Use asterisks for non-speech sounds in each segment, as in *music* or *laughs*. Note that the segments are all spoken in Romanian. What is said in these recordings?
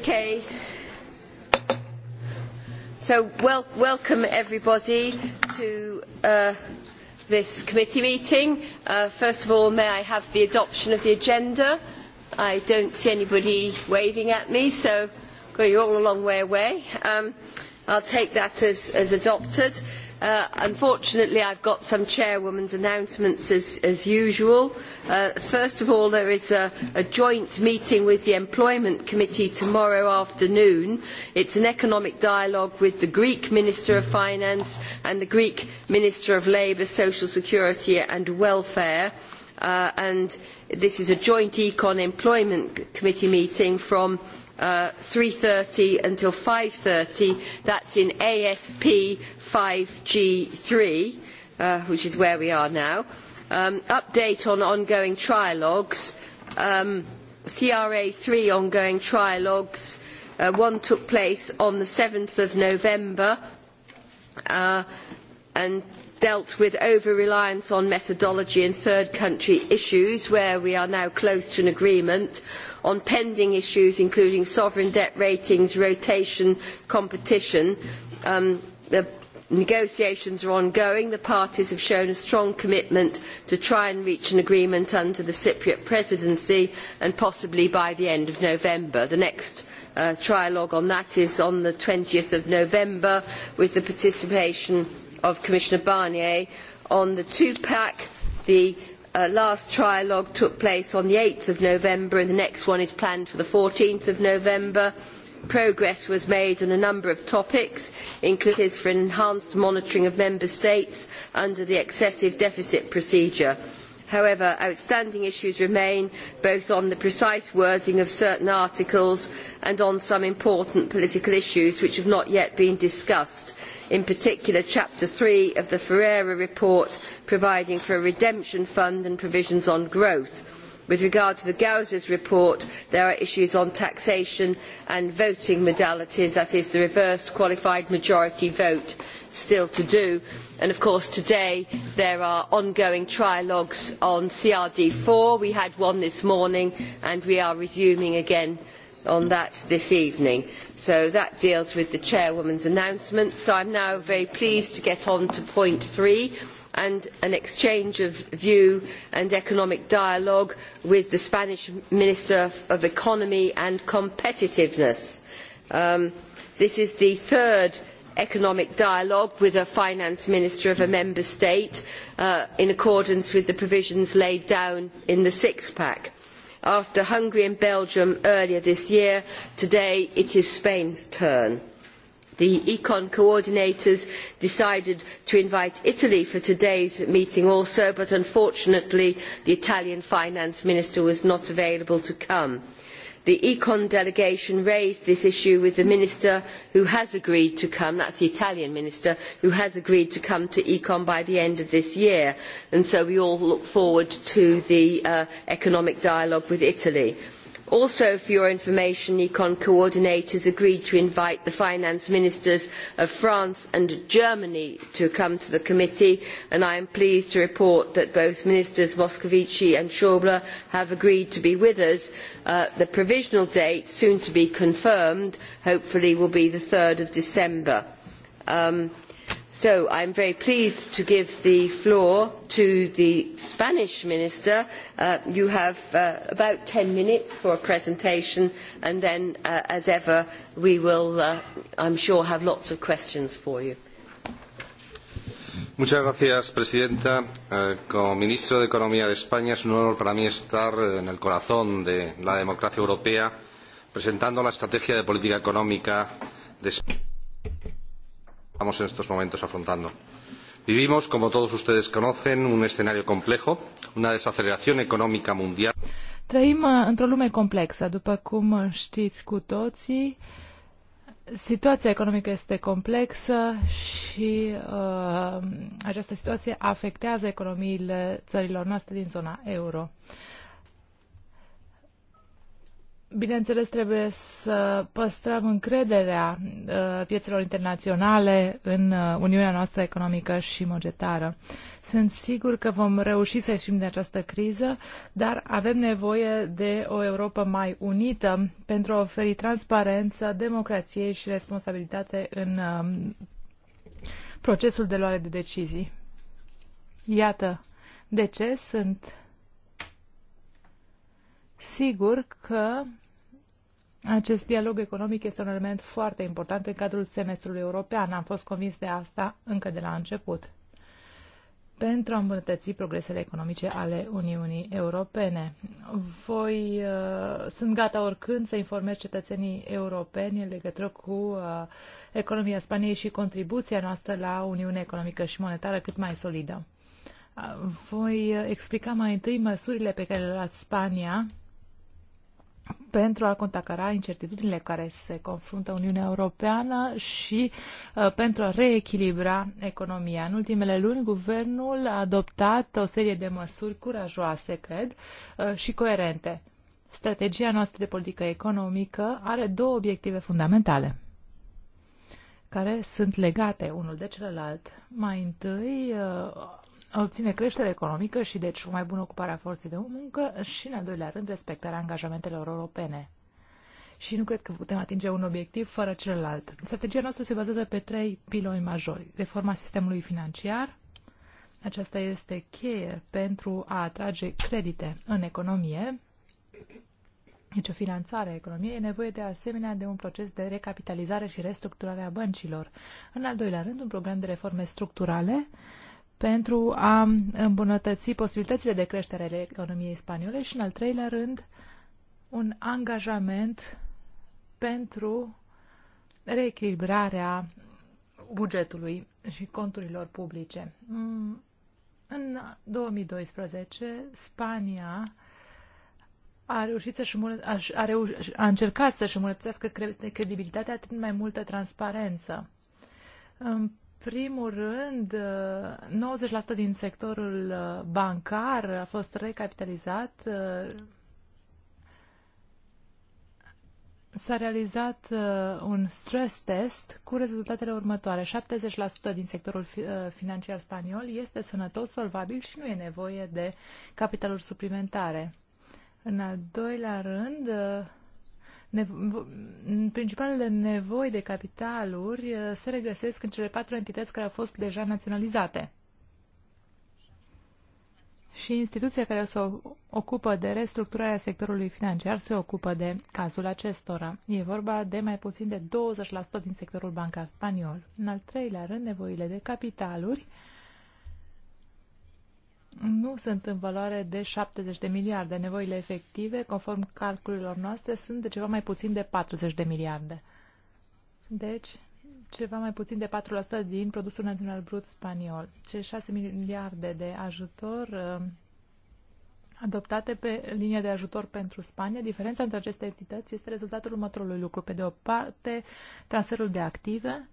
Okay. So, wel welcome everybody to uh, this committee meeting. Uh, first of all, may I have the adoption of the agenda? I don't see anybody waving at me, so well, you're all a long way away. Um, I'll take that as, as adopted. Uh, unfortunately, I've got some chairwoman's announcements as, as usual. Uh, first of all, there is a, a joint meeting with the Employment Committee tomorrow afternoon. It's an economic dialogue with the Greek Minister of Finance and the Greek Minister of Labour, Social Security and Welfare. Uh, and this is a joint Econ Employment Committee meeting from Uh, 3.30 until 5.30. That's in ASP 5G3, uh, which is where we are now. Um, update on ongoing trialogues. Um, CRA 3 ongoing trialogues. Uh, one took place on the 7th of November uh, and dealt with over-reliance on methodology and third country issues, where we are now close to an agreement on pending issues including sovereign debt ratings, rotation, competition. Um, the negotiations are ongoing. The parties have shown a strong commitment to try and reach an agreement under the Cypriot presidency and possibly by the end of November. The next uh, trialogue on that is on the 20th of November with the participation of Commissioner Barnier on the two-pack, the uh, last trialogue took place on the 8th of November and the next one is planned for the 14th of November. Progress was made on a number of topics, including for enhanced monitoring of member states under the excessive deficit procedure. However, outstanding issues remain both on the precise wording of certain articles and on some important political issues which have not yet been discussed. In particular, Chapter 3 of the Ferreira report providing for a redemption fund and provisions on growth With regard to the Gowsers report, there are issues on taxation and voting modalities, that is the reverse qualified majority vote still to do. And of course today there are ongoing trialogues on CRD4. We had one this morning and we are resuming again on that this evening. So that deals with the chairwoman's announcement. So I'm now very pleased to get on to point three and an exchange of view and economic dialogue with the Spanish Minister of Economy and Competitiveness. Um, this is the third economic dialogue with a finance minister of a member state uh, in accordance with the provisions laid down in the six pack. After Hungary and Belgium earlier this year, today it is Spain's turn the econ coordinators decided to invite italy for today's meeting also but unfortunately the italian finance minister was not available to come. the econ delegation raised this issue with the minister who has agreed to come that is the italian minister who has agreed to come to econ by the end of this year and so we all look forward to the uh, economic dialogue with italy. Also, for your information, econ coordinators agreed to invite the finance ministers of France and Germany to come to the committee, and I am pleased to report that both ministers Moscovici and Schäuble have agreed to be with us. Uh, the provisional date, soon to be confirmed, hopefully will be the 3rd of December. Um, So I am very pleased to give the floor to the Spanish Minister. Uh, you have uh, about 10 minutes for a presentation and then, uh, as ever, we will, i I'm sure, have lots of questions for you. Muchas gracias, Presidenta. Eh, como Ministro de Economía de España es un honor para mí estar eh, en el corazón de la democracia europea presentando la estrategia de política económica de España estamos en estos momentos afrontando. Vivimos, como todos ustedes conocen, un escenario complejo, una desaceleración económica mundial. Trăim uh, într-o lume complexă, după cum știți cu toții. Situația economică este complexă și uh, această situație afectează economiile țărilor noastre din zona euro. Uh, bineînțeles, trebuie să păstrăm încrederea uh, piețelor internaționale în uh, Uniunea noastră economică și mogetară. Sunt sigur că vom reuși să ieșim de această criză, dar avem nevoie de o Europa mai unită pentru a oferi transparență, democrație și responsabilitate în um, procesul de luare de decizii. Iată de ce sunt sigur că acest dialog economic este un element foarte important în cadrul semestrului european. Am fost convins de asta încă de la început. Pentru a îmbunătăți progresele economice ale Uniunii Europene, voi uh, sunt gata oricând să informez cetățenii europeni în legătură cu uh, economia Spaniei și contribuția noastră la Uniunea Economică și Monetară cât mai solidă. Uh, voi explica mai întâi măsurile pe care le-a luat Spania pentru a contacara incertitudinile care se confruntă Uniunea Europeană și uh, pentru a reechilibra economia. În ultimele luni, guvernul a adoptat o serie de măsuri curajoase, cred, uh, și coerente. Strategia noastră de politică economică are două obiective fundamentale care sunt legate unul de celălalt. Mai întâi, uh, obține creștere economică și deci o mai bună ocupare a forței de muncă și, în al doilea rând, respectarea angajamentelor europene. Și nu cred că putem atinge un obiectiv fără celălalt. Strategia noastră se bazează pe trei piloni majori. Reforma sistemului financiar, aceasta este cheie pentru a atrage credite în economie, deci o finanțare a economiei, e nevoie de asemenea de un proces de recapitalizare și restructurare a băncilor. În al doilea rând, un program de reforme structurale, uh, pentru a îmbunătăți posibilitățile de creștere ale economiei spaniole și, în al treilea rând, un angajament pentru reechilibrarea bugetului și conturilor publice. Mm, în 2012, Spania a reușit să-și a, reuș, a încercat să-și îmbunătățească credibilitatea prin mai multă transparență primul rând, 90% din sectorul uh, bancar a fost recapitalizat. S-a realizat uh, un stress test cu rezultatele următoare. 70% din sectorul uh, financiar spaniol este sănătos, solvabil și nu e nevoie de capitaluri suplimentare. În al doilea rând, nevo- principalele nevoi de capitaluri uh, se regăsesc în cele patru entități care au fost deja naționalizate. Și instituția care se ocupă de restructurarea sectorului financiar se ocupă de cazul acestora. E vorba de mai puțin de 20% din sectorul bancar spaniol. În al treilea rând, nevoile de capitaluri uh, nu sunt în valoare de 70 de miliarde. Nevoile efective, conform calculelor noastre, sunt de ceva mai puțin de 40 de miliarde. Deci, ceva mai puțin de 4% din produsul național brut spaniol. Cele 6 miliarde de ajutor uh, adoptate pe linia de ajutor pentru Spania. Diferența între aceste entități este rezultatul următorului lucru. Pe de o parte, transferul de active,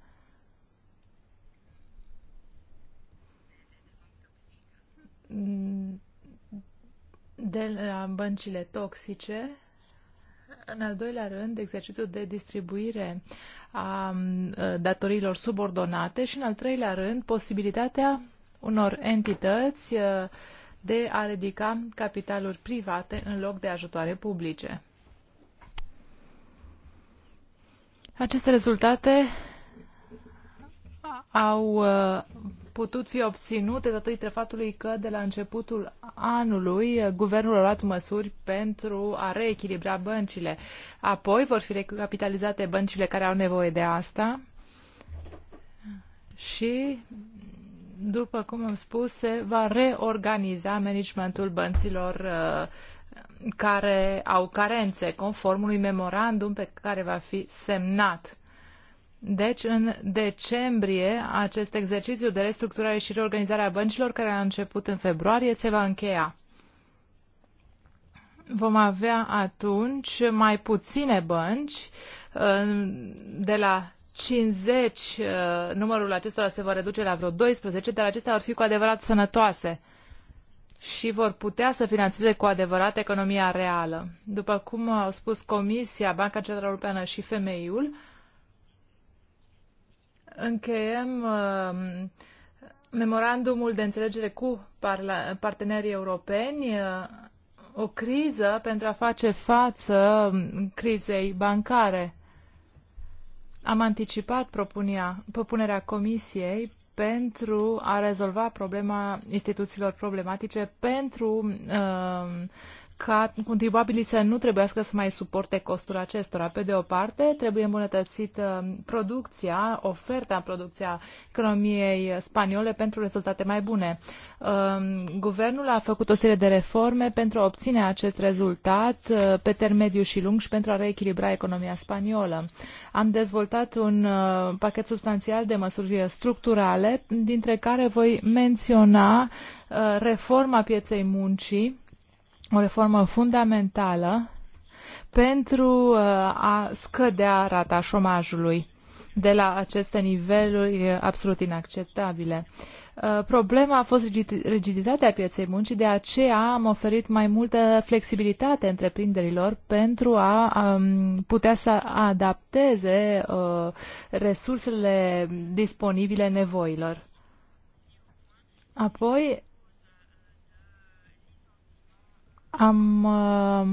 de la băncile toxice. În al doilea rând, exercițiul de distribuire a datoriilor subordonate și, în al treilea rând, posibilitatea unor entități de a ridica capitaluri private în loc de ajutoare publice. Aceste rezultate au putut fi obținute datorită faptului că de la începutul anului eh, guvernul a luat măsuri pentru a reechilibra băncile. Apoi vor fi recapitalizate băncile care au nevoie de asta și după cum am spus, se va reorganiza managementul bănților eh, care au carențe, conform unui memorandum pe care va fi semnat deci, în decembrie, acest exercițiu de restructurare și reorganizare a băncilor, care a început în februarie, se va încheia. Vom avea atunci mai puține bănci, de la 50, uh, numărul acestora se va reduce la vreo 12, dar acestea vor fi cu adevărat sănătoase și vor putea să finanțeze cu adevărat economia reală. După cum au spus Comisia, Banca Centrală Europeană și Femeiul, încheiem uh, memorandumul de înțelegere cu partenerii europeni, uh, o criză pentru a face față um, crizei bancare. Am anticipat propunia, propunerea Comisiei pentru a rezolva problema instituțiilor problematice, pentru uh, ca contribuabilii să nu trebuiască să mai suporte costul acestora. Pe de o parte, trebuie îmbunătățită producția, oferta în producția economiei spaniole pentru rezultate mai bune. Um, guvernul a făcut o serie de reforme pentru a obține acest rezultat uh, pe termen mediu și lung și pentru a reechilibra economia spaniolă. Am dezvoltat un uh, pachet substanțial de măsuri structurale, dintre care voi menționa uh, reforma pieței muncii, o reformă fundamentală pentru uh, a scădea rata șomajului de la aceste niveluri absolut inacceptabile. Uh, problema a fost rigiditatea pieței muncii, de aceea am oferit mai multă flexibilitate întreprinderilor pentru a um, putea să adapteze uh, resursele disponibile nevoilor. Apoi, am uh,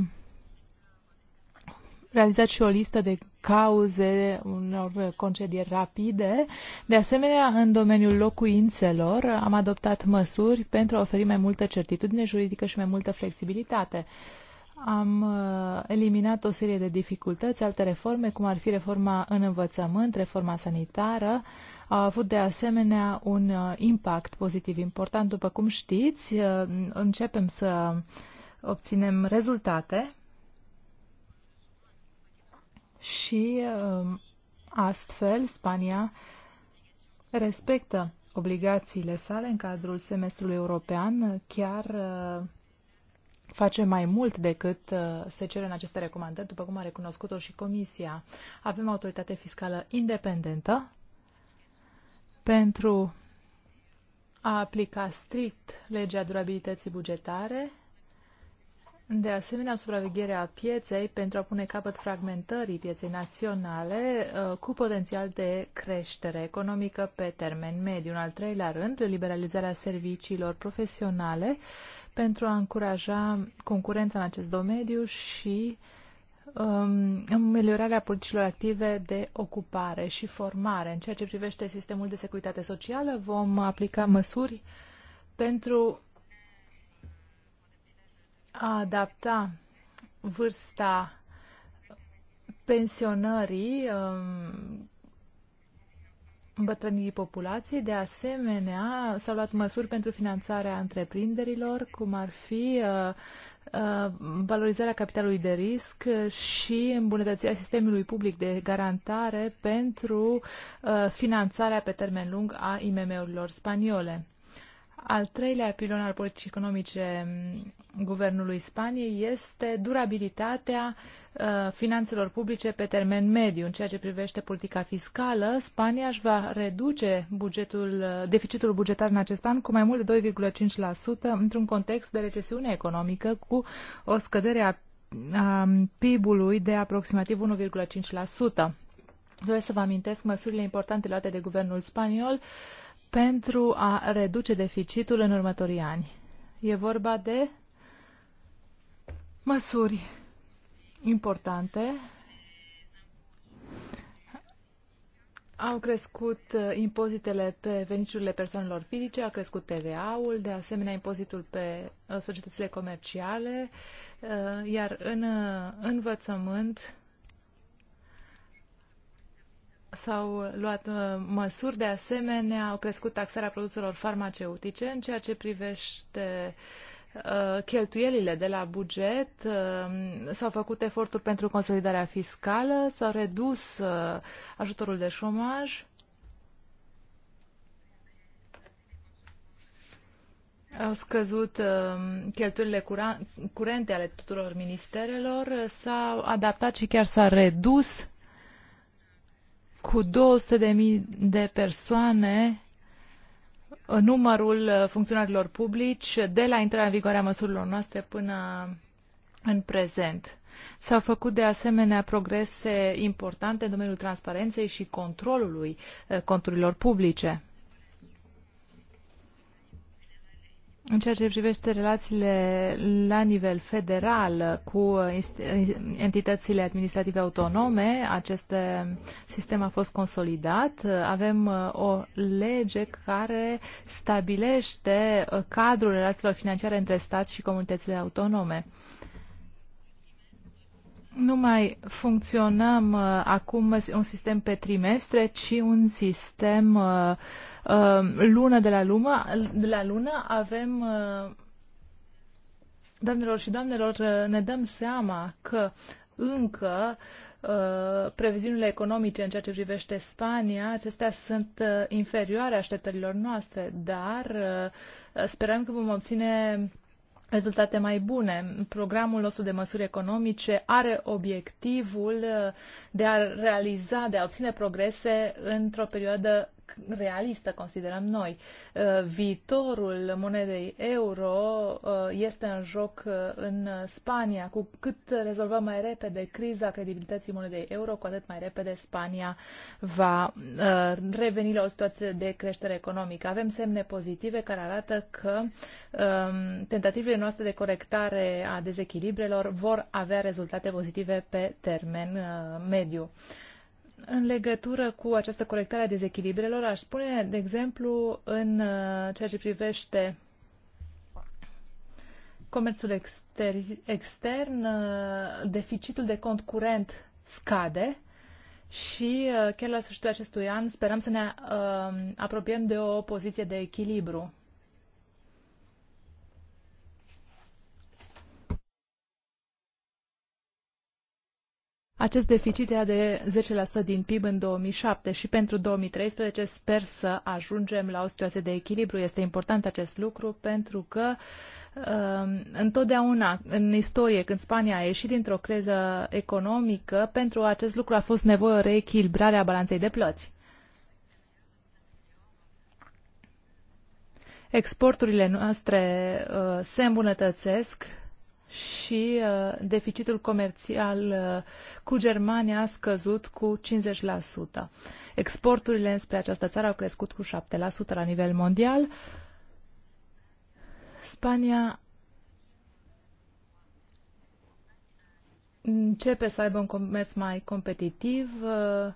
realizat și o listă de cauze unor concedieri rapide. De asemenea, în domeniul locuințelor am adoptat măsuri pentru a oferi mai multă certitudine juridică și mai multă flexibilitate. Am uh, eliminat o serie de dificultăți, alte reforme, cum ar fi reforma în învățământ, reforma sanitară, a avut de asemenea un uh, impact pozitiv important. După cum știți, începem să obținem rezultate și um, astfel Spania respectă obligațiile sale în cadrul semestrului european, chiar uh, face mai mult decât uh, se cere în aceste recomandări, după cum a recunoscut-o și Comisia. Avem autoritate fiscală independentă pentru a aplica strict legea durabilității bugetare de asemenea, supravegherea pieței pentru a pune capăt fragmentării pieței naționale uh, cu potențial de creștere economică pe termen mediu. În al treilea rând, liberalizarea serviciilor profesionale pentru a încuraja concurența în acest domeniu și um, ameliorarea politicilor active de ocupare și formare. În ceea ce privește sistemul de securitate socială, vom aplica măsuri pentru a adapta vârsta pensionării um, îmbătrânirii populației. De asemenea, s-au luat măsuri pentru finanțarea întreprinderilor, cum ar fi uh, uh, valorizarea capitalului de risc și îmbunătățirea sistemului public de garantare pentru uh, finanțarea pe termen lung a IMM-urilor spaniole. Al treilea pilon al politicii economice mm, guvernului Spaniei este durabilitatea uh, finanțelor publice pe termen mediu. În ceea ce privește politica fiscală, Spania își va reduce bugetul, uh, deficitul bugetar în acest an cu mai mult de 2,5% într-un context de recesiune economică cu o scădere a, PIB-ului de aproximativ 1,5%. Doresc să vă amintesc măsurile importante luate de guvernul spaniol uh, pentru a reduce deficitul în următorii ani. E vorba de măsuri importante. Au crescut uh, impozitele pe veniturile persoanelor fizice, a crescut TVA-ul, de asemenea impozitul pe uh, societățile comerciale, uh, iar în învățământ s-au luat uh, măsuri, de asemenea au crescut taxarea produselor farmaceutice în ceea ce privește uh, cheltuielile de la buget, uh, s-au făcut eforturi pentru consolidarea fiscală, s-a redus uh, ajutorul de șomaj. Au scăzut cheltuielile curente ale tuturor ministerelor, s-au adaptat și chiar s-a redus cu 200.000 de persoane uh, numărul uh, funcționarilor publici uh, de la intrarea în vigoare a măsurilor noastre până în prezent. S-au făcut de asemenea progrese importante în domeniul transparenței și controlului conturilor publice. în ceea ce privește relațiile la nivel federal cu entitățile administrative autonome, acest sistem a fost consolidat. Avem uh, o lege care stabilește uh, cadrul relațiilor financiare între stat și comunitățile autonome. Nu mai funcționăm uh, acum un sistem pe trimestre, ci un sistem uh, Uh, lună de la, lumă, de la lună avem uh, Doamnelor și doamnelor, uh, ne dăm seama că încă previziunile economice în ceea ce privește Spania, acestea sunt inferioare așteptărilor noastre, dar sperăm că vom obține rezultate mai bune. Programul nostru de măsuri economice are obiectivul de a realiza, de a obține progrese într-o perioadă realistă, considerăm noi. Uh, viitorul monedei euro uh, este în joc uh, în Spania. Cu cât rezolvăm mai repede criza credibilității monedei euro, cu atât mai repede Spania va reveni la o situație de creștere economică. Avem semne pozitive care arată că um, tentativele noastre de corectare a dezechilibrelor vor avea rezultate pozitive pe termen mediu în legătură cu această corectare a dezechilibrelor, aș spune, de exemplu, în uh, ceea ce privește comerțul exter- extern, uh, deficitul de cont curent scade și uh, chiar la sfârșitul acestui an sperăm să ne apropiem de o poziție de echilibru. Acest deficit era de 10% din PIB în 2007 și pentru 2013 sper să ajungem la o situație de echilibru. Este important acest lucru pentru că um, întotdeauna în istorie, când Spania a ieșit dintr-o creză economică, pentru acest lucru a fost nevoie o reechilibrare a balanței de plăți. Exporturile noastre uh, se îmbunătățesc și uh, deficitul comercial uh, cu Germania a scăzut cu 50%. Exporturile înspre această țară au crescut cu 7% la nivel mondial. Spania începe să aibă un comerț mai competitiv. Uh,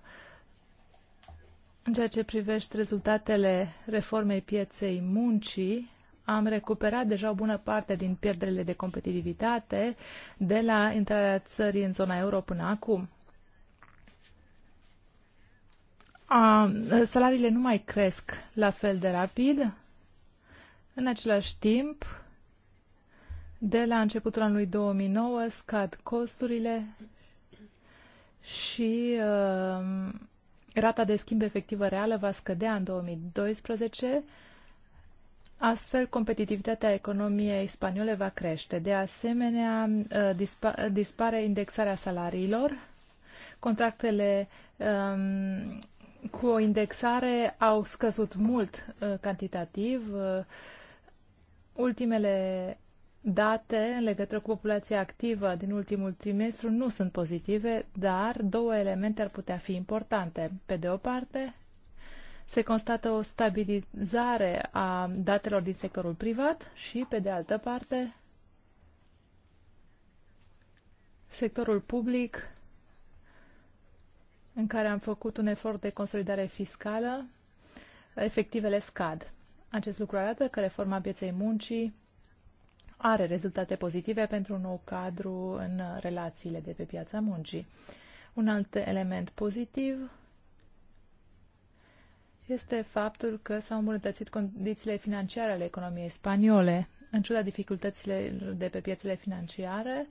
în ceea ce privește rezultatele reformei pieței muncii, am recuperat deja o bună parte din pierderile de competitivitate de la intrarea țării în zona euro până acum. A, salariile nu mai cresc la fel de rapid. În același timp, de la începutul anului 2009 scad costurile și uh, rata de schimb efectivă reală va scădea în 2012 Astfel, competitivitatea economiei spaniole va crește. De asemenea, uh, dispa uh, dispare indexarea salariilor. Contractele um, cu o indexare au scăzut mult uh, cantitativ. Uh, ultimele date în legătură cu populația activă din ultimul trimestru nu sunt pozitive, dar două elemente ar putea fi importante. Pe de o parte, se constată o stabilizare a datelor din sectorul privat și, pe de altă parte, sectorul public, în care am făcut un efort de consolidare fiscală, efectivele scad. Acest lucru arată că reforma pieței muncii are rezultate pozitive pentru un nou cadru în relațiile de pe piața muncii. Un alt element pozitiv este faptul că s-au îmbunătățit condițiile financiare ale economiei spaniole. În ciuda dificultățile de pe piețele financiare,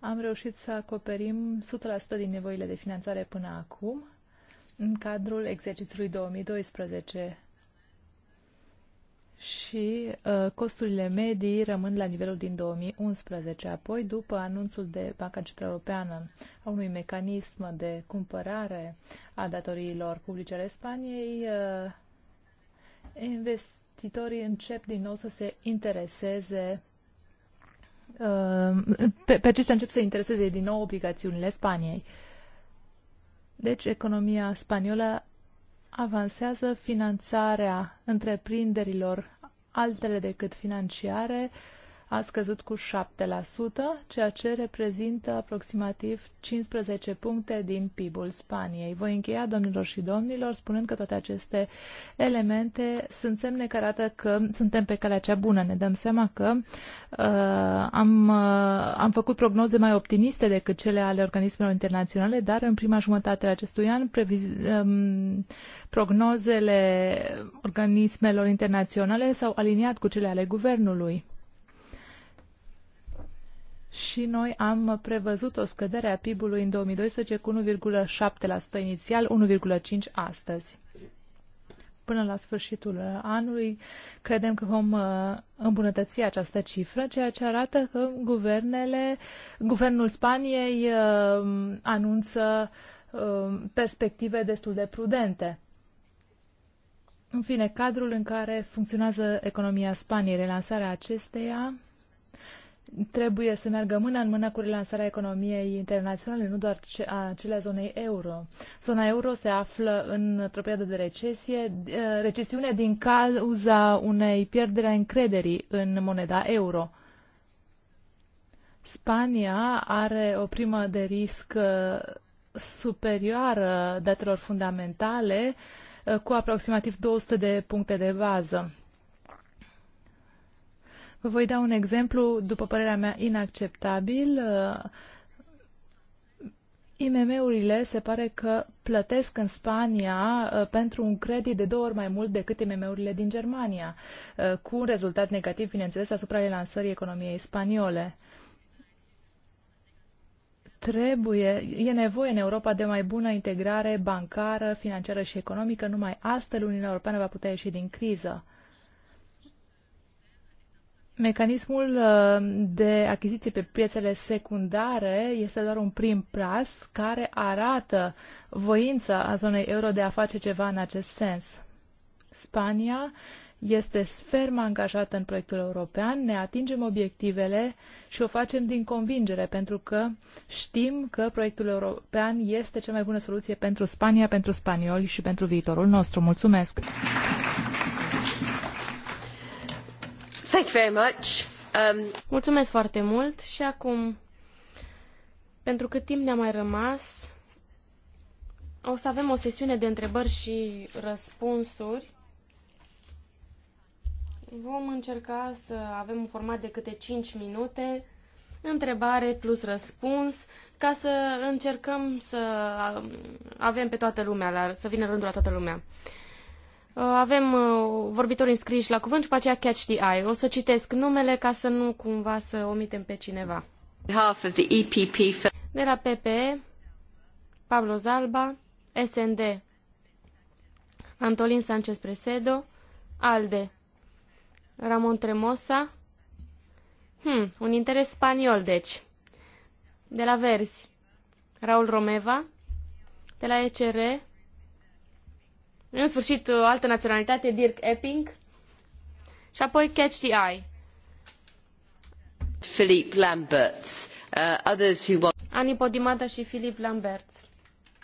am reușit să acoperim 100% din nevoile de finanțare până acum, în cadrul exercițiului 2012 și uh, costurile medii rămân la nivelul din 2011. Apoi, după anunțul de Banca Centrală Europeană a unui mecanism de cumpărare a datoriilor publice ale Spaniei, uh, investitorii încep din nou să se intereseze uh, pe, pe aceștia încep să intereseze din nou obligațiunile Spaniei. Deci, economia spaniolă avansează finanțarea întreprinderilor altele decât financiare a scăzut cu 7%, ceea ce reprezintă aproximativ 15 puncte din PIB-ul Spaniei. Voi încheia, domnilor și domnilor, spunând că toate aceste elemente sunt semne care arată că suntem pe calea cea bună. Ne dăm seama că uh, am, uh, am făcut prognoze mai optimiste decât cele ale organismelor internaționale, dar în prima jumătate a acestui an um, prognozele organismelor internaționale s-au aliniat cu cele ale guvernului și noi am prevăzut o scădere a PIB-ului în 2012 cu 1,7% inițial, 1,5% astăzi. Până la sfârșitul anului credem că vom uh, îmbunătăți această cifră, ceea ce arată că guvernele, guvernul Spaniei uh, anunță uh, perspective destul de prudente. În fine, cadrul în care funcționează economia Spaniei, relansarea acesteia trebuie să meargă mână în mână cu relansarea economiei internaționale, nu doar a acelea zonei euro. Zona euro se află într-o perioadă de recesie, eh, recesiune din cauza unei pierdere a încrederii în moneda euro. Spania are o primă de risc eh, superioară datelor fundamentale eh, cu aproximativ 200 de puncte de bază. Vă voi da un exemplu, după părerea mea, inacceptabil. Uh, IMM-urile se pare că plătesc în Spania uh, pentru un credit de două ori mai mult decât IMM-urile din Germania, uh, cu un rezultat negativ, bineînțeles, asupra relansării economiei spaniole trebuie, e nevoie în Europa de mai bună integrare bancară, financiară și economică. Numai astfel Uniunea Europeană va putea ieși din criză. Mecanismul uh, de achiziție pe piețele secundare este doar un prim pras care arată voința a zonei euro de a face ceva în acest sens. Spania este sferm angajată în proiectul european, ne atingem obiectivele și o facem din convingere, pentru că știm că proiectul european este cea mai bună soluție pentru Spania, pentru spanioli și pentru viitorul nostru. Mulțumesc! Um, Mulțumesc foarte mult și acum, pentru cât timp ne-a mai rămas, o să avem o sesiune de întrebări și răspunsuri. Vom încerca să avem un format de câte 5 minute, întrebare plus răspuns, ca să încercăm să um, avem pe toată lumea, la, să vină rândul la toată lumea. Uh, avem uh, vorbitori înscriși la cuvânt și după aceea catch the eye. O să citesc numele ca să nu cumva să omitem pe cineva. De la PPE, Pablo Zalba, SND, Antolin Sanchez Presedo, ALDE, Ramon Tremosa, hmm, un interes spaniol, deci, de la Verzi, Raul Romeva, de la ECR, în sfârșit, o uh, altă naționalitate, Dirk Epping. Și apoi Catch the Eye. Philippe Lambert, uh, others who want... Ani Podimata și Philip Lambert.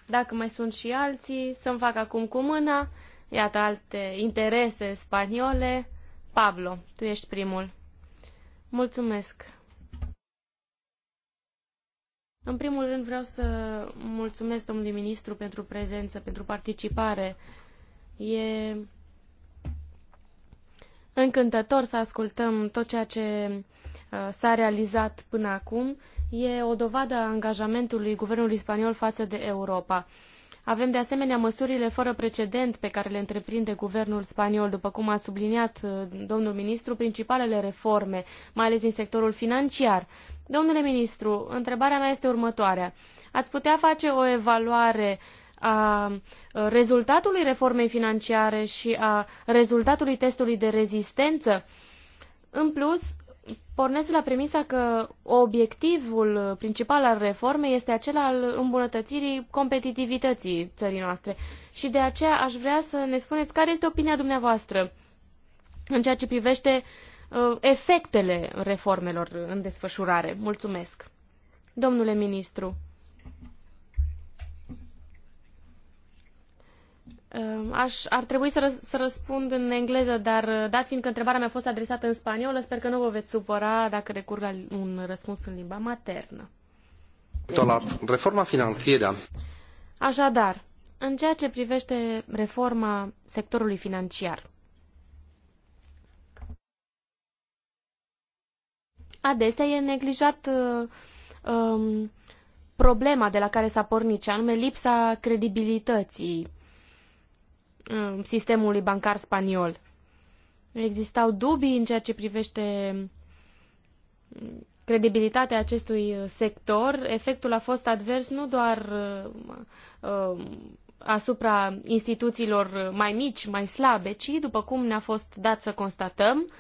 Dacă mai sunt și alții, să-mi fac acum cu mâna. Iată alte interese spaniole. Pablo, tu ești primul. Mulțumesc. În primul rând vreau să mulțumesc domnului ministru pentru prezență, pentru participare E încântător să ascultăm tot ceea ce uh, s-a realizat până acum. E o dovadă a angajamentului guvernului spaniol față de Europa. Avem de asemenea măsurile fără precedent pe care le întreprinde guvernul spaniol, după cum a subliniat uh, domnul ministru, principalele reforme, mai ales din sectorul financiar. Domnule ministru, întrebarea mea este următoarea. Ați putea face o evaluare uh, a rezultatului reformei financiare și a rezultatului testului de rezistență. În plus, pornesc la premisa că obiectivul principal al reformei este acela al îmbunătățirii competitivității țării noastre. Și de aceea aș vrea să ne spuneți care este opinia dumneavoastră în ceea ce privește uh, efectele reformelor în desfășurare. Mulțumesc. Domnule ministru, Ehm, aș, ar trebui să, răs, să răspund în engleză, dar eh, dat fiindcă întrebarea mea a fost adresată în spaniolă, sper că nu vă veți supăra dacă recurg la un răspuns în limba maternă. La reforma financiară. Așadar, în ceea ce privește reforma sectorului financiar, adesea e neglijat um, problema de la care s-a pornit, și anume lipsa credibilității Uh, sistemului bancar spaniol. Existau dubii în ceea ce privește credibilitatea acestui sector. Efectul a fost advers nu doar uh, uh, asupra instituțiilor mai mici, mai slabe, ci, după cum ne-a fost dat să constatăm,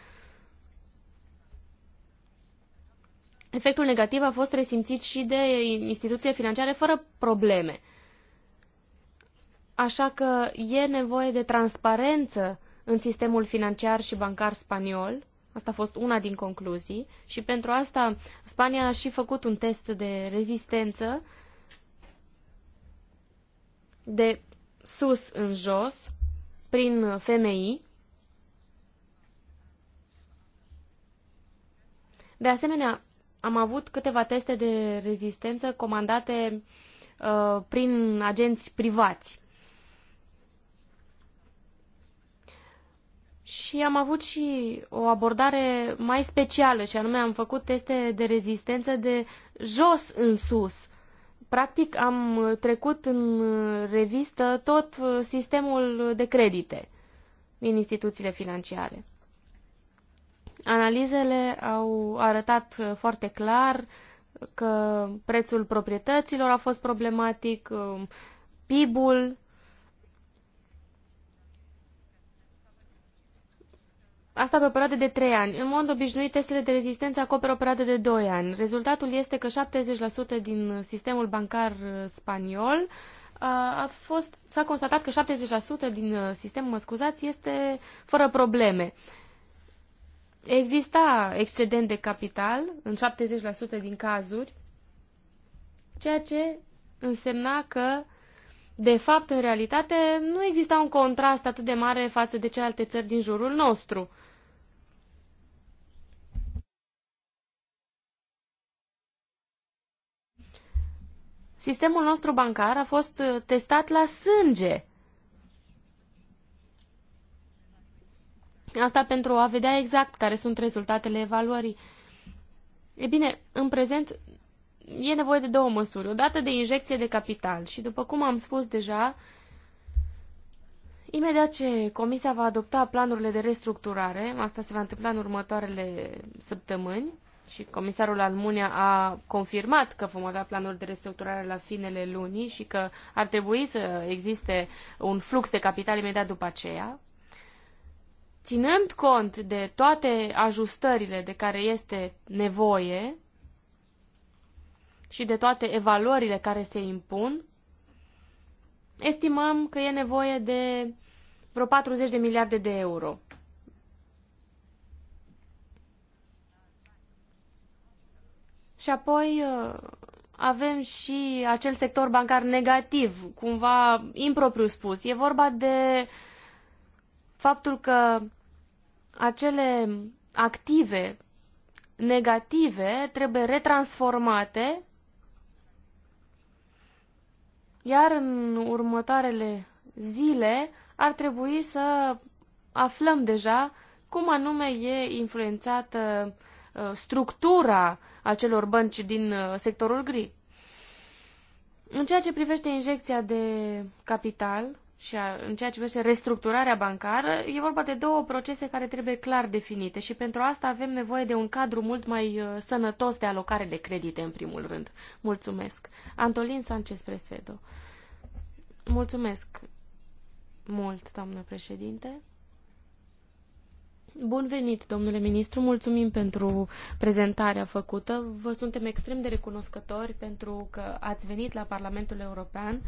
efectul negativ a fost resimțit și de instituții financiare fără probleme. Așa că e nevoie de transparență în sistemul financiar și bancar spaniol. Asta a fost una din concluzii și pentru asta Spania a și făcut un test de rezistență de sus în jos prin FMI. De asemenea, am avut câteva teste de rezistență comandate uh, prin agenți privați. și am avut și o abordare mai specială și anume am făcut teste de rezistență de jos în sus. Practic am trecut în revistă tot sistemul de credite din instituțiile financiare. Analizele au arătat foarte clar că prețul proprietăților a fost problematic, um, PIB-ul Asta pe o perioadă de 3 ani. În mod obișnuit, testele de rezistență acoperă o perioadă de 2 ani. Rezultatul este că 70% din sistemul bancar spaniol a fost, s-a constatat că 70% din uh, sistemul, mă scuzați, este fără probleme. Exista excedent de capital în 70% din cazuri, ceea ce însemna că de fapt, în realitate, nu exista un contrast atât de mare față de celelalte țări din jurul nostru. Sistemul nostru bancar a fost uh, testat la sânge. Asta pentru a vedea exact care sunt rezultatele evaluării. E bine, în prezent e nevoie de două măsuri. O dată de injecție de capital și, după cum am spus deja, imediat ce Comisia va adopta planurile de restructurare, asta se va întâmpla în următoarele săptămâni, și comisarul Almunia a confirmat că vom avea planuri de restructurare la finele lunii și că ar trebui să existe un flux de capital imediat după aceea. Ținând cont de toate ajustările de care este nevoie și de toate evaluările care se impun, estimăm că e nevoie de vreo 40 de miliarde de euro Și apoi uh, avem și acel sector bancar negativ, cumva impropriu spus. E vorba de faptul că acele active negative trebuie retransformate, iar în următoarele zile ar trebui să aflăm deja cum anume e influențată Uh, structura acelor bănci din uh, sectorul gri. În ceea ce privește injecția de capital și a, în ceea ce privește restructurarea bancară, e vorba de două procese care trebuie clar definite și pentru asta avem nevoie de un cadru mult mai uh, sănătos de alocare de credite, în primul rând. Mulțumesc. Antolin Sanchez Presedo. Mulțumesc mult, doamnă președinte. Bun venit, domnule ministru. Mulțumim pentru prezentarea făcută. Vă suntem extrem de recunoscători pentru că ați venit la Parlamentul European.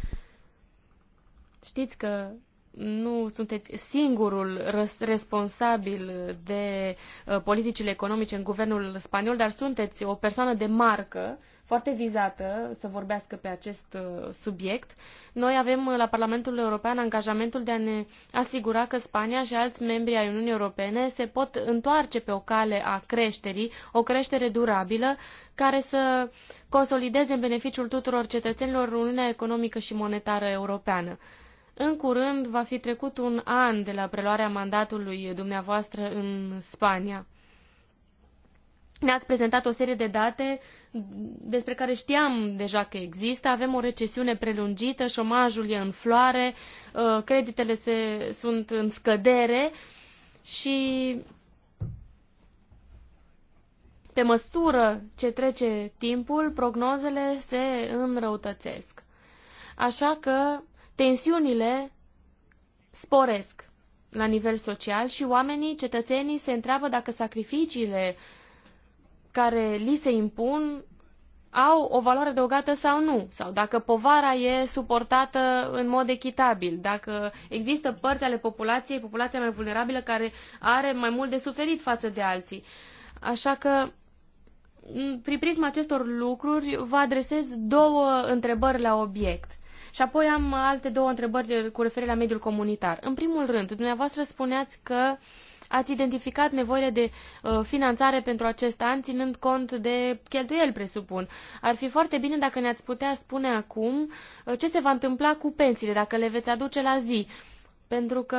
Știți că nu sunteți singurul responsabil de uh, politicile economice în guvernul spaniol, dar sunteți o persoană de marcă, foarte vizată să vorbească pe acest uh, subiect. Noi avem uh, la Parlamentul European angajamentul de a ne asigura că Spania și alți membri ai Uniunii Europene se pot întoarce pe o cale a creșterii, o creștere durabilă, care să consolideze în beneficiul tuturor cetățenilor Uniunea Economică și Monetară Europeană. În curând va fi trecut un an de la preluarea mandatului dumneavoastră în Spania. Ne-ați prezentat o serie de date despre care știam deja că există. Avem o recesiune prelungită, șomajul e în floare, uh, creditele se, sunt în scădere și pe măsură ce trece timpul, prognozele se înrăutățesc. Așa că tensiunile sporesc la nivel social și oamenii, cetățenii, se întreabă dacă sacrificiile care li se impun au o valoare adăugată sau nu, sau dacă povara e suportată în mod echitabil, dacă există părți ale populației, populația mai vulnerabilă care are mai mult de suferit față de alții. Așa că, prin prisma acestor lucruri, vă adresez două întrebări la obiect. Și apoi am alte două întrebări cu referire la mediul comunitar. În primul rând, dumneavoastră spuneați că ați identificat nevoile de uh, finanțare pentru acest an, ținând cont de cheltuieli, presupun. Ar fi foarte bine dacă ne-ați putea spune acum uh, ce se va întâmpla cu pensiile, dacă le veți aduce la zi. Pentru că,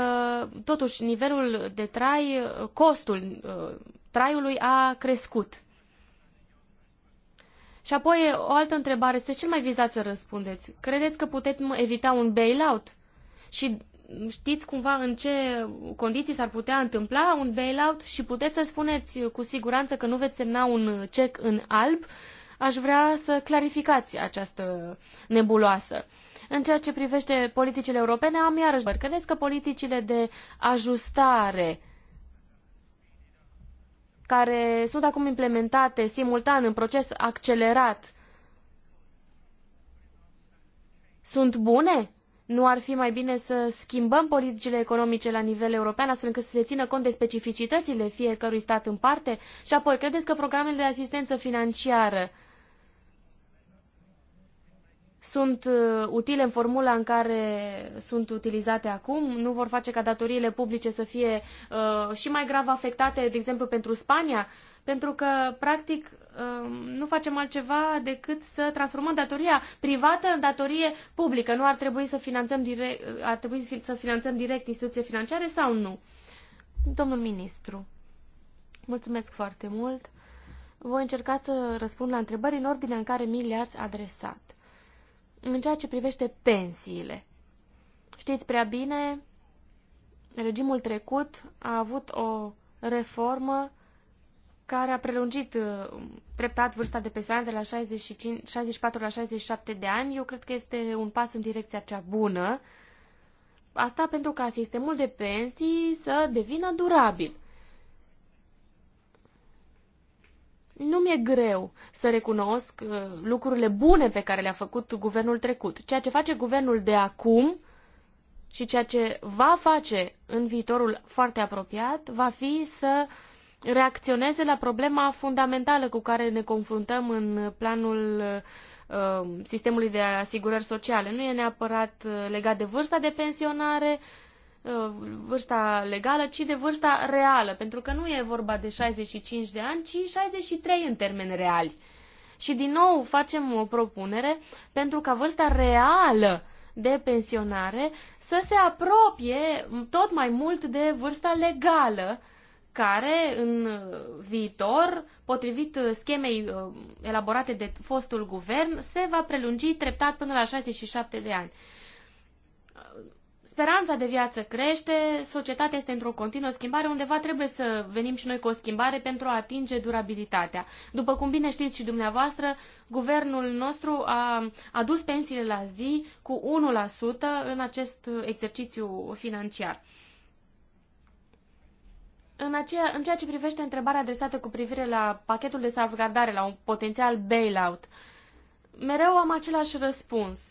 totuși, nivelul de trai, uh, costul uh, traiului a crescut. Și apoi o altă întrebare, este cel mai vizat să răspundeți. Credeți că puteți evita un bailout? Și știți cumva în ce condiții s-ar putea întâmpla un bailout și puteți să spuneți cu siguranță că nu veți semna un cec în alb? Aș vrea să clarificați această nebuloasă. În ceea ce privește politicile europene, am iarăși... Credeți că politicile de ajustare care sunt acum implementate simultan în proces accelerat, sunt bune? Nu ar fi mai bine să schimbăm politicile economice la nivel european, astfel încât să se țină cont de specificitățile fiecărui stat în parte? Și apoi, credeți că programele de asistență financiară uh, sunt uh, utile în formula în care sunt utilizate acum, nu vor face ca datoriile publice să fie uh, și mai grav afectate, de exemplu, pentru Spania, pentru că, practic, uh, nu facem altceva decât să transformăm datoria privată în datorie publică. Nu ar trebui să finanțăm direct, uh, ar trebui să finanțăm direct instituții financiare sau nu? Domnul ministru, mulțumesc foarte mult. Voi încerca să răspund la întrebări în ordinea în care mi le-ați adresat. În ceea ce privește pensiile, știți prea bine, regimul trecut a avut o reformă care a prelungit uh, treptat vârsta de pensionare de la 65, 64 la 67 de ani. Eu cred că este un pas în direcția cea bună. Asta pentru ca sistemul de pensii să devină durabil. nu mi-e greu să recunosc uh, lucrurile bune pe care le-a făcut guvernul trecut. Ceea ce face guvernul de acum și ceea ce va face în viitorul foarte apropiat va fi să reacționeze la problema fundamentală cu care ne confruntăm în planul uh, sistemului de asigurări sociale. Nu e neapărat uh, legat de vârsta de pensionare, Uh, vârsta legală, ci de vârsta reală, pentru că nu e vorba de 65 de ani, ci 63 în termeni reali. Și din nou facem o propunere pentru ca vârsta reală de pensionare să se apropie tot mai mult de vârsta legală, care în viitor, potrivit schemei uh, elaborate de fostul guvern, se va prelungi treptat până la 67 de ani speranța de viață crește, societatea este într-o continuă schimbare, undeva trebuie să venim și noi cu o schimbare pentru a atinge durabilitatea. După cum bine știți și dumneavoastră, guvernul nostru a adus pensiile la zi cu 1% în acest exercițiu financiar. În, aceea, în ceea ce privește întrebarea adresată cu privire la pachetul de salvgardare, la un potențial bailout, mereu am același răspuns –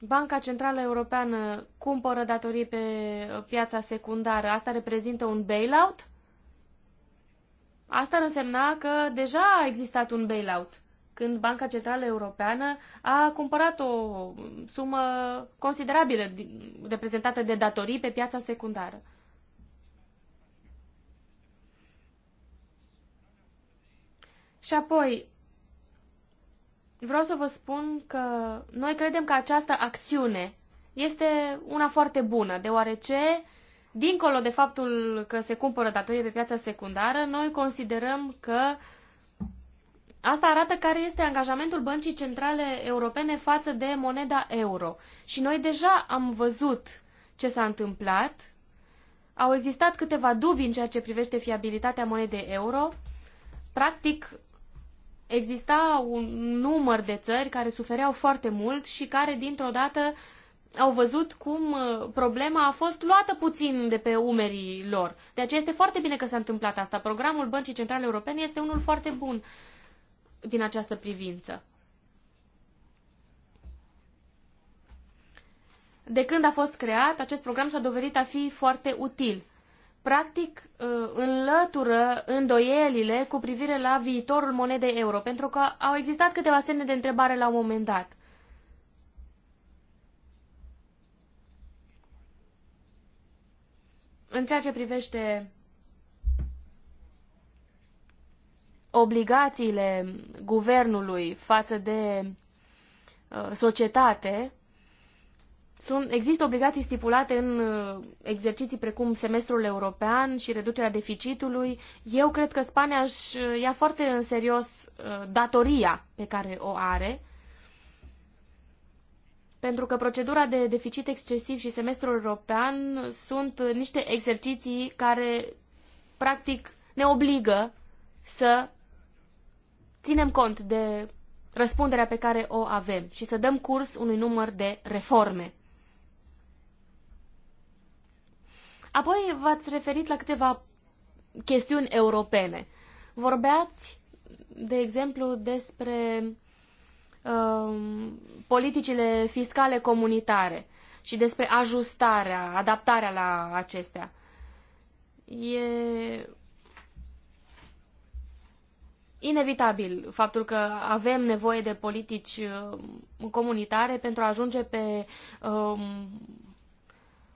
Banca Centrală Europeană cumpără datorii pe uh, piața secundară. Asta reprezintă un bailout? Asta ar însemna că deja a existat un bailout când Banca Centrală Europeană a cumpărat o um, sumă considerabilă reprezentată de datorii pe piața secundară. Și apoi, vreau să vă spun că noi credem că această acțiune este una foarte bună, deoarece, dincolo de faptul că se cumpără datorii pe piața secundară, noi considerăm că asta arată care este angajamentul Băncii Centrale Europene față de moneda euro. Și noi deja am văzut ce s-a întâmplat. Au existat câteva dubii în ceea ce privește fiabilitatea monedei euro. Practic, exista un număr de țări care sufereau foarte mult și care dintr-o dată au văzut cum uh, problema a fost luată puțin de pe umerii lor. De aceea este foarte bine că s-a întâmplat asta. Programul Băncii Centrale Europene este unul foarte bun din această privință. De când a fost creat, acest program s-a dovedit a fi foarte util practic uh, înlătură îndoielile cu privire la viitorul monedei euro, pentru că au existat câteva semne de întrebare la un moment dat. În ceea ce privește obligațiile guvernului față de uh, societate, sunt, există obligații stipulate în uh, exerciții precum semestrul european și reducerea deficitului. Eu cred că Spania își uh, ia foarte în serios uh, datoria pe care o are, pentru că procedura de deficit excesiv și semestrul european sunt niște exerciții care, practic, ne obligă să ținem cont de răspunderea pe care o avem și să dăm curs unui număr de reforme. Apoi v-ați referit la câteva chestiuni europene. Vorbeați, de exemplu, despre um, politicile fiscale comunitare și despre ajustarea, adaptarea la acestea. E inevitabil faptul că avem nevoie de politici um, comunitare pentru a ajunge pe um,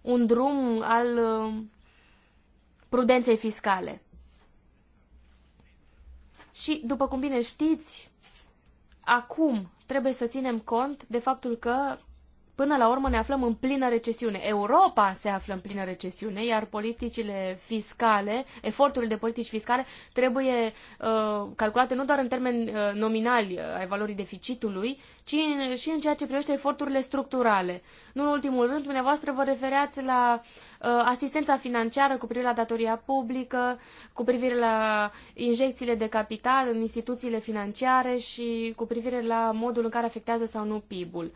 un drum al uh, prudenței fiscale. Și, după cum bine știți, acum trebuie să ținem cont de faptul că Până la urmă ne aflăm în plină recesiune. Europa se află în plină recesiune, iar politicile fiscale, eforturile de politici fiscale trebuie uh, calculate nu doar în termeni uh, nominali uh, ai valorii deficitului, ci în, și în ceea ce privește eforturile structurale. Nu în ultimul rând, dumneavoastră vă refereați la uh, asistența financiară cu privire la datoria publică, cu privire la injecțiile de capital în instituțiile financiare și cu privire la modul în care afectează sau nu PIB-ul. Uh,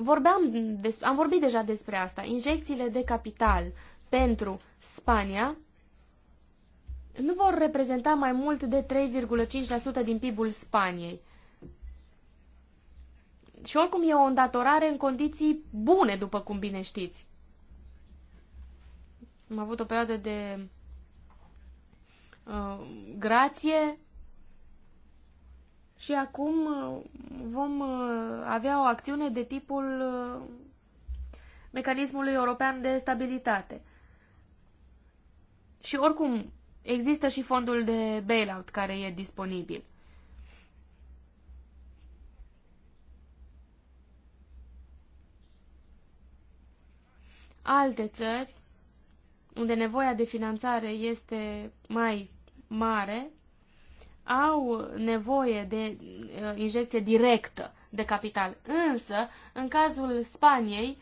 Vorbeam des, am vorbit deja despre asta. Injecțiile de capital pentru Spania nu vor reprezenta mai mult de 3,5% din PIB-ul Spaniei. Și oricum e o îndatorare în condiții bune, după cum bine știți. Am avut o perioadă de uh, grație și acum uh, vom uh, avea o acțiune de tipul uh, mecanismului european de stabilitate. Și oricum, există și fondul de bailout care e disponibil. Alte țări, unde nevoia de finanțare este mai mare, au nevoie de uh, injecție directă de capital. Însă, în cazul Spaniei,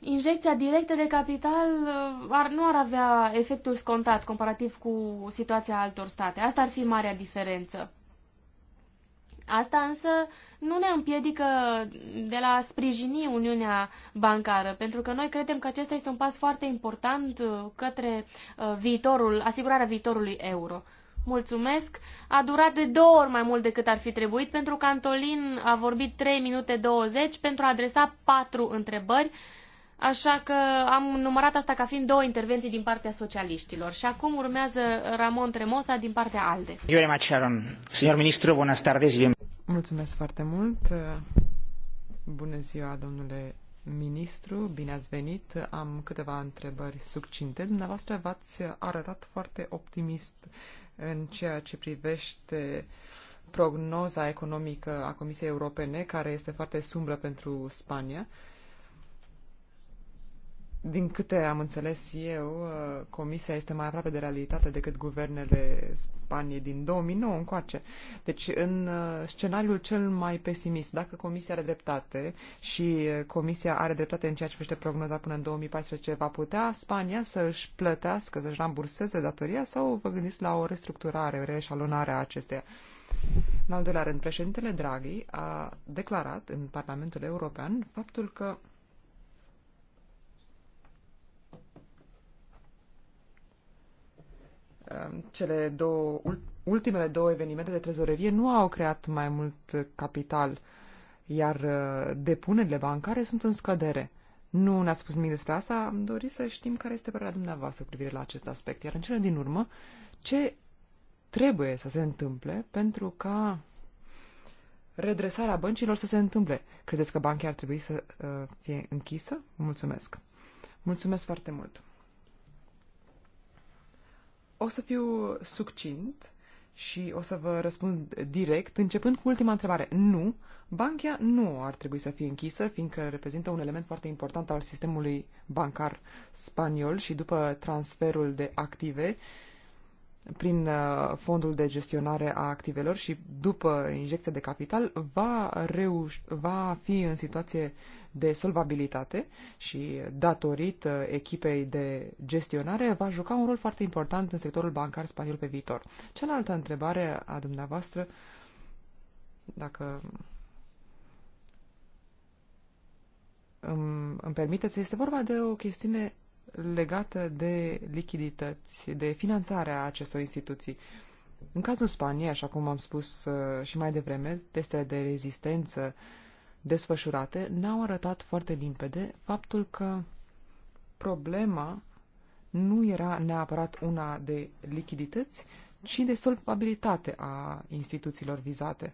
injecția directă de capital uh, ar, nu ar avea efectul scontat comparativ cu situația altor state. Asta ar fi marea diferență. Asta însă nu ne împiedică de la sprijini Uniunea Bancară, pentru că noi credem că acesta este un pas foarte important uh, către viitorul, asigurarea viitorului euro. Mulțumesc. A durat de două ori mai mult decât ar fi trebuit, pentru că Antolin a vorbit 3 minute 20 pentru a adresa patru întrebări, așa că am numărat asta ca fiind două intervenții din partea socialiștilor. Și acum urmează Ramon Tremosa din partea ALDE. Signor ministru, bună tardes. Mulțumesc foarte mult. Bună ziua, domnule ministru, bine ați venit. Am câteva întrebări succinte. Dumneavoastră v-ați arătat foarte optimist în ceea ce privește prognoza economică a Comisiei Europene, care este foarte sumbră pentru Spania din câte am înțeles eu, uh, comisia este mai aproape de realitate decât guvernele Spaniei din 2009 încoace. Deci, în uh, scenariul cel mai pesimist, dacă comisia are dreptate și uh, comisia are dreptate în ceea ce privește prognoza până în 2014, va putea Spania să își plătească, să-și ramburseze datoria sau vă gândiți la o restructurare, o reșalonare a acesteia? În al doilea rând, președintele Draghi a declarat în Parlamentul European faptul că Um, cele două, ultimele două evenimente de trezorerie nu au creat mai mult capital, iar uh, depunerile bancare sunt în scădere. Nu ne a spus nimic despre asta, am dorit să știm care este părerea dumneavoastră cu privire la acest aspect. Iar în cele din urmă, ce trebuie să se întâmple pentru ca redresarea băncilor să se întâmple? Credeți că banca ar trebui să uh, fie închisă? Mulțumesc! Mulțumesc foarte mult! O să fiu succint și o să vă răspund direct, începând cu ultima întrebare. Nu, Banchia nu ar trebui să fie închisă, fiindcă reprezintă un element foarte important al sistemului bancar spaniol și după transferul de active uh, prin uh, fondul de gestionare a activelor și după injecția de capital va, reuș- va fi în situație de solvabilitate și datorită echipei de gestionare va juca un rol foarte important în sectorul bancar spaniol pe viitor. Cealaltă întrebare a dumneavoastră, dacă îmi, îmi permiteți, este vorba de o chestiune legată de lichidități, de finanțarea acestor instituții. În cazul Spaniei, așa cum am spus uh, și mai devreme, testele de rezistență desfășurate n-au arătat foarte limpede faptul că problema nu era neapărat una de lichidități, ci de solvabilitate a instituțiilor vizate.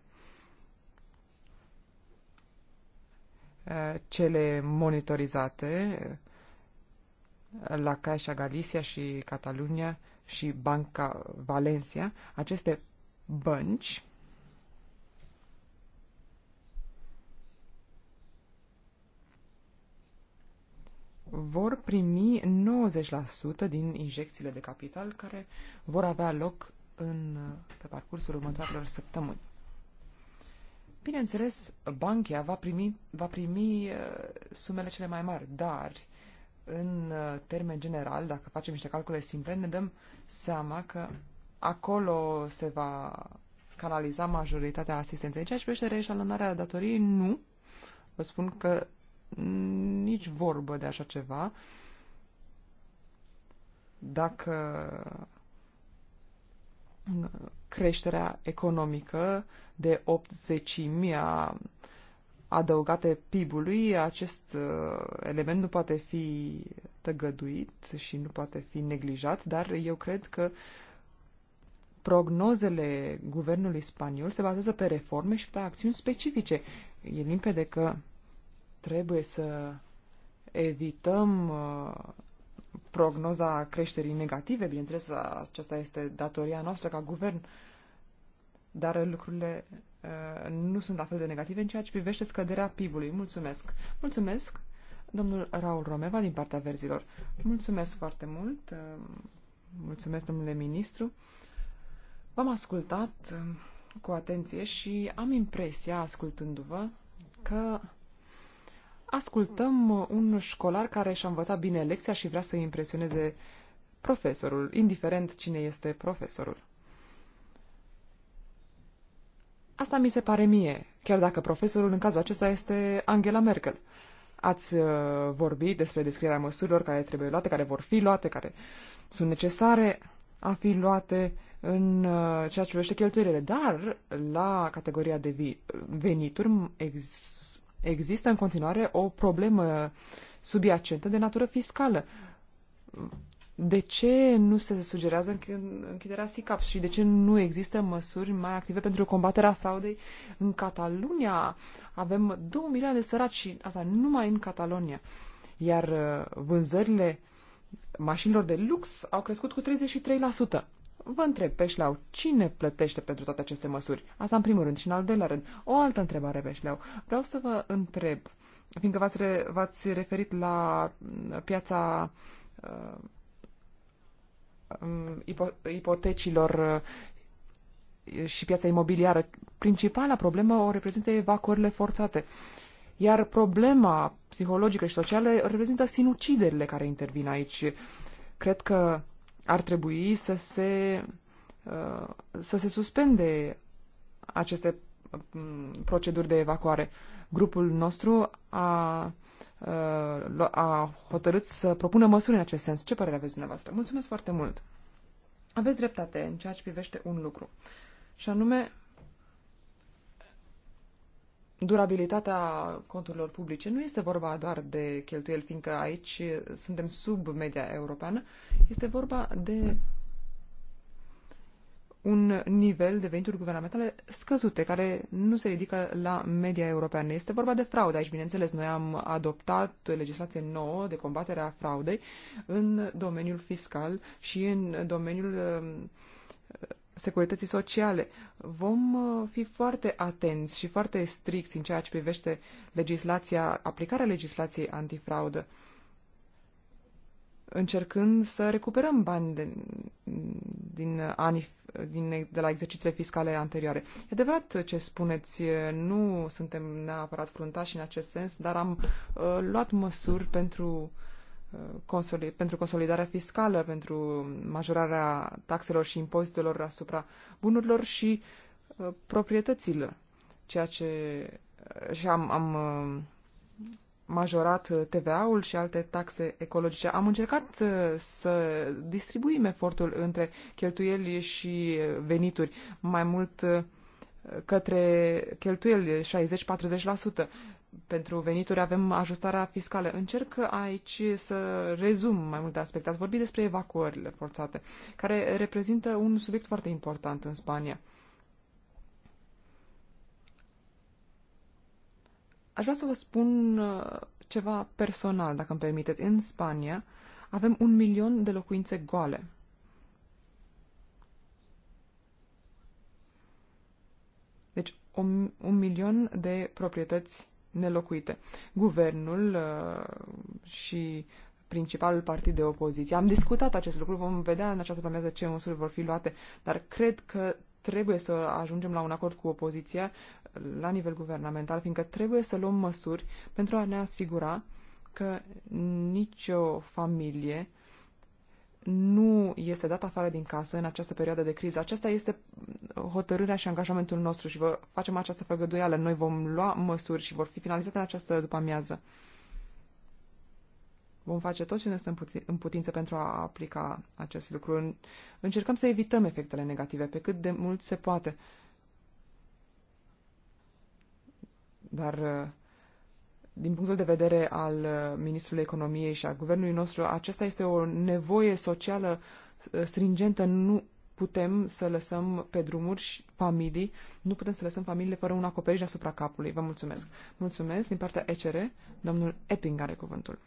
Uh, cele monitorizate la Caixa Galicia și Catalunia și Banca Valencia, aceste bănci vor primi 90% din injecțiile de capital care vor avea loc în, pe parcursul următoarelor săptămâni. Bineînțeles, Banchia va primi, va primi uh, sumele cele mai mari, dar uh, în uh, termen general, dacă facem niște calcule simple, ne dăm seama că acolo se va canaliza majoritatea asistenței. ceea ce privește reșalonarea datoriei, nu. Vă spun că nici vorbă de așa ceva. Dacă uh, creșterea economică de 80.000 a adăugate PIB-ului, acest uh, element nu poate fi tăgăduit și nu poate fi neglijat, dar eu cred că prognozele guvernului spaniol se bazează pe reforme și pe acțiuni specifice. E limpede că trebuie să evităm uh, prognoza creșterii negative, bineînțeles, aceasta este datoria noastră ca guvern, dar lucrurile Uh, nu sunt la fel de negative în ceea ce privește scăderea PIB-ului. Mulțumesc! Mulțumesc, domnul Raul Romeva, din partea verzilor. Mulțumesc foarte mult! Uh, mulțumesc, domnule ministru! V-am ascultat uh, cu atenție și am impresia, ascultându-vă, că ascultăm un școlar care și-a învățat bine lecția și vrea să impresioneze profesorul, indiferent cine este profesorul. Asta mi se pare mie, chiar dacă profesorul în cazul acesta este Angela Merkel. Ați uh, vorbit despre descrierea măsurilor care trebuie luate, care vor fi luate, care sunt necesare a fi luate în uh, ceea ce privește cheltuielile, dar la categoria de vi- venituri ex- există în continuare o problemă subiacentă de natură fiscală de ce nu se sugerează închiderea SICAP și de ce nu există măsuri mai active pentru combaterea fraudei în Catalunia? Avem 2 milioane de săraci și asta numai în Catalonia. Iar uh, vânzările mașinilor de lux au crescut cu 33%. Vă întreb, Peșleau, cine plătește pentru toate aceste măsuri? Asta în primul rând și în al doilea rând. O altă întrebare, Peșleau. Vreau să vă întreb, fiindcă v-ați, re- referit la piața uh, Um, ipotecilor uh, și piața imobiliară. Principala problemă o reprezintă evacuările forțate. Iar problema psihologică și socială reprezintă sinuciderile care intervin aici. Cred că ar trebui să se, uh, să se suspende aceste um, proceduri de evacuare. Grupul nostru a Uh, a hotărât să propună măsuri în acest sens. Ce părere aveți dumneavoastră? Mulțumesc foarte mult! Aveți dreptate în ceea ce privește un lucru, și anume durabilitatea conturilor publice. Nu este vorba doar de cheltuieli, fiindcă aici suntem sub media europeană, este vorba de un nivel de venituri guvernamentale scăzute, care nu se ridică la media europeană. Este vorba de fraudă aici, bineînțeles. Noi am adoptat legislație nouă de combatere a fraudei în domeniul fiscal și în domeniul um, securității sociale. Vom uh, fi foarte atenți și foarte stricți în ceea ce privește legislația, aplicarea legislației antifraudă încercând să recuperăm bani de, din anii din, de la exercițiile fiscale anterioare. E adevărat ce spuneți, nu suntem neapărat fruntași în acest sens, dar am uh, luat măsuri pentru, uh, consoli, pentru consolidarea fiscală, pentru majorarea taxelor și impozitelor asupra bunurilor și uh, proprietăților, ceea ce și am, am uh, majorat uh, TVA-ul și alte taxe ecologice. Am încercat uh, să distribuim efortul între cheltuieli și uh, venituri, mai mult către cheltuieli 60-40%. Pentru venituri avem ajustarea fiscală. Încerc aici să rezum mai multe aspecte. Ați vorbit despre evacuările forțate, care reprezintă un subiect foarte important în Spania. Aș vrea să vă spun uh, ceva personal, dacă îmi permiteți. În Spania avem un milion de locuințe goale. Deci, un, un milion de proprietăți nelocuite. Guvernul uh, și principalul partid de opoziție. Am discutat acest lucru, vom vedea în această planează ce măsuri vor fi luate, dar cred că trebuie să ajungem la un acord cu opoziția la nivel guvernamental, fiindcă trebuie să luăm măsuri pentru a ne asigura că nicio familie nu este dat afară din casă în această perioadă de criză. Aceasta este hotărârea și angajamentul nostru și vă facem această făgăduială. Noi vom lua măsuri și vor fi finalizate în această după-amiază. Vom face tot ce ne stă în putință pentru a aplica acest lucru. Încercăm să evităm efectele negative pe cât de mult se poate. Dar uh, din punctul de vedere al uh, Ministrului Economiei și al guvernului nostru, acesta este o nevoie socială uh, stringentă. Nu putem să lăsăm pe drumuri și familii, nu putem să lăsăm familiile fără un acoperiș asupra capului. Vă mulțumesc. Mulțumesc din partea ECR. Domnul Epping are cuvântul.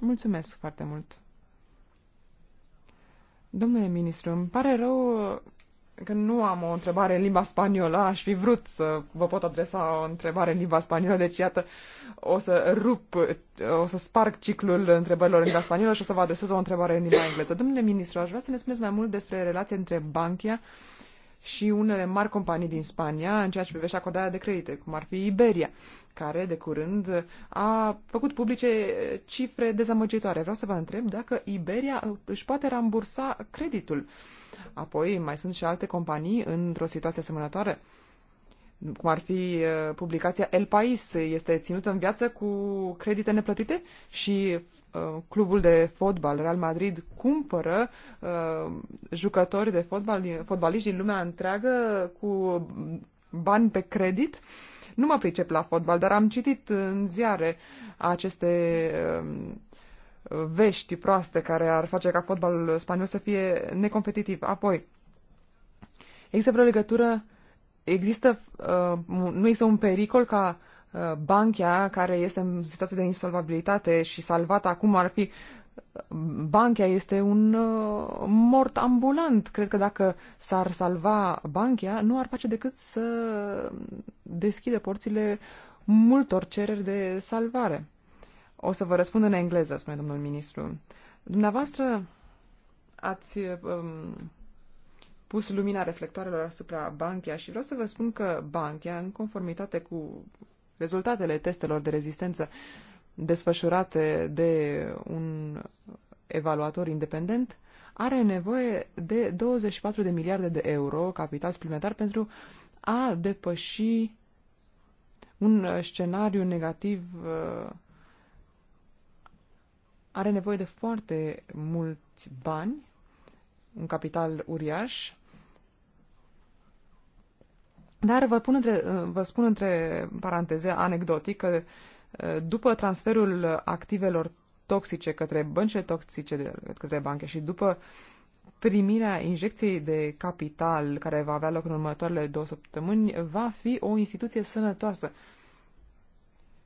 Mulțumesc foarte mult. Domnule ministru, îmi pare rău că nu am o întrebare în limba spaniolă, aș fi vrut să vă pot adresa o întrebare în limba spaniolă, deci iată, o să rup, o să sparg ciclul întrebărilor în limba spaniolă și o să vă adresez o întrebare în limba engleză. Domnule ministru, aș vrea să ne spuneți mai mult despre relația între Bankia și unele mari companii din Spania în ceea ce privește acordarea de credite, cum ar fi Iberia, care de curând a făcut publice cifre dezamăgitoare. Vreau să vă întreb dacă Iberia își poate rambursa creditul. Uh, Apoi mai sunt și alte companii într-o situație asemănătoare, cum ar fi uh, publicația El Pais, este ținută în viață cu credite neplătite și uh, clubul de fotbal Real Madrid cumpără uh, jucători de fotbal, fotbaliști din lumea întreagă cu bani pe credit. Nu mă pricep la fotbal, dar am citit în ziare aceste uh, vești proaste care ar face ca fotbalul spaniol să fie necompetitiv. Apoi, există o legătură, există, uh, nu există un pericol ca uh, Banchia, care este în situație de insolvabilitate și salvată acum ar fi Banchia este un uh, mort ambulant. Cred că dacă s-ar salva Banchia, nu ar face decât să deschide porțile multor cereri de salvare. O să vă răspund în engleză, spune domnul ministru. Dumneavoastră ați um, pus lumina reflectoarelor asupra Bankia și vreau să vă spun că Bankia, în conformitate cu rezultatele testelor de rezistență desfășurate de un evaluator independent, are nevoie de 24 de miliarde de euro capital suplimentar pentru a depăși un scenariu negativ uh, are nevoie de foarte mulți bani, un capital uriaș, dar vă, pun între, vă spun între paranteze anecdotic că după transferul activelor toxice către băncile toxice, de către banche și după primirea injecției de capital care va avea loc în următoarele două săptămâni, va fi o instituție sănătoasă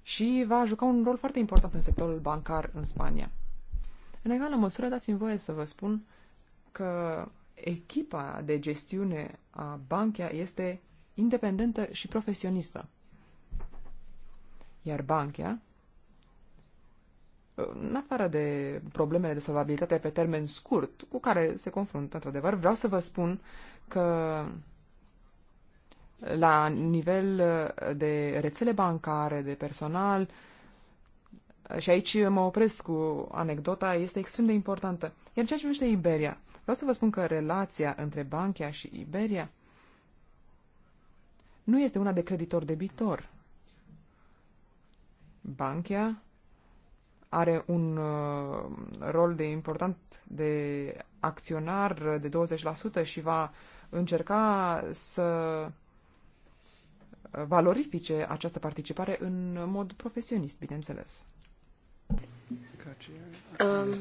și va juca un rol foarte important în sectorul bancar în Spania. În egală măsură, dați-mi voie să vă spun că echipa de gestiune a Banchea este independentă și profesionistă. Iar Banchea, în afară de problemele de solvabilitate pe termen scurt cu care se confruntă, într-adevăr, vreau să vă spun că la nivel de rețele bancare, de personal, și aici mă opresc cu anecdota, este extrem de importantă. Iar ceea ce numește Iberia, vreau să vă spun că relația între Banchea și Iberia nu este una de creditor-debitor. Banchea are un uh, rol de important de acționar de 20% și va încerca să valorifice această participare în mod profesionist, bineînțeles. Um,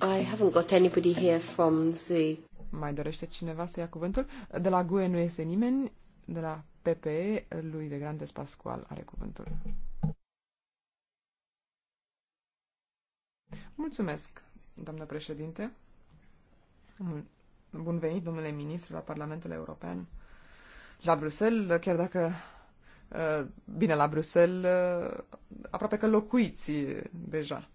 I haven't got anybody here from the... Mai dorește cineva să ia cuvântul? De la GUE nu este nimeni, de la PPE, lui de Grandes Pascual are cuvântul. Mulțumesc, doamnă președinte. Bun venit, domnule ministru, la Parlamentul European, la Bruxelles, chiar dacă Uh, bine, la Bruxelles uh, aproape că locuiți uh, deja.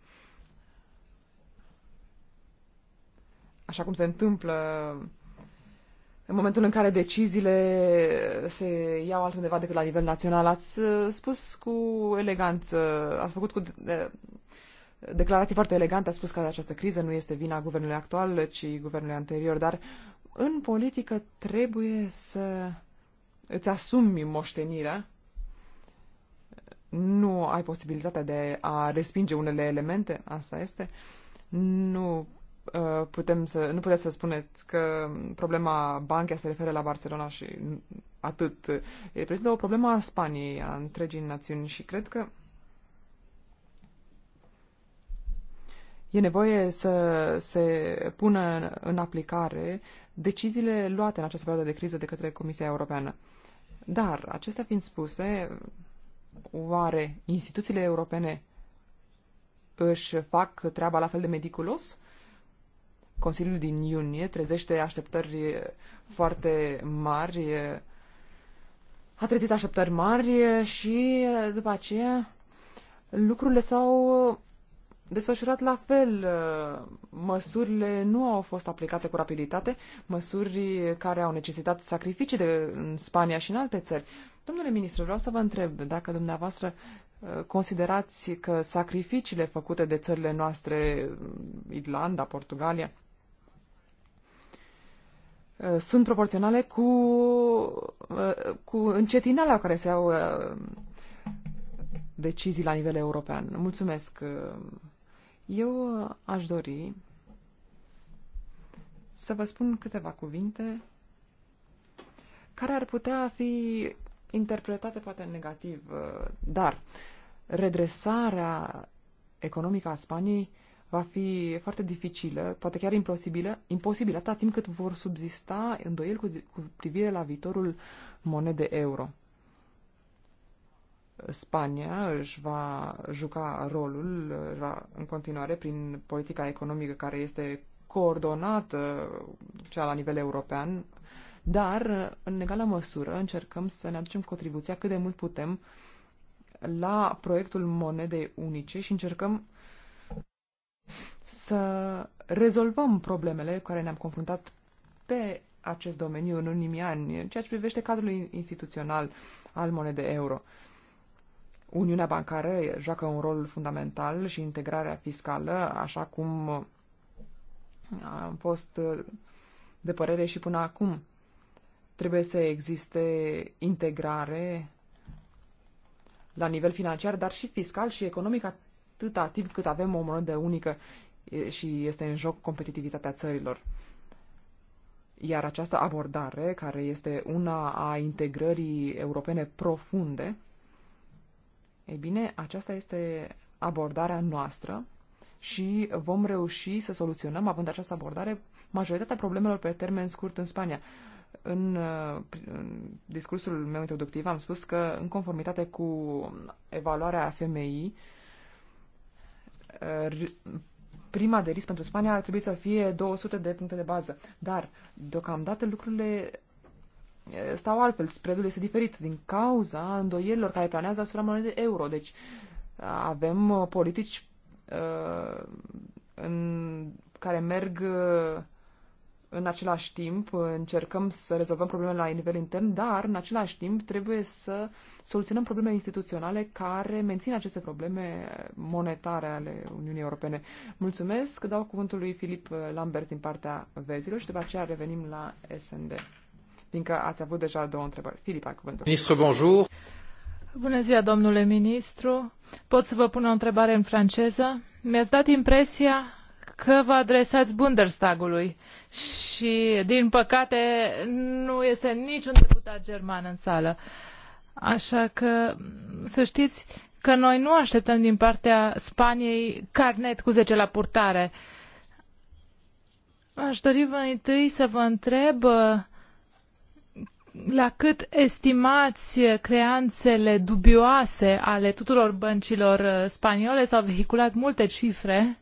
Așa cum se întâmplă în momentul în care deciziile se iau altundeva decât la nivel național. Ați spus cu eleganță, ați făcut cu declarații foarte elegante, ați spus că această criză nu este vina guvernului actual, ci guvernului anterior, dar în politică trebuie să îți asumi moștenirea nu ai posibilitatea de a respinge unele elemente, asta este, nu uh, putem să, nu puteți să spuneți că problema banca se referă la Barcelona și atât. Reprezintă o problemă a Spaniei, a întregii națiuni și cred că e nevoie să se pună în aplicare deciziile luate în această perioadă de criză de către Comisia Europeană. Dar, acestea fiind spuse, Oare instituțiile europene își fac treaba la fel de mediculos, Consiliul din iunie trezește așteptări foarte mari, a trezit așteptări mari și după aceea lucrurile s-au desfășurat la fel. Uh, măsurile nu au fost aplicate cu rapiditate, măsuri care au necesitat sacrificii de, în Spania și în alte țări. Domnule ministru, vreau să vă întreb dacă dumneavoastră uh, considerați că sacrificiile făcute de țările noastre, uh, Irlanda, Portugalia, sunt proporționale cu, cu încetinala care se au decizii la nivel european. Mulțumesc, eu uh, aș dori să vă spun câteva cuvinte care ar putea fi interpretate poate negativ, uh, dar redresarea economică a Spaniei va fi foarte dificilă, poate chiar imposibilă, imposibilă atâta timp cât vor subzista îndoieli cu, cu privire la viitorul monede euro. Spania își va juca rolul va, în continuare prin politica economică care este coordonată, cea la nivel european, dar în egală măsură încercăm să ne aducem contribuția cât de mult putem la proiectul monedei unice și încercăm să rezolvăm problemele cu care ne-am confruntat pe acest domeniu în ultimii ani, în ceea ce privește cadrul instituțional al monedei euro. Uniunea bancară joacă un rol fundamental și integrarea fiscală, așa cum am fost de părere și până acum. Trebuie să existe integrare la nivel financiar, dar și fiscal și economic atâta timp cât avem o monedă unică și este în joc competitivitatea țărilor. Iar această abordare, care este una a integrării europene profunde, ei bine, aceasta este abordarea noastră și vom reuși să soluționăm, având această abordare, majoritatea problemelor pe termen scurt în Spania. În, uh, în discursul meu introductiv am spus că, în conformitate cu evaluarea FMI, uh, prima de risc pentru Spania ar trebui să fie 200 de puncte de bază. Dar, deocamdată, lucrurile stau altfel. Spreadul este diferit din cauza îndoielilor care planează asupra monedei euro. Deci avem uh, politici uh, în, care merg uh, în același timp, încercăm să rezolvăm problemele la nivel intern, dar în același timp trebuie să soluționăm probleme instituționale care mențin aceste probleme monetare ale Uniunii Europene. Mulțumesc, dau cuvântul lui Filip Lambert din partea Vezilor și după aceea revenim la SND fiindcă ați avut deja două întrebări. Filip, cuvântul. Ministru, bonjour. Bună ziua, domnule ministru. Pot să vă pun o întrebare în franceză? Mi-ați dat impresia că vă adresați Bundestagului și, din păcate, nu este niciun deputat german în sală. Așa că să știți că noi nu așteptăm din partea Spaniei carnet cu 10 la purtare. Aș dori vă întâi să vă întreb la cât estimați creanțele dubioase ale tuturor băncilor spaniole? S-au vehiculat multe cifre.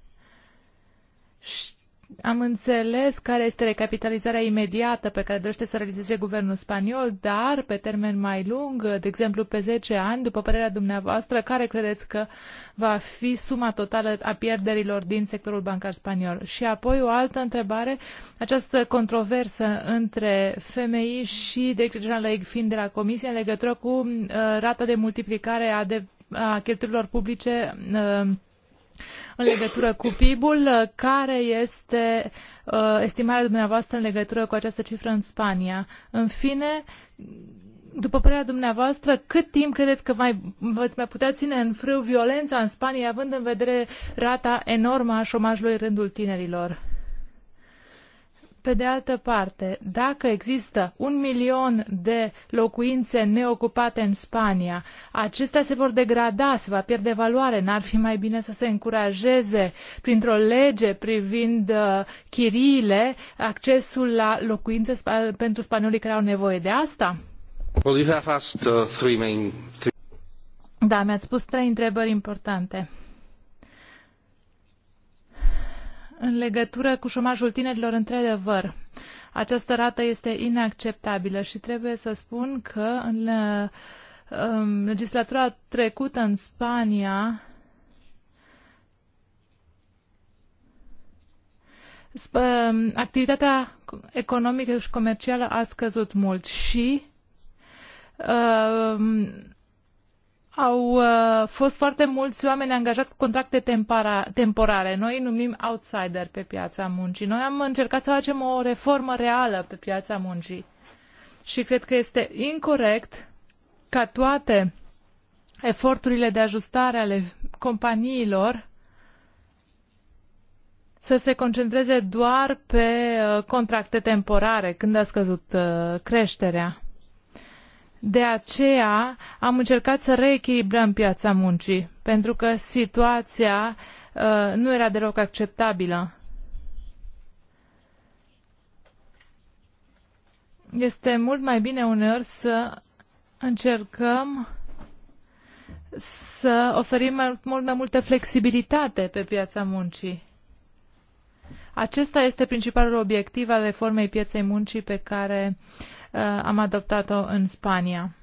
Și am înțeles care este recapitalizarea imediată pe care dorește să o realizeze guvernul spaniol, dar pe termen mai lung, de exemplu pe 10 ani, după părerea dumneavoastră, care credeți că va fi suma totală a pierderilor din sectorul bancar spaniol? Și apoi o altă întrebare, această controversă între FMI și Direcția Generală EGFIN de la Comisie în legătură cu uh, rata de multiplicare a, de, a cheltuielor publice uh, în legătură cu PIB-ul. Care este uh, estimarea dumneavoastră în legătură cu această cifră în Spania? În fine, după părerea dumneavoastră, cât timp credeți că mai, veți mai putea ține în frâu violența în Spania, având în vedere rata enormă a șomajului în rândul tinerilor? Pe de altă parte, dacă există un milion de locuințe neocupate în Spania, acestea se vor degrada, se va pierde valoare. N-ar fi mai bine să se încurajeze printr-o lege privind uh, chiriile accesul la locuințe pentru spaniolii care au nevoie de asta? Well, you have asked, uh, three main... Da, mi-ați spus trei întrebări importante. în legătură cu șomajul tinerilor, într-adevăr, această rată este inacceptabilă și trebuie să spun că în um, legislatura trecută în Spania um, activitatea economică și comercială a scăzut mult și um, au uh, fost foarte mulți oameni angajați cu contracte tempora- temporare. Noi îi numim outsider pe piața muncii. Noi am încercat să facem o reformă reală pe piața muncii. Și cred că este incorrect ca toate eforturile de ajustare ale companiilor să se concentreze doar pe uh, contracte temporare, când a scăzut uh, creșterea. De aceea am încercat să reechilibrăm piața muncii, pentru că situația uh, nu era deloc acceptabilă. Este mult mai bine uneori să încercăm să oferim mult mai multă flexibilitate pe piața muncii. Acesta este principalul obiectiv al reformei pieței muncii pe care Uh, am adoptat-o în Spania.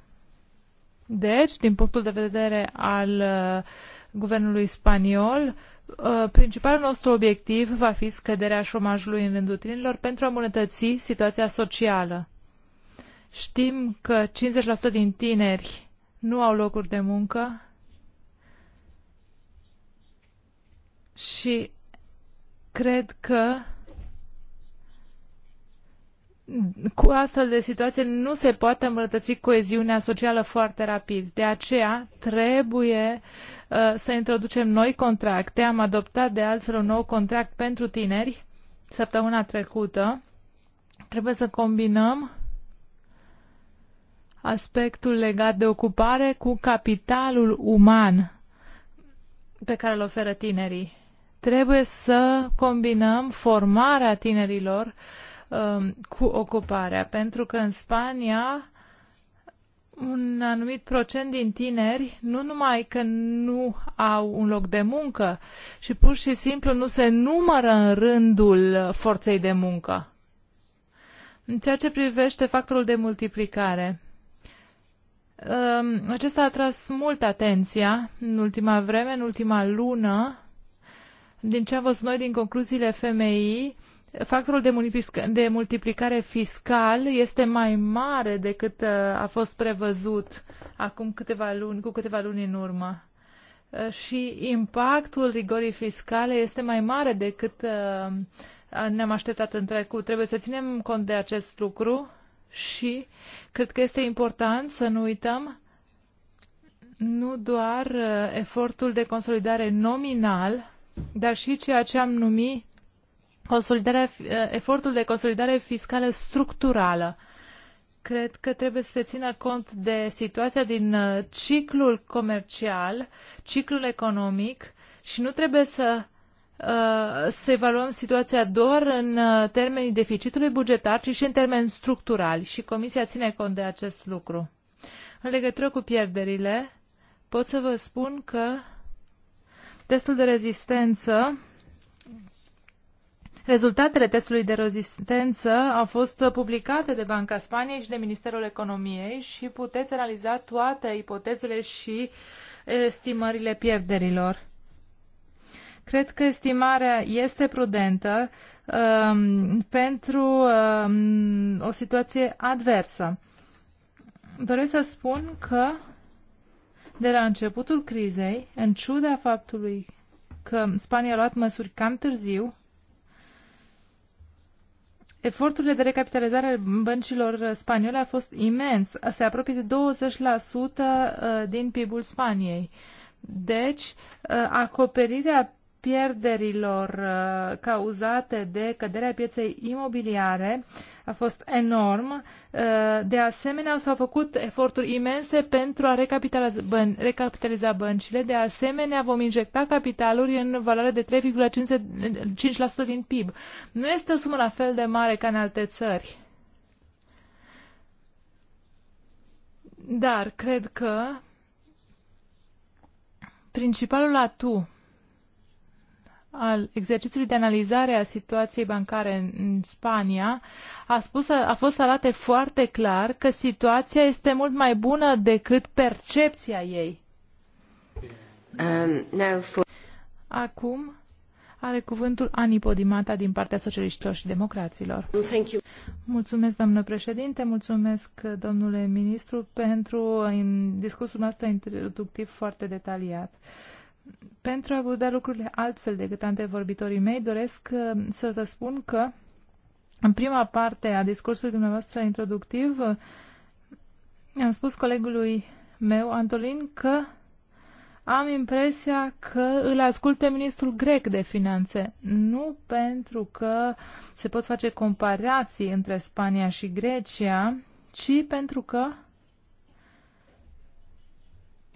Deci, din punctul de vedere al uh, guvernului spaniol, uh, principalul nostru obiectiv va fi scăderea șomajului în rândul tinerilor pentru a îmbunătăți situația socială. Știm că 50% din tineri nu au locuri de muncă și cred că cu astfel de situație nu se poate îmbrătăți coeziunea socială foarte rapid. De aceea trebuie uh, să introducem noi contracte. Am adoptat de altfel un nou contract pentru tineri săptămâna trecută. Trebuie să combinăm aspectul legat de ocupare cu capitalul uman pe care îl oferă tinerii. Trebuie să combinăm formarea tinerilor uh, Um, cu ocuparea, pentru că în Spania un anumit procent din tineri nu numai că nu au un loc de muncă și pur și simplu nu se numără în rândul forței de muncă. În ceea ce privește factorul de multiplicare, um, acesta a atras mult atenția în ultima vreme, în ultima lună, din ce am văzut noi din concluziile FMI, factorul de multiplicare fiscal este mai mare decât uh, a fost prevăzut acum câteva luni, cu câteva luni în urmă. Uh, și impactul rigorii fiscale este mai mare decât uh, ne-am așteptat în trecut. Trebuie să ținem cont de acest lucru și cred că este important să nu uităm nu doar efortul de consolidare nominal, dar și ceea ce am numit consolidarea, efortul de consolidare fiscală structurală. Cred că trebuie să se țină cont de situația din uh, ciclul comercial, ciclul economic și nu trebuie să uh, să evaluăm situația doar în uh, termenii deficitului bugetar, ci și în termeni structurali și Comisia ține cont de acest lucru. În legătură cu pierderile, pot să vă spun că testul de rezistență Rezultatele testului de rezistență au fost publicate de Banca Spaniei și de Ministerul Economiei și puteți analiza toate ipotezele și estimările pierderilor. Cred că estimarea este prudentă um, pentru um, o situație adversă. Doresc să spun că de la începutul crizei, în ciuda faptului că Spania a luat măsuri cam târziu, Eforturile de recapitalizare al băncilor spaniole a fost imens, se apropie de 20% uh, din PIB-ul Spaniei. Deci, uh, acoperirea pierderilor uh, cauzate de căderea pieței imobiliare a fost enorm. Uh, de asemenea, s-au făcut eforturi imense pentru a recapitaliza, recapitaliza băncile. De asemenea, vom injecta capitaluri în valoare de 3,5% din PIB. Nu este o sumă la fel de mare ca în alte țări. Dar cred că principalul atu al exercițiului de analizare a situației bancare în Spania a, spus, a fost arate foarte clar că situația este mult mai bună decât percepția ei. Um, for... Acum are cuvântul Ani Podimata din partea socialiștilor și democraților. Thank you. Mulțumesc, domnule președinte, mulțumesc, domnule ministru, pentru discursul nostru introductiv foarte detaliat. Uh, pentru a vedea lucrurile altfel decât antevorbitorii mei, doresc uh, să vă spun că în prima parte a discursului dumneavoastră introductiv uh, am spus colegului meu, Antolin, că am impresia că îl ascult pe ministrul grec de finanțe, nu pentru că se pot face comparații între Spania și Grecia, ci pentru că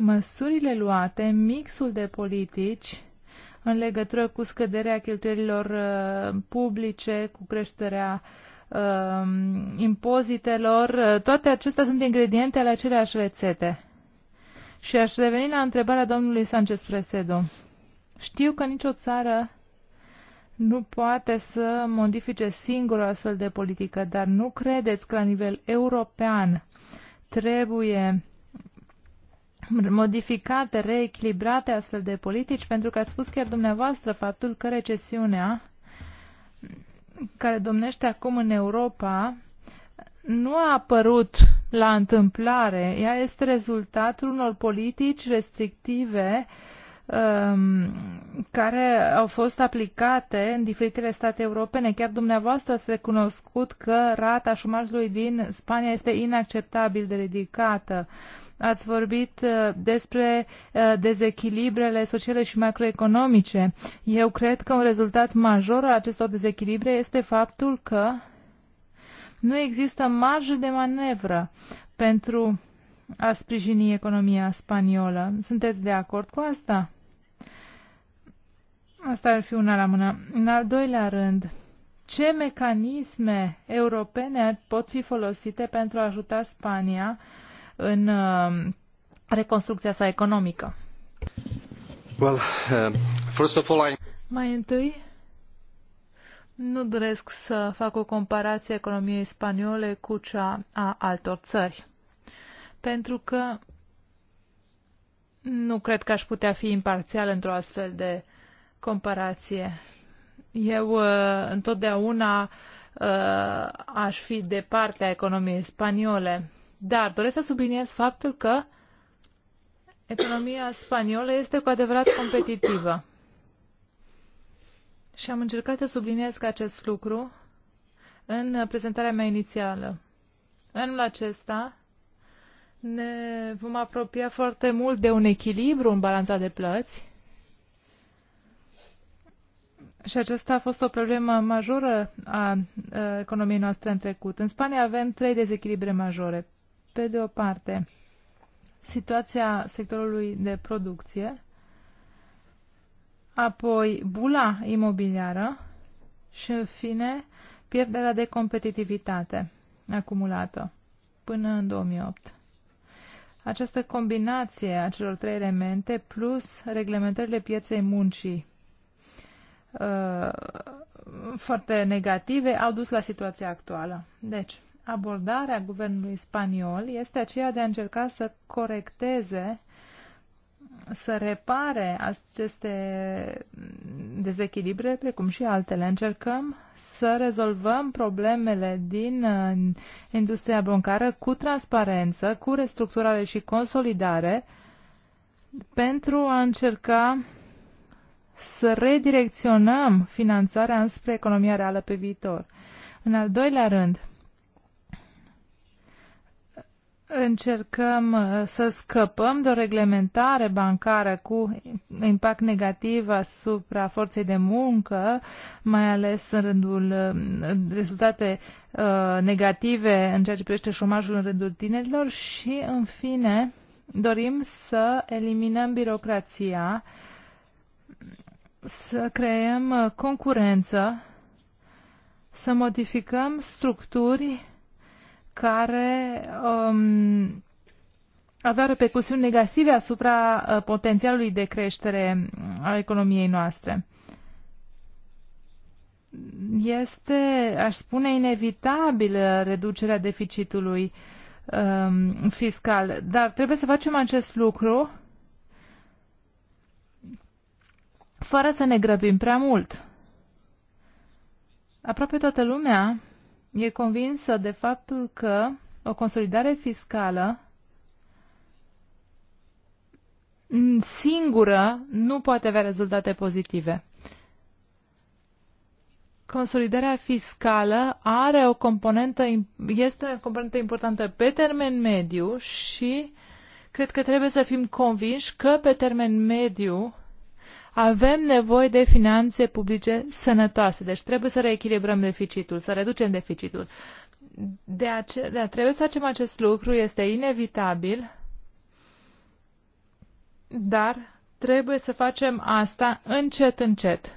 măsurile luate, mixul de politici în legătură cu scăderea cheltuielilor uh, publice, cu creșterea um, uh, impozitelor, toate acestea sunt ingrediente ale aceleași rețete. Și aș reveni la întrebarea domnului Sanchez Presedo. Știu că nicio țară nu poate să modifice singură astfel de politică, dar nu credeți că la nivel european trebuie modificate, reechilibrate astfel de politici, pentru că ați spus chiar dumneavoastră faptul că recesiunea care domnește acum în Europa nu a apărut la întâmplare. Ea este rezultatul unor politici restrictive um, care au fost aplicate în diferitele state europene. Chiar dumneavoastră ați recunoscut că rata șumajului din Spania este inacceptabil de ridicată. Uh, Ați vorbit uh, despre uh, dezechilibrele sociale și macroeconomice. Eu cred că un rezultat major al acestor dezechilibre este faptul că nu există marjă de manevră pentru a sprijini economia spaniolă. Sunteți de acord cu asta? Asta ar fi una la mână. În al doilea rând, ce mecanisme europene pot fi folosite pentru a ajuta Spania în uh, reconstrucția sa economică? Well, uh, first of all, I... Mai întâi, nu doresc să fac o comparație economiei spaniole cu cea a altor țări, pentru că nu cred că aș putea fi imparțial într-o astfel de comparație. Eu uh, întotdeauna uh, aș fi de partea economiei spaniole dar doresc să subliniez faptul că economia spaniolă este cu adevărat competitivă. Și am încercat să subliniez acest lucru în prezentarea mea inițială. Anul acesta ne vom apropia foarte mult de un echilibru în balanța de plăți și aceasta a fost o problemă majoră a, a economiei noastre în trecut. În Spania avem trei dezechilibre majore pe de o parte, situația sectorului de producție, apoi bula imobiliară și, în fine, pierderea de competitivitate acumulată până în 2008. Această combinație a celor trei elemente plus reglementările pieței muncii uh, foarte negative au dus la situația actuală. Deci, abordarea guvernului spaniol este aceea de a încerca să corecteze, să repare aceste dezechilibre, precum și altele. Încercăm să rezolvăm problemele din uh, industria bancară cu transparență, cu restructurare și consolidare, pentru a încerca să redirecționăm finanțarea înspre economia reală pe viitor. În al doilea rând, încercăm uh, să scăpăm de o reglementare bancară cu impact negativ asupra forței de muncă, mai ales în rândul uh, rezultate uh, negative în ceea ce privește șomajul în rândul tinerilor și, în fine, dorim să eliminăm birocrația, să creăm concurență, să modificăm structuri care um, avea repercusiuni negative asupra uh, potențialului de creștere mm, a economiei noastre. Este, aș spune, inevitabilă uh, reducerea deficitului um, fiscal, dar trebuie să facem acest lucru fără să ne grăbim prea mult. Aproape toată lumea e convinsă de faptul că o consolidare fiscală singură nu poate avea rezultate pozitive. Consolidarea fiscală are o componentă, este o componentă importantă pe termen mediu și cred că trebuie să fim convinși că pe termen mediu avem nevoie de finanțe publice sănătoase, deci trebuie să reechilibrăm deficitul, să reducem deficitul. De ace- de a trebuie să facem acest lucru, este inevitabil, dar trebuie să facem asta încet, încet.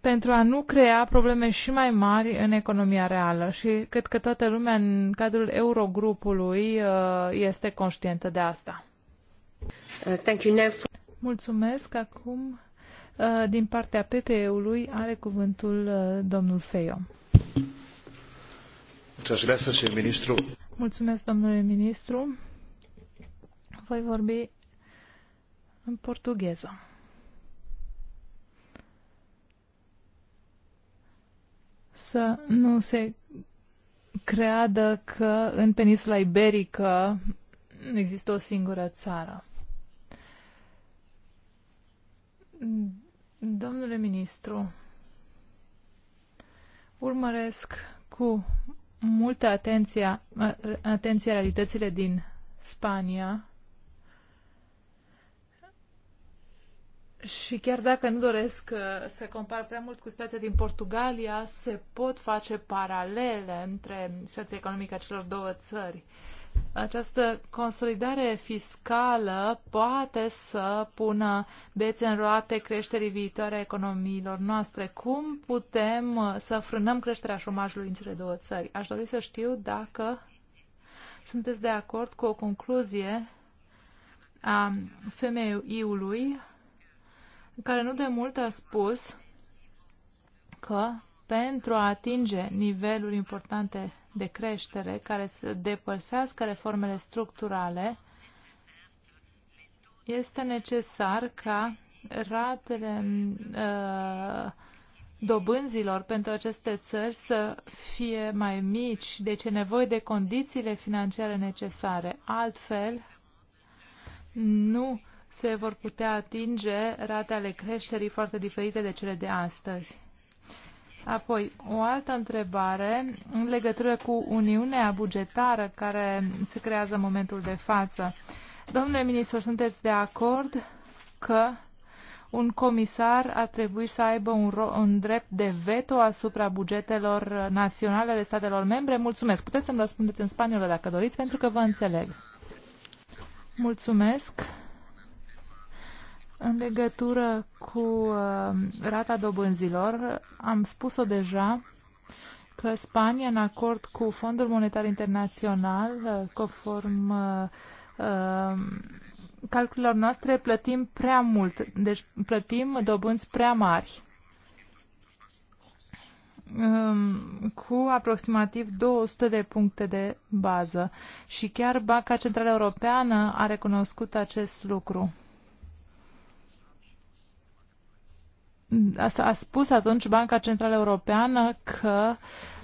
pentru a nu crea probleme și mai mari în economia reală și cred că toată lumea în cadrul Eurogrupului uh, este conștientă de asta. Uh, Mulțumesc. Acum, uh, din partea PPE-ului, are cuvântul uh, domnul Feio. Mulțumesc, domnule ministru. Voi vorbi în portugheză. Să nu se creadă că în peninsula iberică există o singură țară. Domnule ministru, urmăresc cu multă atenție, atenție realitățile din Spania și chiar dacă nu doresc uh, să compar prea mult cu situația din Portugalia, se pot face paralele între situația economică a celor două țări. Această consolidare fiscală poate să pună bețe în roate creșterii viitoare a economiilor noastre. Cum putem uh, să frânăm creșterea șomajului în cele două țări? Aș dori să știu dacă sunteți de acord cu o concluzie a femeiului care nu de mult a spus că pentru a atinge niveluri importante de creștere care să depășească reformele structurale, este necesar ca ratele uh, dobânzilor pentru aceste țări să fie mai mici, deci e nevoie de condițiile financiare necesare. Altfel, nu se vor putea atinge rate ale creșterii foarte diferite de cele de astăzi. Apoi, o altă întrebare în legătură cu Uniunea bugetară care se creează în momentul de față. Domnule ministru, sunteți de acord că un comisar ar trebui să aibă un, un drept de veto asupra bugetelor naționale ale statelor membre? Mulțumesc. Puteți să-mi răspundeți în spaniolă dacă doriți, pentru că vă înțeleg. Mulțumesc. În legătură cu uh, rata dobânzilor, am spus-o deja că Spania, în acord cu Fondul Monetar Internațional, uh, conform uh, uh, calculelor noastre, plătim prea mult, deci plătim dobânzi prea mari um, cu aproximativ 200 de puncte de bază. Și chiar Banca Centrală Europeană a recunoscut acest lucru. a spus atunci Banca Centrală Europeană că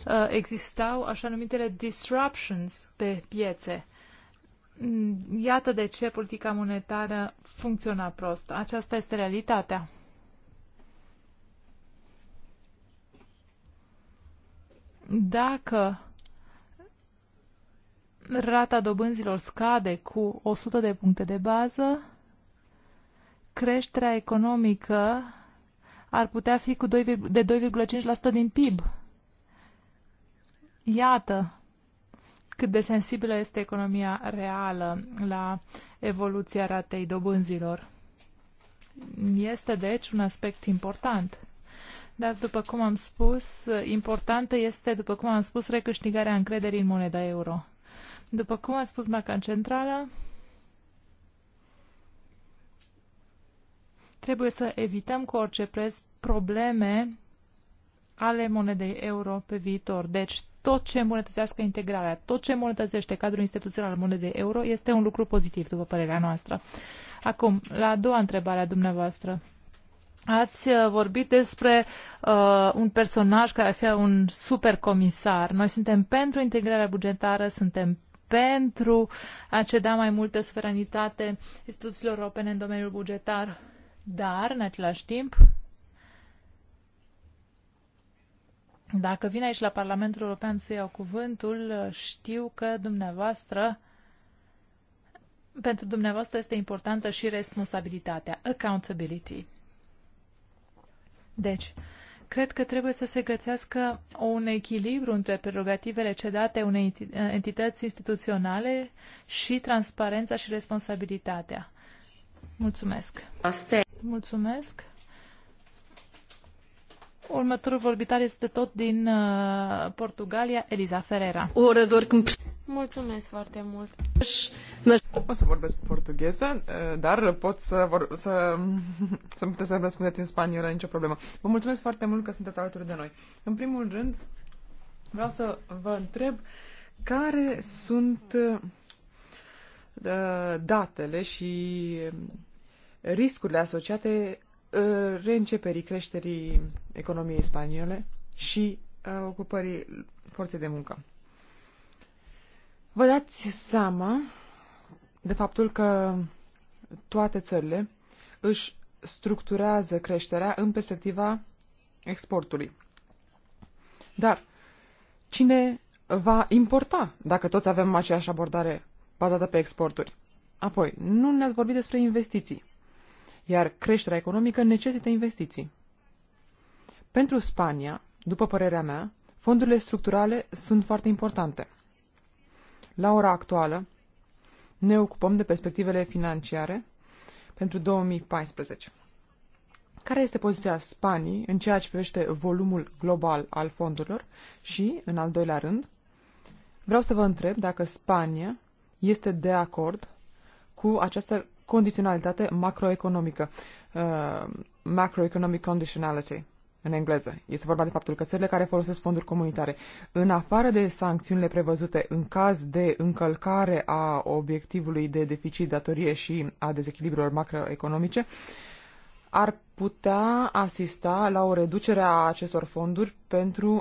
uh, existau așa numitele disruptions pe piețe. Mm, iată de ce politica monetară funcționa prost. Aceasta este realitatea. Dacă rata dobânzilor scade cu 100 de puncte de bază, creșterea economică ar putea fi cu 2, de 2,5% din PIB. Iată cât de sensibilă este economia reală la evoluția ratei dobânzilor. Este, deci, un aspect important. Dar, după cum am spus, importantă este, după cum am spus, recâștigarea încrederii în moneda euro. După cum a spus Banca Centrală, Trebuie să evităm cu orice preț probleme ale monedei euro pe viitor. Deci tot ce îmbunătățească integrarea, tot ce îmbunătățește cadrul instituțional al monedei euro este un lucru pozitiv, după părerea noastră. Acum, la a doua întrebare a dumneavoastră. Ați uh, vorbit despre uh, un personaj care ar fi un super comisar. Noi suntem pentru integrarea bugetară, suntem pentru a ceda mai multă suveranitate instituțiilor europene în domeniul bugetar dar, în același timp, dacă vin aici la Parlamentul European să iau cuvântul, știu că dumneavoastră, pentru dumneavoastră este importantă și responsabilitatea, accountability. Deci, cred că trebuie să se gătească un echilibru între prerogativele cedate unei entități instituționale și transparența și responsabilitatea. Mulțumesc! Mulțumesc. Următorul vorbitar este tot din uh, Portugalia, Eliza Ferreira. Orador când... Mulțumesc foarte mult. O să vorbesc portugheză, uh, dar pot să, vor, să, *laughs* să puteți să răspundeți în spaniolă, nicio problemă. Vă mulțumesc foarte mult că sunteți alături de noi. În primul rând, vreau să vă întreb care sunt uh, datele și riscurile asociate uh, reînceperii creșterii economiei spaniole și uh, ocupării forței de muncă. Vă dați seama de faptul că toate țările își structurează creșterea în perspectiva exportului. Dar cine va importa dacă toți avem aceeași abordare bazată pe exporturi? Apoi, nu ne-ați vorbit despre investiții iar creșterea economică necesită investiții. Pentru Spania, după părerea mea, fondurile structurale sunt foarte importante. La ora actuală, ne ocupăm de perspectivele financiare pentru 2014. Care este poziția Spaniei în ceea ce privește volumul global al fondurilor? Și, în al doilea rând, vreau să vă întreb dacă Spania este de acord cu această condiționalitate macroeconomică, uh, macroeconomic conditionality în engleză. Este vorba de faptul că țările care folosesc fonduri comunitare, în afară de sancțiunile prevăzute în caz de încălcare a obiectivului de deficit, datorie și a dezechilibrilor macroeconomice, ar putea asista la o reducere a acestor fonduri pentru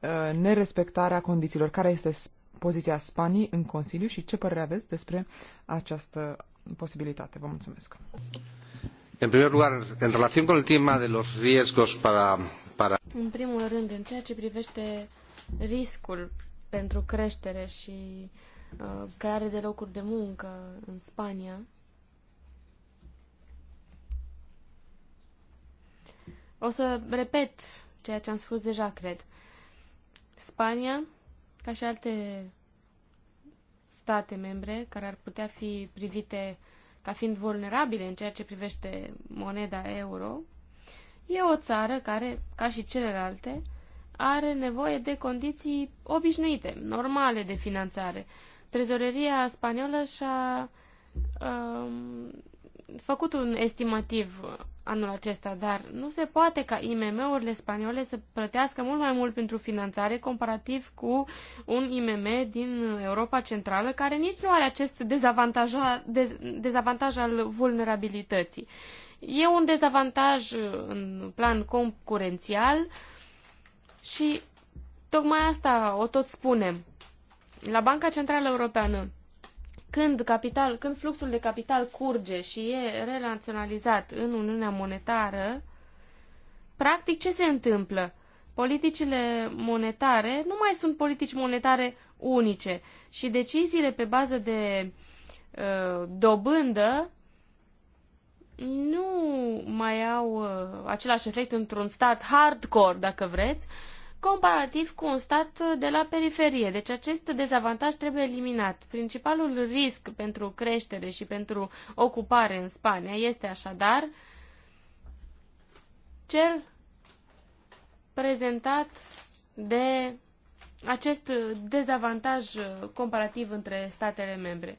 uh, nerespectarea condițiilor. Care este poziția Spaniei în Consiliu și ce părere aveți despre această posibilitate. Vă mulțumesc. În primul lugar, în relație cu tema de los riesgos para, para... În primul rând, în ceea ce privește riscul pentru creștere și uh, creare de locuri de muncă în Spania, O să repet ceea ce am spus deja, cred. Spania, ca și alte state membre care ar putea fi privite ca fiind vulnerabile în ceea ce privește moneda euro, e o țară care, ca și celelalte, are nevoie de condiții obișnuite, normale de finanțare. Trezoreria spaniolă și-a um, făcut un estimativ anul acesta, dar nu se poate ca IMM-urile spaniole să plătească mult mai mult pentru finanțare comparativ cu un IMM din Europa Centrală, care nici nu are acest dezavantaj, dez, dezavantaj al vulnerabilității. E un dezavantaj în plan concurențial și tocmai asta o tot spunem. La Banca Centrală Europeană când, capital, când fluxul de capital curge și e relaționalizat în Uniunea Monetară, practic ce se întâmplă? Politicile monetare nu mai sunt politici monetare unice și deciziile pe bază de uh, dobândă nu mai au uh, același efect într-un stat hardcore, dacă vreți, comparativ cu un stat de la periferie. Deci acest dezavantaj trebuie eliminat. Principalul risc pentru creștere și pentru ocupare în Spania este așadar cel prezentat de acest dezavantaj comparativ între statele membre.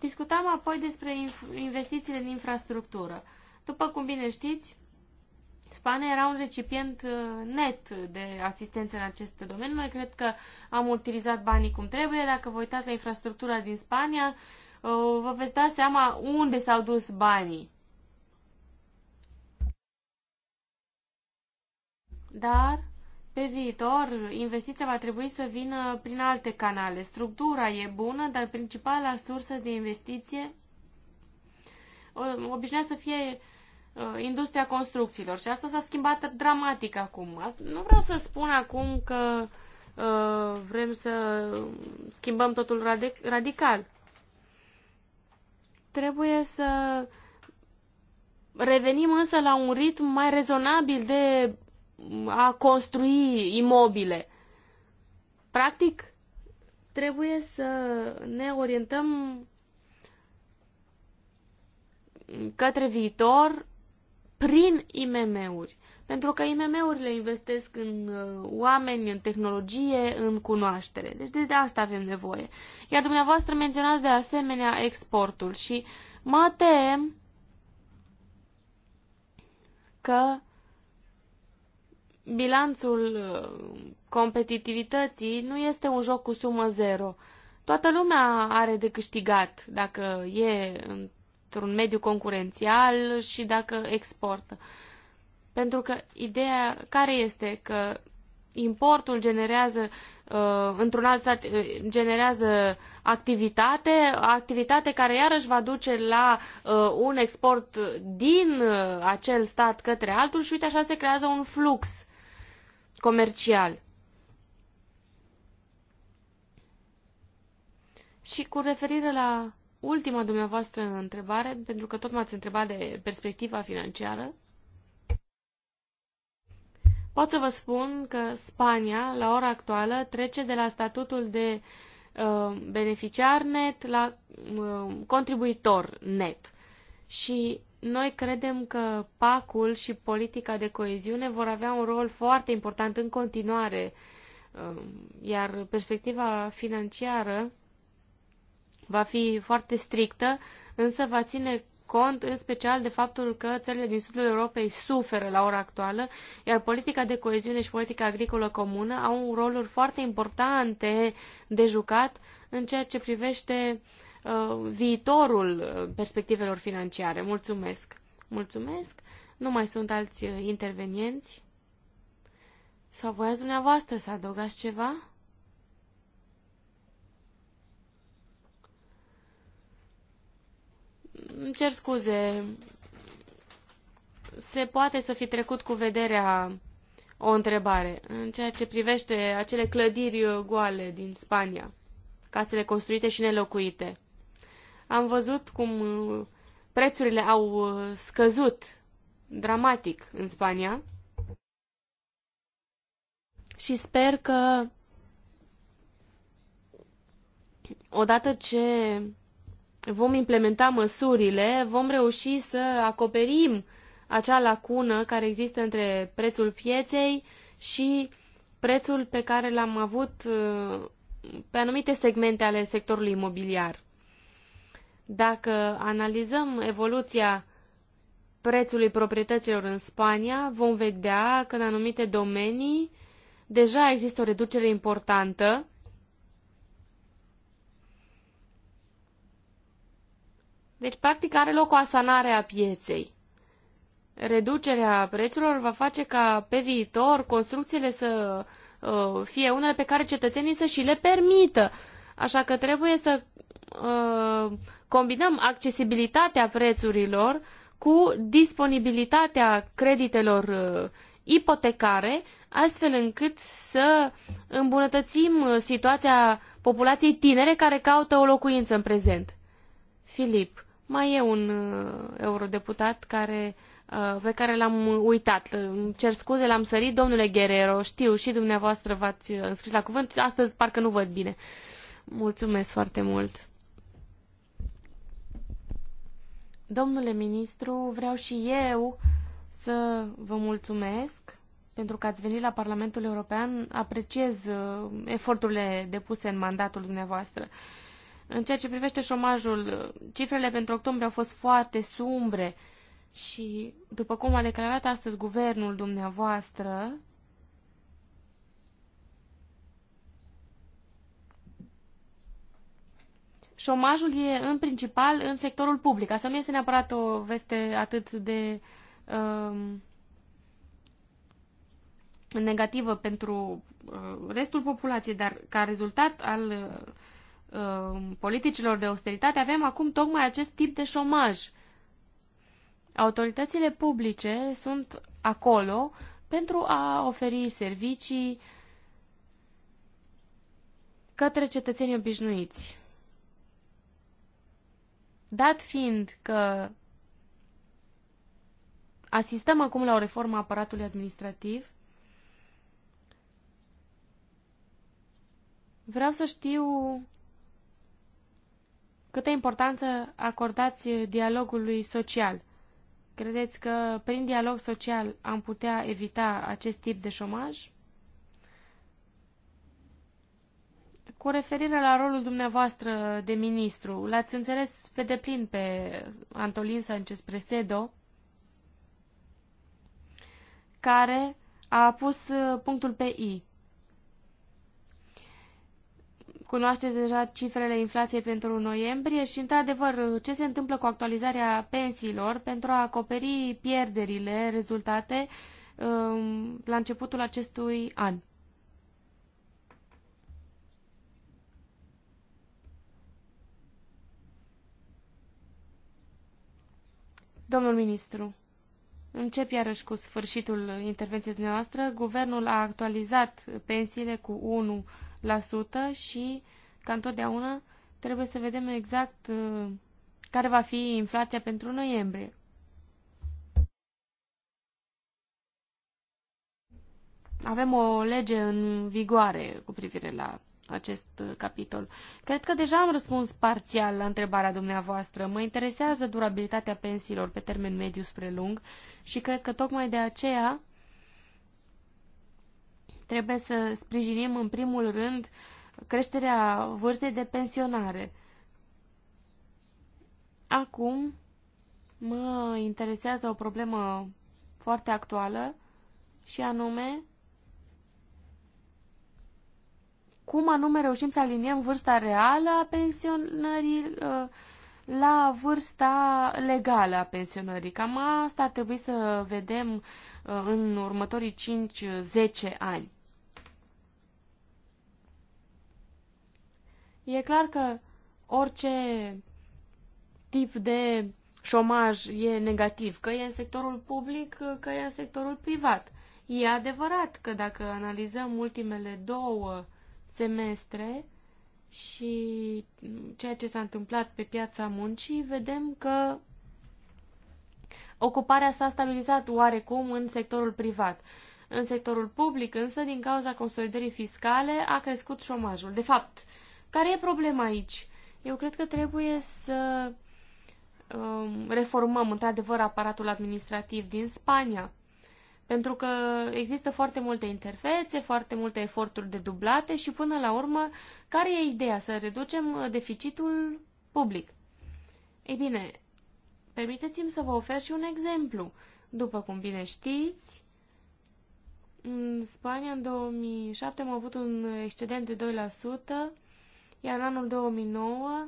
Discutam apoi despre investițiile în infrastructură. După cum bine știți, Spania era un recipient uh, net de asistență în acest domeniu. Noi cred că am utilizat banii cum trebuie. Dacă vă uitați la infrastructura din Spania, uh, vă veți da seama unde s-au dus banii. Dar, pe viitor, investiția va trebui să vină prin alte canale. Structura e bună, dar principala sursă de investiție uh, obișnuia să fie Uh, industria construcțiilor și asta s-a schimbat dramatic acum. Nu vreau să spun acum că uh, vrem să schimbăm totul radical. Trebuie să revenim însă la un ritm mai rezonabil de a construi imobile. Practic, trebuie să ne orientăm către viitor prin IMM-uri. Pentru că IMM-urile investesc în uh, oameni, în tehnologie, în cunoaștere. Deci de, de asta avem nevoie. Iar dumneavoastră menționați de asemenea exportul și mă tem că bilanțul uh, competitivității nu este un joc cu sumă zero. Toată lumea are de câștigat dacă e într-un mediu concurențial și dacă exportă. Pentru că ideea care este că importul generează uh, într-un alt stat uh, generează activitate, activitate care iarăși va duce la uh, un export din uh, acel stat către altul și uite așa se creează un flux comercial. Și cu referire la ultima dumneavoastră întrebare, pentru că tot m-ați întrebat de perspectiva financiară, pot să vă spun că Spania, la ora actuală, trece de la statutul de uh, beneficiar net la uh, contribuitor net. Și noi credem că PAC-ul și politica de coeziune vor avea un rol foarte important în continuare, uh, iar perspectiva financiară va fi foarte strictă, însă va ține cont în special de faptul că țările din sudul Europei suferă la ora actuală, iar politica de coeziune și politica agricolă comună au un roluri foarte importante de jucat în ceea ce privește uh, viitorul uh, perspectivelor financiare. Mulțumesc! Mulțumesc! Nu mai sunt alți uh, intervenienți? Sau voiați dumneavoastră să adăugați ceva? Îmi cer scuze. Se poate să fi trecut cu vederea o întrebare în ceea ce privește acele clădiri goale din Spania, casele construite și nelocuite. Am văzut cum prețurile au scăzut dramatic în Spania și sper că odată ce vom implementa măsurile, vom reuși să acoperim acea lacună care există între prețul pieței și prețul pe care l-am avut uh, pe anumite segmente ale sectorului imobiliar. Dacă analizăm evoluția prețului proprietăților în Spania, vom vedea că în anumite domenii deja există o reducere importantă Deci, practic, are loc o asanare a pieței. Reducerea prețurilor va face ca pe viitor construcțiile să uh, fie unele pe care cetățenii să și le permită. Așa că trebuie să uh, combinăm accesibilitatea prețurilor cu disponibilitatea creditelor uh, ipotecare, astfel încât să îmbunătățim uh, situația populației tinere care caută o locuință în prezent. Filip, mai e un uh, eurodeputat care, uh, pe care l-am uitat. Îmi cer scuze, l-am sărit. Domnule Guerrero, știu și dumneavoastră v-ați uh, înscris la cuvânt. Astăzi parcă nu văd bine. Mulțumesc foarte mult. Domnule ministru, vreau și eu să vă mulțumesc pentru că ați venit la Parlamentul European. Apreciez eforturile depuse în mandatul dumneavoastră. Uh, în ceea ce privește șomajul, cifrele pentru octombrie au fost foarte sumbre și, după cum a declarat astăzi guvernul dumneavoastră, șomajul e în principal în sectorul public. Asta nu este neapărat o veste atât de um, negativă pentru uh, restul populației, dar ca rezultat al uh, Uh, politicilor de austeritate, avem acum tocmai acest tip de șomaj. Autoritățile publice sunt acolo pentru a oferi servicii către cetățenii obișnuiți. Dat fiind că asistăm acum la o reformă a aparatului administrativ, vreau să știu Câtă importanță acordați dialogului social? Credeți că prin dialog social am putea evita acest tip de șomaj? Cu referire la rolul dumneavoastră de ministru, l-ați înțeles pe deplin pe Antolin Sanchez Presedo, care a pus punctul pe I Cunoașteți deja cifrele inflației pentru noiembrie și, într-adevăr, ce se întâmplă cu actualizarea pensiilor pentru a acoperi pierderile rezultate um, la începutul acestui an? Domnul ministru, încep iarăși cu sfârșitul intervenției dumneavoastră. Guvernul a actualizat pensiile cu și, ca întotdeauna, trebuie să vedem exact uh, care va fi inflația pentru noiembrie. Avem o lege în vigoare cu privire la acest uh, capitol. Cred că deja am răspuns parțial la întrebarea dumneavoastră. Mă interesează durabilitatea pensiilor pe termen mediu spre lung și cred că tocmai de aceea Trebuie să sprijinim în primul rând creșterea vârstei de pensionare. Acum mă interesează o problemă foarte actuală și anume cum anume reușim să aliniem vârsta reală a pensionării uh, la vârsta legală a pensionării. Cam asta ar trebui să vedem uh, în următorii 5-10 ani. E clar că orice tip de șomaj e negativ, că e în sectorul public, că e în sectorul privat. E adevărat că dacă analizăm ultimele două semestre și ceea ce s-a întâmplat pe piața muncii, vedem că ocuparea s-a stabilizat oarecum în sectorul privat. În sectorul public, însă, din cauza consolidării fiscale, a crescut șomajul. De fapt, uh, care e problema aici? Eu cred că trebuie să um, reformăm într-adevăr aparatul administrativ din Spania. Pentru că există foarte multe interfețe, foarte multe eforturi de dublate și până la urmă, care e ideea? Să reducem uh, deficitul public. Ei bine, permiteți-mi să vă ofer și un exemplu. După cum bine știți, în Spania în 2007 am avut un excedent de 2%, iar în anul 2009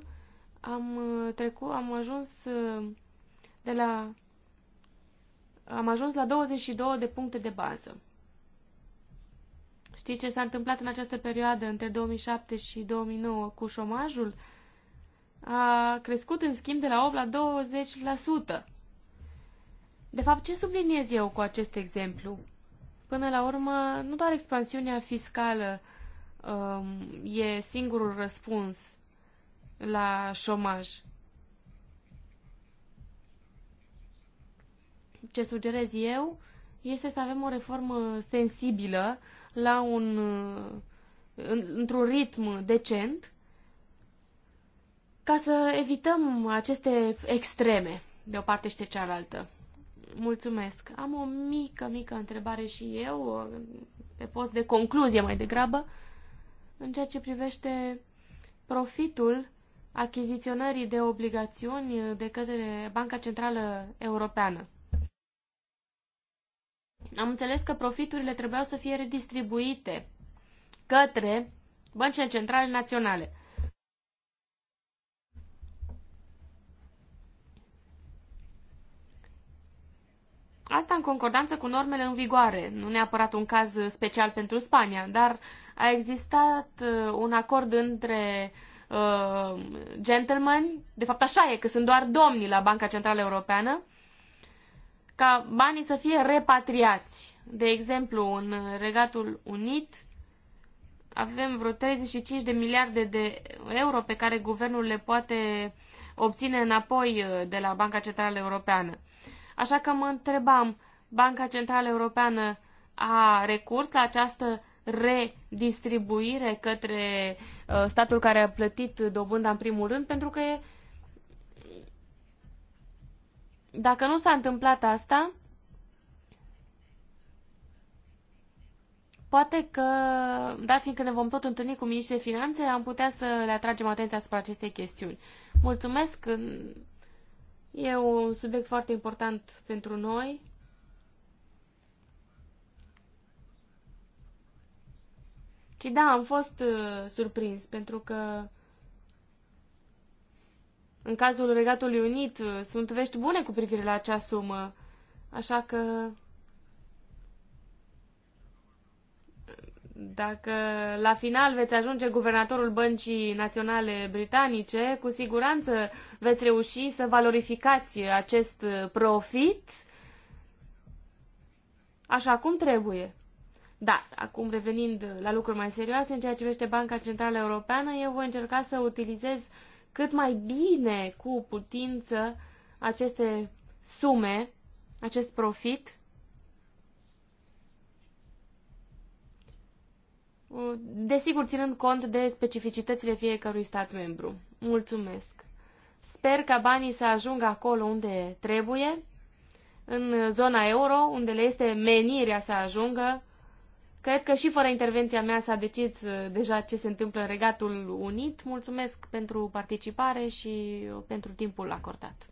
am uh, trecut, am ajuns uh, de la am ajuns la 22 de puncte de bază. Știți ce s-a întâmplat în această perioadă între 2007 și 2009 cu șomajul? A crescut în schimb de la 8 la 20%. De fapt, ce subliniez eu cu acest exemplu? Până la urmă, nu doar expansiunea fiscală uh, Um, e singurul răspuns la șomaj. Ce sugerez eu este să avem o reformă sensibilă la un, uh, într-un ritm decent ca să evităm aceste extreme de o parte și de cealaltă. Mulțumesc. Am o mică, mică întrebare și eu, uh, pe post de concluzie mai degrabă în ceea ce privește profitul achiziționării de obligațiuni de către Banca Centrală Europeană. Am înțeles că profiturile trebuiau să fie redistribuite către băncile centrale naționale. Asta în concordanță cu normele în vigoare, nu neapărat un caz special pentru Spania, dar a existat uh, un acord între uh, gentlemen, de fapt așa e, că sunt doar domni la Banca Centrală Europeană, ca banii să fie repatriați. De exemplu, în Regatul Unit avem vreo 35 de miliarde de euro pe care guvernul le poate obține înapoi uh, de la Banca Centrală Europeană. Așa că mă întrebam, Banca Centrală Europeană a recurs la această redistribuire către uh, statul care a plătit dobânda în primul rând, pentru că e... dacă nu s-a întâmplat asta, Poate că, dat fiindcă ne vom tot întâlni cu miniștrii de finanțe, am putea să le atragem atenția asupra acestei chestiuni. Mulțumesc! E un subiect foarte important pentru noi Și da, am fost uh, surprins, pentru că în cazul Regatului Unit uh, sunt vești bune cu privire la acea sumă. Așa că dacă la final veți ajunge guvernatorul băncii naționale britanice, cu siguranță veți reuși să valorificați acest uh, profit așa cum trebuie. Da, acum revenind la lucruri mai serioase, în ceea ce privește Banca Centrală Europeană, eu voi încerca să utilizez cât mai bine cu putință aceste sume, acest profit. Desigur, ținând cont de specificitățile fiecărui stat membru. Mulțumesc! Sper ca banii să ajungă acolo unde trebuie, în zona euro, unde le este menirea să ajungă, Cred că și fără intervenția mea s-a decis uh, deja ce se întâmplă în Regatul Unit. Mulțumesc pentru participare și uh, pentru timpul acordat.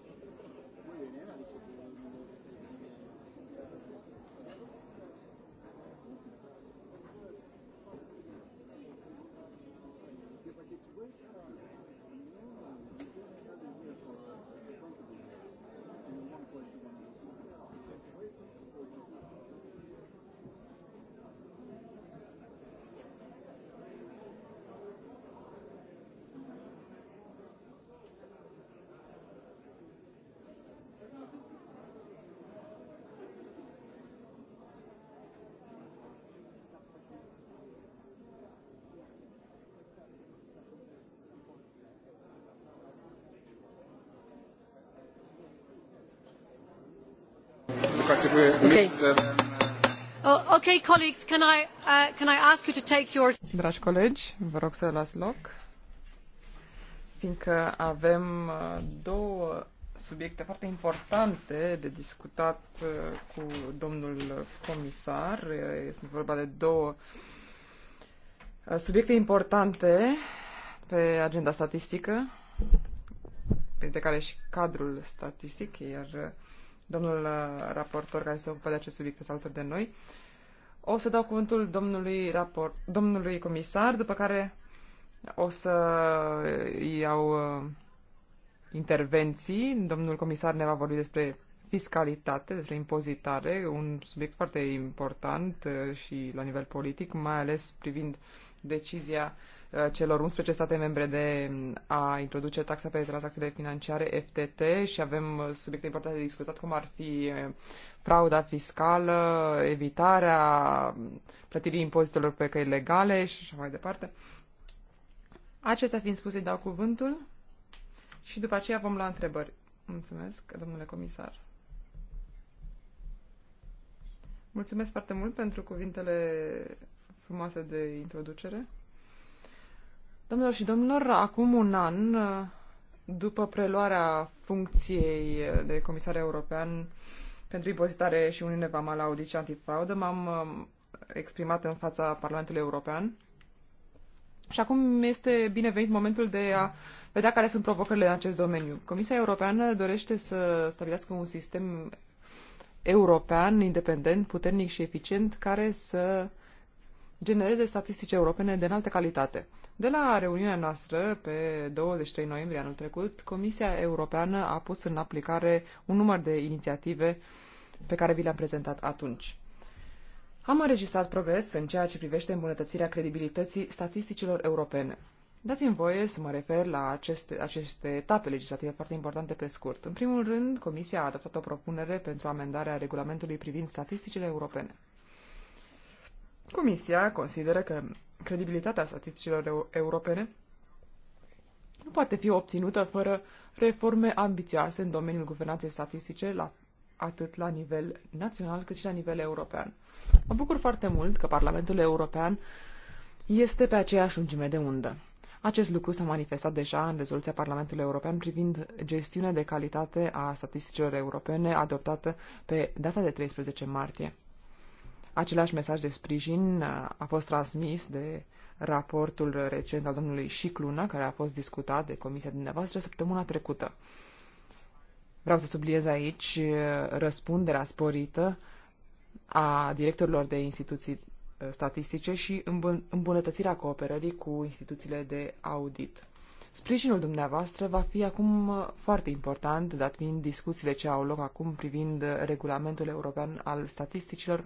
Oh, can I, uh, can I ask you to take Dragi colegi, vă rog să las loc, fiindcă avem uh, două subiecte foarte importante de discutat uh, cu domnul comisar. Sunt vorba de două subiecte importante pe agenda statistică, printre care și cadrul statistic, iar domnul uh, raportor care se ocupă de acest subiect este alături de noi. O să dau cuvântul domnului, raport, domnului comisar, după care o să iau uh, intervenții. Domnul comisar ne va vorbi despre fiscalitate, despre impozitare, un subiect foarte important uh, și la nivel politic, mai ales privind decizia uh, Uh, celor 11 state membre de mm, a introduce taxa pe tranzacțiile financiare FTT și avem uh, subiecte importante de discutat, cum ar fi uh, frauda fiscală, evitarea mm, plătirii impozitelor pe căi legale și așa mai departe. Acestea fiind spuse, dau cuvântul și după aceea vom lua întrebări. Mulțumesc, domnule comisar. Mulțumesc foarte mult pentru cuvintele frumoase de introducere. Domnilor și domnilor, acum un an, după preluarea funcției de comisar european pentru impozitare și Uniune Vamală Audici Antifraudă, m-am uh, exprimat în fața Parlamentului European. Și acum este binevenit momentul de a vedea care sunt provocările în acest domeniu. Comisia Europeană dorește să stabilească un sistem european, independent, puternic și eficient, care să genereze statistici europene de înaltă calitate. De la reuniunea noastră, pe 23 noiembrie anul trecut, Comisia Europeană a pus în aplicare un număr de inițiative pe care vi le-am prezentat atunci. Am înregistrat progres în ceea ce privește îmbunătățirea credibilității statisticilor europene. Dați-mi voie să mă refer la aceste, aceste etape legislative foarte importante pe scurt. În primul rând, Comisia a adoptat o propunere pentru amendarea regulamentului privind statisticile europene. Comisia consideră că credibilitatea statisticilor europene nu poate fi obținută fără reforme ambițioase în domeniul guvernanței statistice, la, atât la nivel național cât și la nivel european. Mă bucur foarte mult că Parlamentul European este pe aceeași lungime de undă. Acest lucru s-a manifestat deja în rezoluția Parlamentului European privind gestiunea de calitate a statisticilor europene adoptată pe data de 13 martie. Același mesaj de sprijin uh, a fost transmis de raportul recent al domnului Șicluna, care a fost discutat de comisia dumneavoastră săptămâna trecută. Vreau să subliez aici uh, răspunderea sporită a directorilor de instituții uh, statistice și îmbunătățirea cooperării cu instituțiile de audit. Sprijinul dumneavoastră va fi acum foarte important, dat fiind discuțiile ce au loc acum privind regulamentul european al statisticilor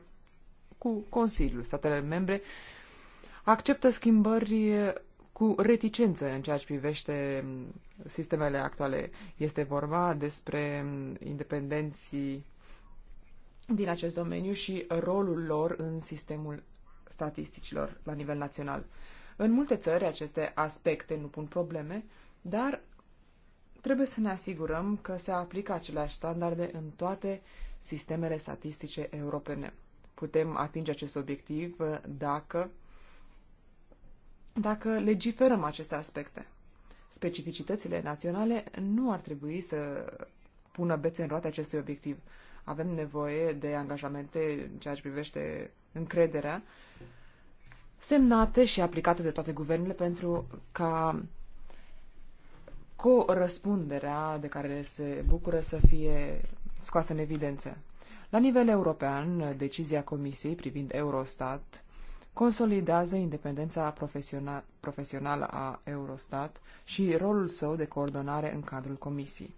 cu Consiliul. Statele membre acceptă schimbări cu reticență în ceea ce privește sistemele actuale. Este vorba despre independenții din acest domeniu și rolul lor în sistemul statisticilor la nivel național. În multe țări aceste aspecte nu pun probleme, dar trebuie să ne asigurăm că se aplică aceleași standarde în toate sistemele statistice europene putem atinge acest obiectiv uh, dacă, dacă legiferăm aceste aspecte. Specificitățile naționale nu ar trebui să pună bețe în roate acestui obiectiv. Avem nevoie de angajamente în ceea ce privește încrederea, semnate și aplicate de toate guvernele pentru ca corăspunderea de care se bucură să fie scoasă în evidență. La nivel european, decizia Comisiei privind Eurostat consolidează independența profesional, profesională a Eurostat și rolul său de coordonare în cadrul Comisiei.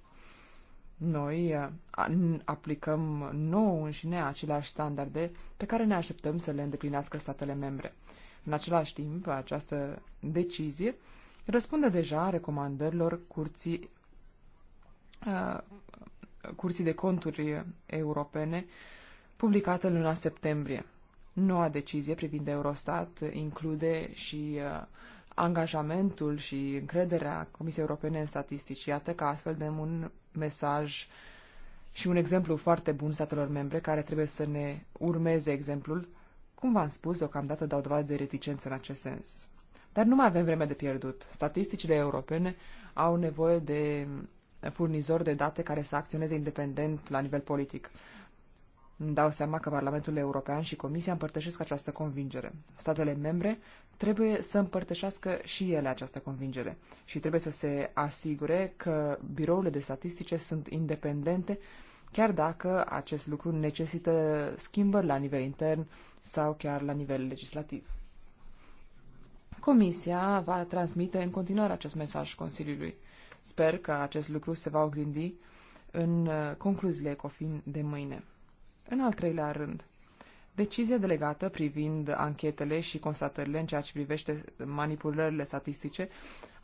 Noi uh, aplicăm și înșine aceleași standarde pe care ne așteptăm să le îndeplinească statele membre. În același timp, această decizie răspunde deja recomandărilor curții uh, Curții de Conturi Europene, publicată luna septembrie. Noua decizie privind Eurostat include și uh, angajamentul și încrederea Comisiei Europene în statistici. Iată că astfel de un mesaj și un exemplu foarte bun statelor membre care trebuie să ne urmeze exemplul. Cum v-am spus, deocamdată dau dovadă de reticență în acest sens. Dar nu mai avem vreme de pierdut. Statisticile europene au nevoie de furnizor de date care să acționeze independent la nivel politic. Îmi dau seama că Parlamentul European și Comisia împărtășesc această convingere. Statele membre trebuie să împărtășească și ele această convingere și trebuie să se asigure că birourile de statistice sunt independente, chiar dacă acest lucru necesită schimbări la nivel intern sau chiar la nivel legislativ. Comisia va transmite în continuare acest mesaj Consiliului. Sper că acest lucru se va oglindi în uh, concluziile COFIN de mâine. În al treilea rând, decizia delegată privind anchetele și constatările în ceea ce privește manipulările statistice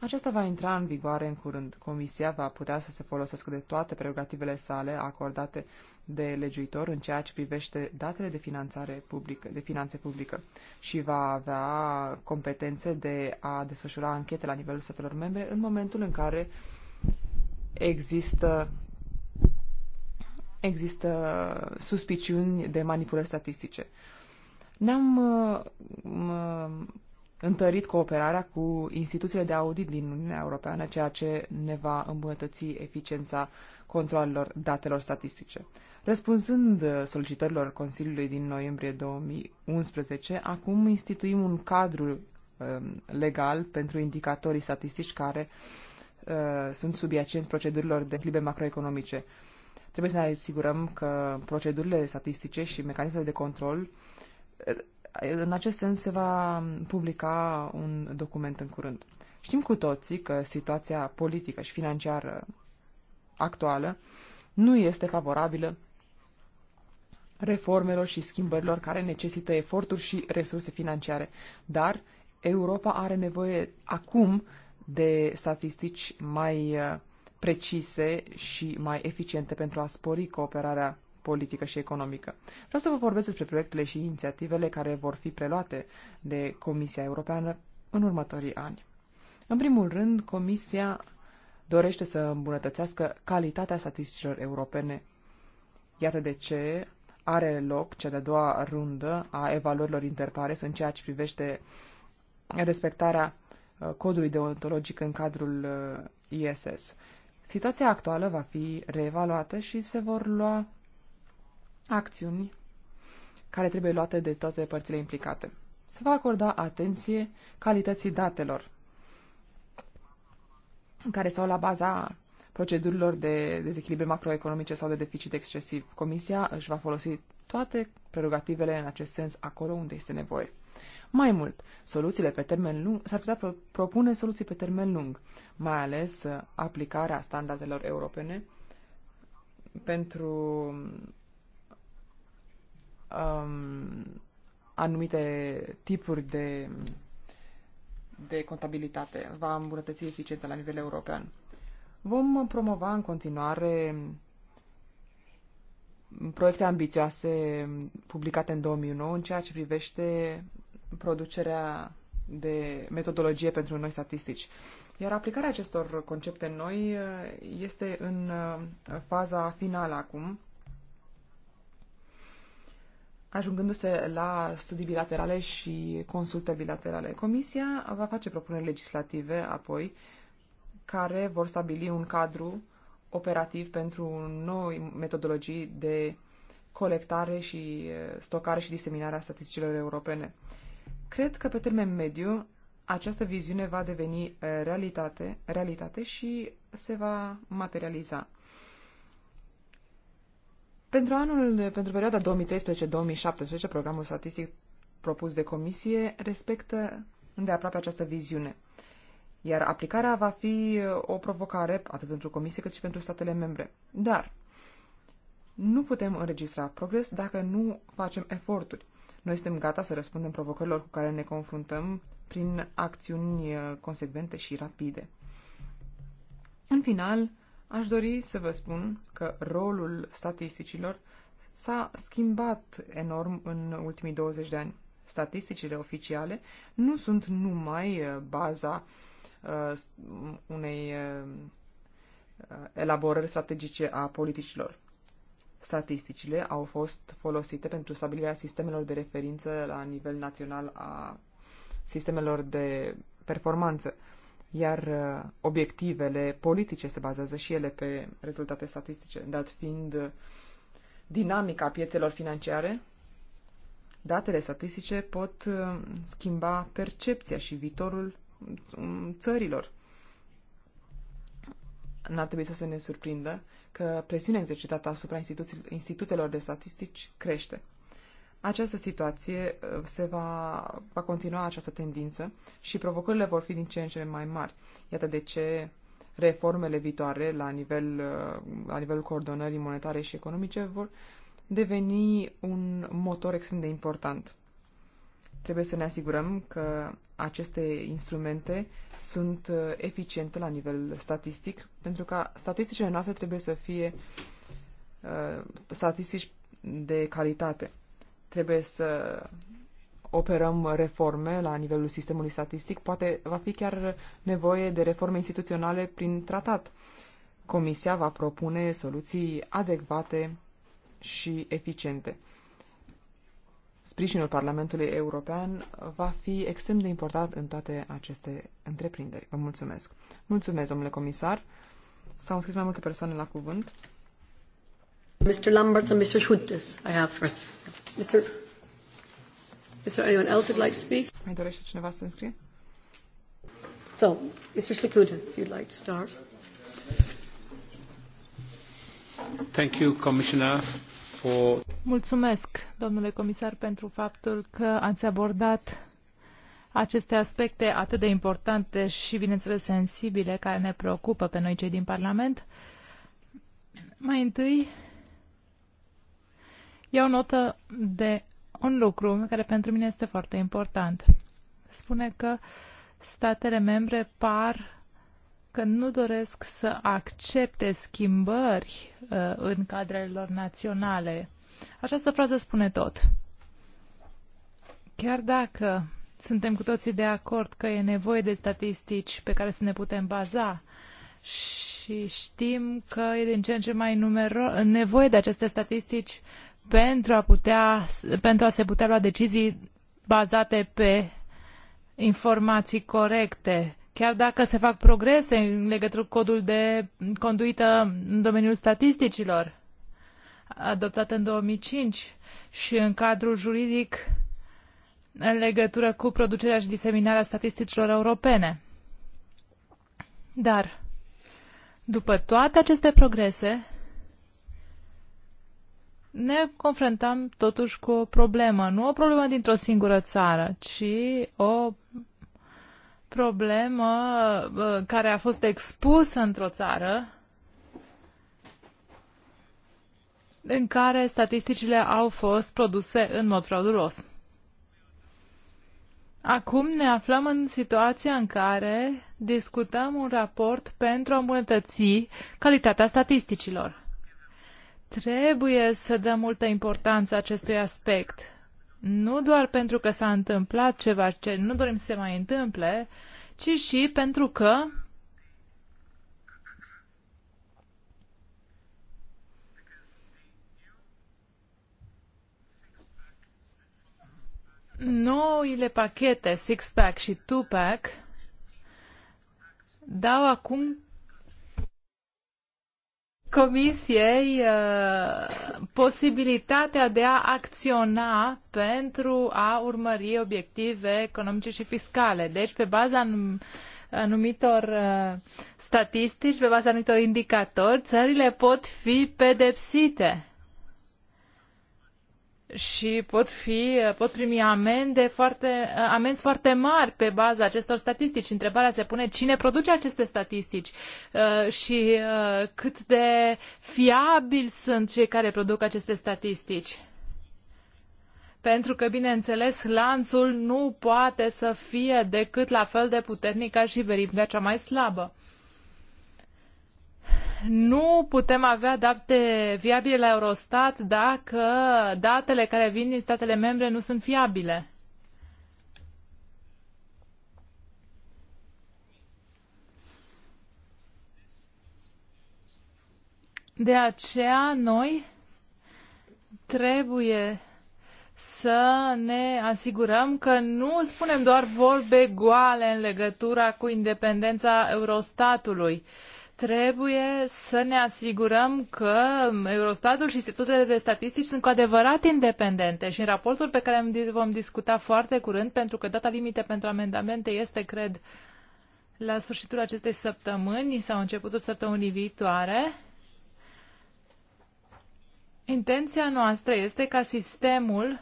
acesta va intra în vigoare în curând. Comisia va putea să se folosească de toate prerogativele sale acordate de legiuitor în ceea ce privește datele de finanțare publică, de finanțe publică și va avea competențe de a desfășura anchete la nivelul statelor membre în momentul în care există există suspiciuni de manipulări statistice. Ne-am întărit cooperarea cu instituțiile de audit din Uniunea Europeană, ceea ce ne va îmbunătăți eficiența controlelor datelor statistice. Răspunzând solicitărilor Consiliului din noiembrie 2011, acum instituim un cadru um, legal pentru indicatorii statistici care uh, sunt subiacenți procedurilor de clibe macroeconomice. Trebuie să ne asigurăm că procedurile statistice și mecanismele de control uh, în acest sens se va publica un document în curând. Știm cu toții că situația politică și financiară actuală nu este favorabilă reformelor și schimbărilor care necesită eforturi și resurse financiare, dar Europa are nevoie acum de statistici mai uh, precise și mai eficiente pentru a spori cooperarea politică și economică. Vreau să vă vorbesc despre proiectele și inițiativele care vor fi preluate de Comisia Europeană în următorii ani. În primul rând, Comisia dorește să îmbunătățească calitatea statisticilor europene. Iată de ce are loc cea de-a doua rundă a evaluărilor interpares în ceea ce privește respectarea uh, codului deontologic în cadrul uh, ISS. Situația actuală va fi reevaluată și se vor lua acțiuni care trebuie luate de toate părțile implicate. Se va acorda atenție calității datelor care s-au la baza procedurilor de dezechilibre macroeconomice sau de deficit excesiv. Comisia își va folosi toate prerogativele în acest sens acolo unde este nevoie. Mai mult, soluțiile pe termen lung s-ar putea pro propune soluții pe termen lung, mai ales uh, aplicarea standardelor europene pentru um, anumite tipuri de, de contabilitate. Va îmbunătăți eficiența la nivel european. Vom promova în continuare proiecte ambițioase publicate în 2009 în ceea ce privește producerea de metodologie pentru noi statistici. Iar aplicarea acestor concepte noi este în uh, faza finală acum ajungându-se la studii bilaterale și consultări bilaterale. Comisia va face propuneri legislative apoi care vor stabili un cadru operativ pentru noi metodologii de colectare și eh, stocare și diseminare a statisticilor europene. Cred că pe termen mediu această viziune va deveni eh, realitate, realitate și se va materializa. Pentru anul, pentru perioada 2013-2017, programul statistic propus de comisie respectă îndeaproape această viziune. Iar aplicarea va fi o provocare atât pentru comisie cât și pentru statele membre. Dar nu putem înregistra progres dacă nu facem eforturi. Noi suntem gata să răspundem provocărilor cu care ne confruntăm prin acțiuni uh, consecvente și rapide. În final, Aș dori să vă spun că rolul statisticilor s-a schimbat enorm în ultimii 20 de ani. Statisticile oficiale nu sunt numai uh, baza uh, unei uh, uh, elaborări strategice a politicilor. Statisticile au fost folosite pentru stabilirea sistemelor de referință la nivel național a sistemelor de performanță. Uh, iar uh, obiectivele politice se bazează și ele pe rezultate statistice, dat fiind uh, dinamica piețelor financiare, datele statistice pot uh, schimba percepția și viitorul um, țărilor. N-ar trebui să se ne surprindă că presiunea exercitată asupra instituțiilor de statistici crește. Această situație uh, se va, va continua această tendință și provocările vor fi din ce în ce mai mari. Iată de ce reformele viitoare la, nivel, uh, la nivelul coordonării monetare și economice vor deveni un motor extrem de important. Trebuie să ne asigurăm că aceste instrumente sunt uh, eficiente la nivel statistic, pentru că statisticile noastre trebuie să fie uh, statistici de calitate. Trebuie să operăm reforme la nivelul sistemului statistic. Poate va fi chiar nevoie de reforme instituționale prin tratat. Comisia va propune soluții adecvate și eficiente. Sprijinul Parlamentului European va fi extrem de important în toate aceste întreprinderi. Vă mulțumesc. Mulțumesc, domnule comisar. S-au înscris mai multe persoane la cuvânt. Mr. Lambert and Mr. Schultes, I have first. Is there anyone else who'd like to speak? Mai dorește cineva să înscrie? So, Mr. Schlickhude, if you'd like to start. Thank you, Commissioner, for... Mulțumesc, domnule comisar, pentru faptul că ați abordat aceste aspecte atât de importante și, bineînțeles, sensibile, care ne preocupă pe noi cei din Parlament. Mai întâi, Iau notă de un lucru care pentru mine este foarte important. Spune că statele membre par că nu doresc să accepte schimbări uh, în cadrele lor naționale. Această frază spune tot. Chiar dacă suntem cu toții de acord că e nevoie de statistici pe care să ne putem baza și știm că e din ce în ce mai numero- nevoie de aceste statistici uh, pentru a, putea, pentru a se putea lua decizii bazate pe informații corecte. Chiar dacă se fac progrese în legătură cu codul de conduită în domeniul statisticilor, adoptat în 2005 și în cadrul juridic în legătură cu producerea și diseminarea statisticilor europene. Dar, după toate aceste progrese, ne confruntam totuși cu o problemă. Nu o problemă dintr-o singură țară, ci o problemă care a fost expusă într-o țară în care statisticile au fost produse în mod fraudulos. Acum ne aflăm în situația în care discutăm un raport pentru a îmbunătăți calitatea statisticilor. Trebuie să dăm multă importanță acestui aspect. Nu doar pentru că s-a întâmplat ceva ce nu dorim să se mai întâmple, ci și pentru că noile pachete six-pack și two-pack dau acum Comisiei uh, posibilitatea de a acționa pentru a urmări obiective economice și fiscale. Deci, pe baza anumitor uh, statistici, pe baza anumitor indicatori, țările pot fi pedepsite și pot, fi, pot primi amende foarte, amenzi foarte mari pe baza acestor statistici. Întrebarea se pune cine produce aceste statistici uh, și uh, cât de fiabili sunt cei care produc aceste statistici. Pentru că, bineînțeles, lanțul nu poate să fie decât la fel de puternic ca și veriga cea mai slabă nu putem avea date viabile la Eurostat dacă datele care vin din statele membre nu sunt fiabile. De aceea noi trebuie să ne asigurăm că nu spunem doar vorbe goale în legătura cu independența Eurostatului. Uh, trebuie să ne asigurăm că Eurostatul și institutele de statistici sunt cu adevărat independente și în raportul pe care vom discuta foarte curând, pentru că data limite pentru amendamente este, cred, la sfârșitul acestei săptămâni sau începutul săptămânii viitoare, intenția noastră este ca sistemul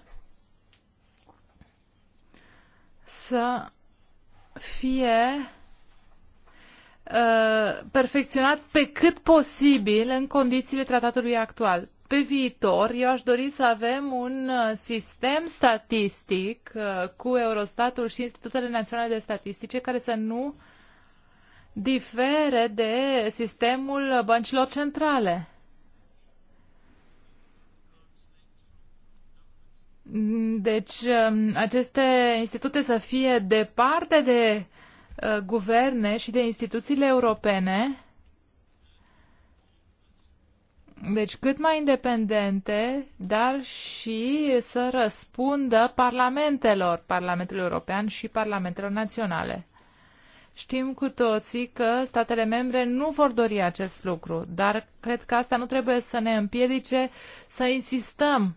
să fie Uh, perfecționat pe cât posibil în condițiile tratatului actual. Pe viitor, eu aș dori să avem un uh, sistem statistic uh, cu Eurostatul și Institutele Naționale de Statistice care să nu difere de sistemul băncilor centrale. Deci um, aceste institute să fie departe de Uh, guverne și de instituțiile europene, deci cât mai independente, dar și să răspundă parlamentelor, Parlamentul European și parlamentelor naționale. Știm cu toții că statele membre nu vor dori acest lucru, dar cred că asta nu trebuie să ne împiedice să insistăm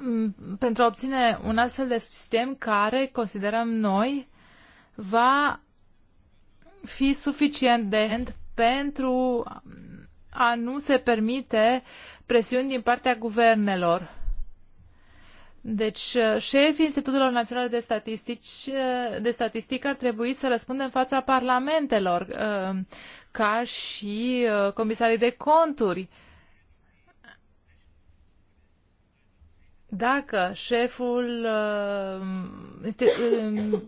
Mm, pentru a obține un astfel de sistem care, considerăm noi, va fi suficient de pentru a nu se permite presiuni din partea guvernelor. Deci, șefii Institutelor Naționale de, Statistici, de Statistică ar trebui să răspundă în fața parlamentelor, uh, ca și uh, comisarii de conturi Dacă șeful uh, um,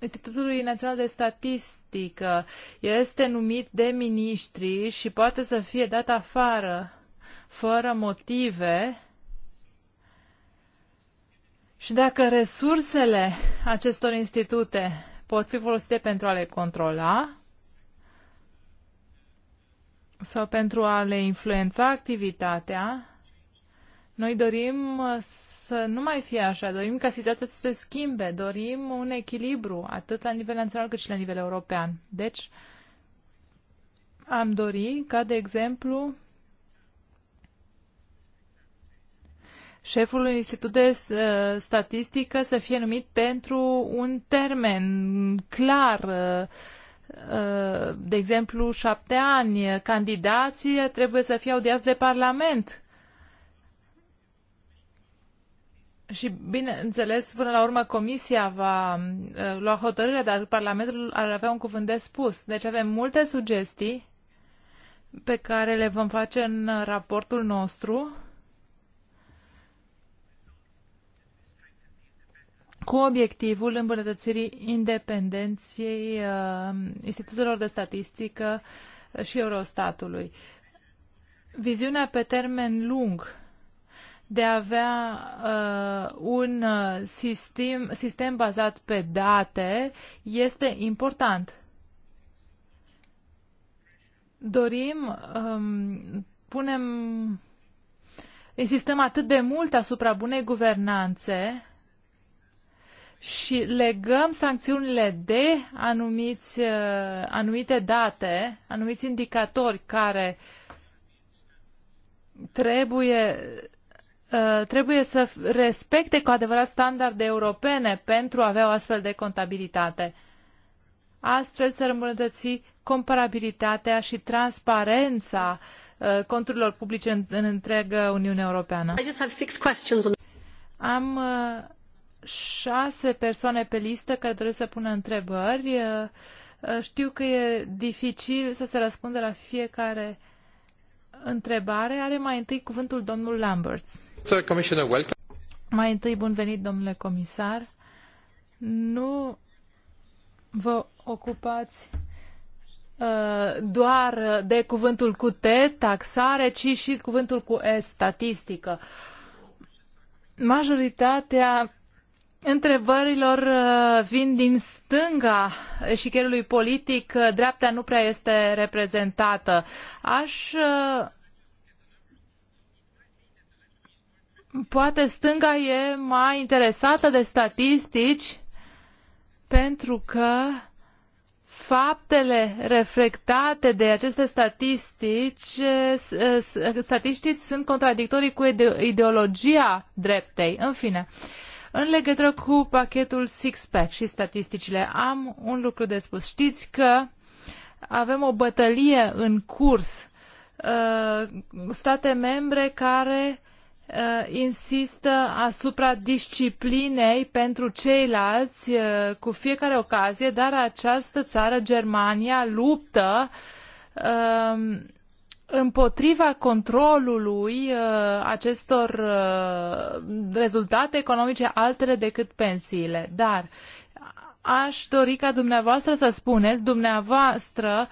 Institutului Național de Statistică este numit de miniștri și poate să fie dat afară fără motive, și dacă resursele acestor institute pot fi folosite pentru a le controla sau pentru a le influența activitatea, noi dorim uh, să nu mai fie așa, dorim ca situația să se schimbe, dorim un echilibru, atât la nivel național cât și la nivel european. Deci, am dori ca, de exemplu, șeful unui institut de uh, statistică să fie numit pentru un termen clar, uh, de exemplu, șapte ani. Candidații trebuie să fie audiați de Parlament Și, bineînțeles, până la urmă Comisia va uh, lua hotărârea, dar Parlamentul ar avea un cuvânt de spus. Deci avem multe sugestii pe care le vom face în raportul nostru cu obiectivul îmbunătățirii independenței uh, instituțiilor de statistică și Eurostatului. Viziunea pe termen lung de a avea uh, un uh, sistem, sistem bazat pe date este important. Dorim, um, punem, insistăm atât de mult asupra bunei guvernanțe și legăm sancțiunile de anumiți, uh, anumite date, anumiți indicatori care trebuie Uh, trebuie să respecte cu adevărat standarde europene pentru a avea o astfel de contabilitate. Astfel să îmbunătăți comparabilitatea și transparența uh, conturilor publice în, în întreagă Uniune Europeană. Am uh, șase persoane pe listă care doresc să pună întrebări. Știu că e dificil să se răspundă la fiecare întrebare. Are mai întâi cuvântul domnul Lamberts. Mai întâi, bun venit, domnule comisar. Nu vă ocupați uh, doar de cuvântul cu T, taxare, ci și cuvântul cu S, statistică. Majoritatea întrebărilor uh, vin din stânga eșicherului politic, dreapta nu prea este reprezentată. Aș uh, poate stânga e mai interesată de statistici pentru că faptele reflectate de aceste statistici, statistici sunt contradictorii cu ideologia dreptei. În fine, în legătură cu pachetul six-pack și statisticile, am un lucru de spus. Știți că avem o bătălie în curs uh, state membre care Uh, insistă asupra disciplinei pentru ceilalți uh, cu fiecare ocazie, dar această țară, Germania, luptă um, împotriva controlului uh, acestor rezultate economice altele decât pensiile. Dar aș dori ca dumneavoastră să spuneți, dumneavoastră,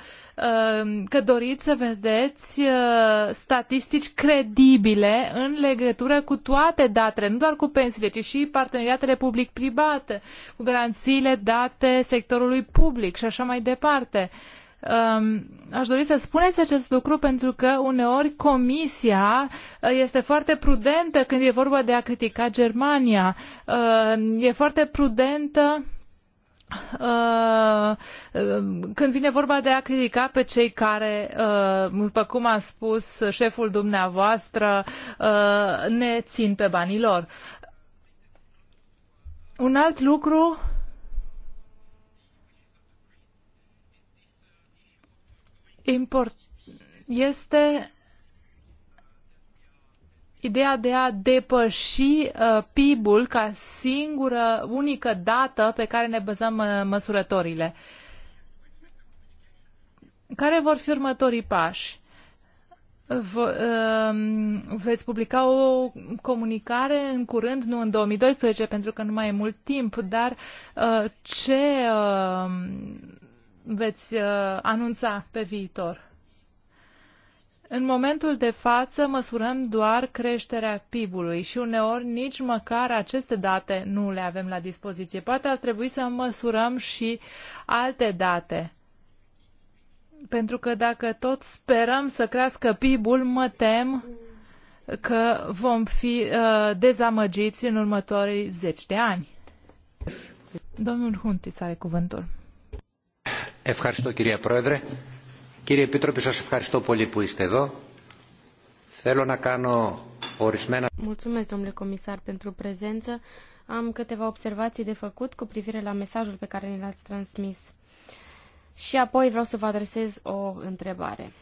um, că doriți să vedeți uh, statistici credibile în legătură cu toate datele, nu doar cu pensiile, ci și parteneriatele public-private, cu garanțiile date sectorului public și așa mai departe. Um, aș dori să spuneți acest lucru pentru că uneori Comisia uh, este foarte prudentă când e vorba de a critica Germania. Uh, e foarte prudentă Uh, când vine vorba de a critica pe cei care, uh, după cum a spus șeful dumneavoastră, uh, ne țin pe banii lor. Un alt lucru important este ideea de a depăși uh, PIB-ul ca singură, unică dată pe care ne bazăm uh, măsurătorile. Care vor fi următorii pași? V- uh, veți publica o comunicare în curând, nu în 2012, pentru că nu mai e mult timp, dar uh, ce uh, veți uh, anunța pe viitor? În momentul de față măsurăm doar creșterea PIB-ului și uneori nici măcar aceste date nu le avem la dispoziție. Poate ar trebui să măsurăm și alte date. Pentru că dacă tot sperăm să crească PIB-ul, mă tem că vom fi uh, dezamăgiți în următorii zeci de ani. Domnul Huntis are cuvântul. Efcar κυρία Πρόεδρε. Κύριε Επίτροπε, σας ευχαριστώ πολύ που είστε εδώ. Θέλω να κάνω ορισμένα... Mulțumesc, domnule comisar, pentru prezență. Am câteva observații de făcut cu privire la mesajul pe care ne l-ați transmis. Și apoi vreau să vă adresez o întrebare.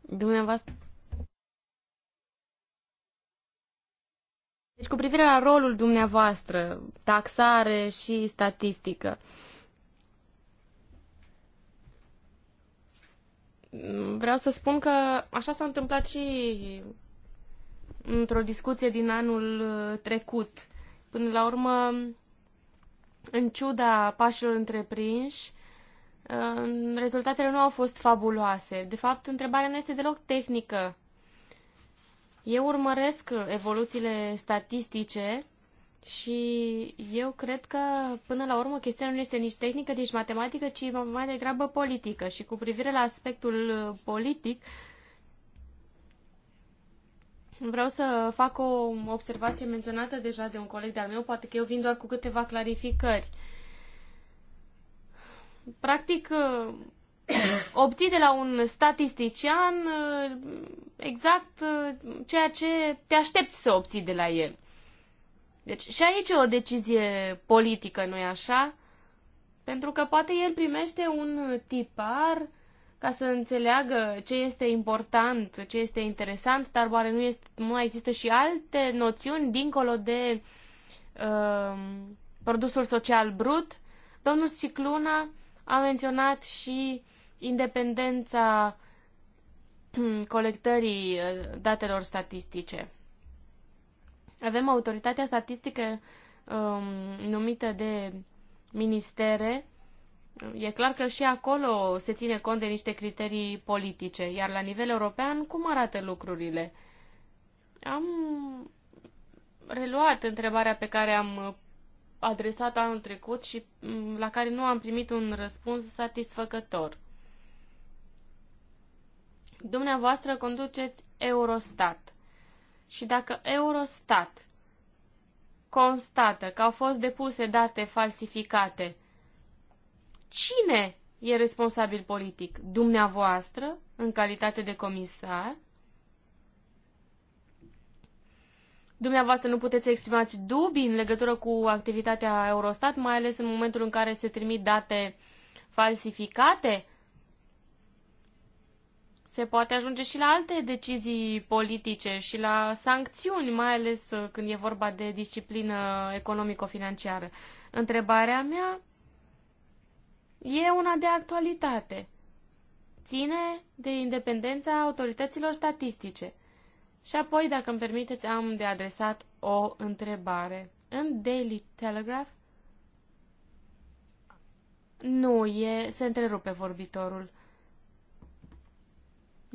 Dumneavoastră Deci, cu privire la rolul dumneavoastră, taxare și statistică, vreau să spun că așa s-a întâmplat și într-o discuție din anul uh, trecut. Până la urmă, în ciuda pașilor întreprinși, uh, rezultatele nu au fost fabuloase. De fapt, întrebarea nu este deloc tehnică eu urmăresc evoluțiile statistice și eu cred că, până la urmă, chestia nu este nici tehnică, nici matematică, ci mai degrabă politică. Și cu privire la aspectul politic, vreau să fac o observație menționată deja de un coleg de-al meu, poate că eu vin doar cu câteva clarificări. Practic, *clears throat* obții de la un statistician uh, exact uh, ceea ce te aștepți să obții de la el. Deci și aici e o decizie politică, nu-i așa? Pentru că poate el primește un tipar ca să înțeleagă ce este important, ce este interesant, dar oare nu, este, nu mai există și alte noțiuni dincolo de uh, produsul social brut? Domnul Cicluna a menționat și uh, independența *clears throat* colectării uh, datelor statistice. Avem autoritatea statistică um, numită de ministere. E clar că și acolo se ține cont de niște criterii politice, iar la nivel european, cum arată lucrurile? Am reluat întrebarea pe care am adresat anul trecut și mm, la care nu am primit un răspuns satisfăcător. Dumneavoastră conduceți Eurostat. Și dacă Eurostat constată că au fost depuse date falsificate, cine e responsabil politic? Dumneavoastră, în calitate de comisar? Dumneavoastră nu puteți exprimați dubii în legătură cu activitatea Eurostat, mai ales în momentul în care se trimit date falsificate? se poate ajunge și la alte decizii politice și la sancțiuni, mai ales uh, când e vorba de disciplină economico-financiară. Întrebarea mea e una de actualitate. Ține de independența autorităților statistice. Și apoi, dacă îmi permiteți, am de adresat o întrebare. În Daily Telegraph? Nu, e, se întrerupe vorbitorul.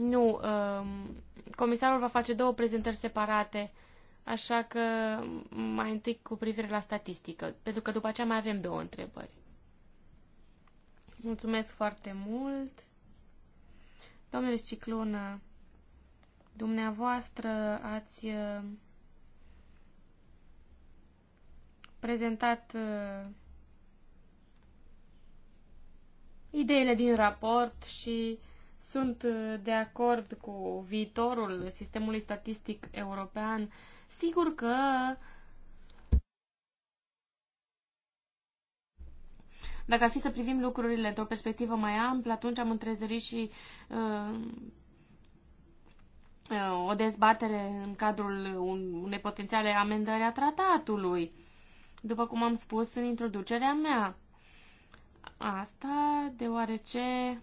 Nu, um, comisarul va face două prezentări separate, așa că um, mai întâi cu privire la statistică, pentru că după aceea mai avem două întrebări. Mulțumesc foarte mult. Domnule Ciclonă, dumneavoastră ați uh, prezentat uh, ideile din raport și sunt uh, de acord cu viitorul sistemului statistic european. Sigur că dacă ar fi să privim lucrurile într-o perspectivă mai amplă, atunci am întrezărit și uh, uh o dezbatere în cadrul unei potențiale amendări a tratatului, după cum am spus în introducerea mea. Asta deoarece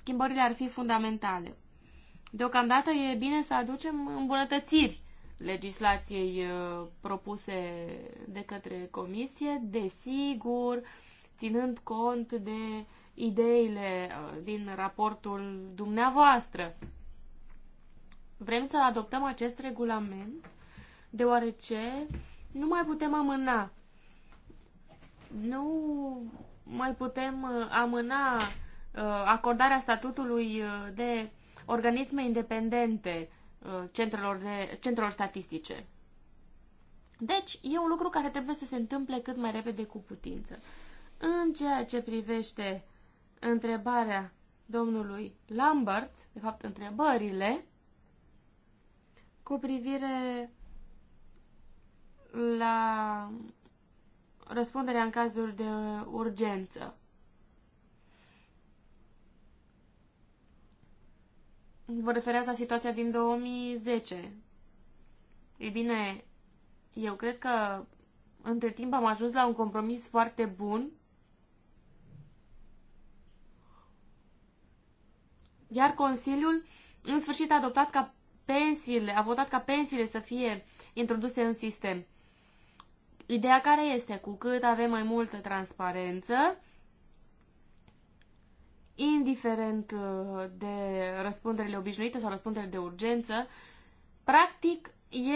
schimbările ar fi fundamentale. Deocamdată e bine să aducem îmbunătățiri legislației uh, propuse de către comisie, desigur, ținând cont de ideile uh, din raportul dumneavoastră. Vrem să adoptăm acest regulament deoarece nu mai putem amâna. Nu mai putem uh, amâna Uh, acordarea statutului uh, de organisme independente uh, centrelor, de, centrelor statistice. Deci, e un lucru care trebuie să se întâmple cât mai repede cu putință. În ceea ce privește întrebarea domnului Lambert, de fapt întrebările, cu privire la răspunderea în cazuri de urgență. Vă referează la situația din 2010. Ei bine, eu cred că între timp am ajuns la un compromis foarte bun. Iar Consiliul în sfârșit a adoptat ca pensiile, a votat ca pensiile să fie introduse în sistem. Ideea care este, cu cât avem mai multă transparență, indiferent uh, de răspunderile obișnuite sau răspunderile de urgență, practic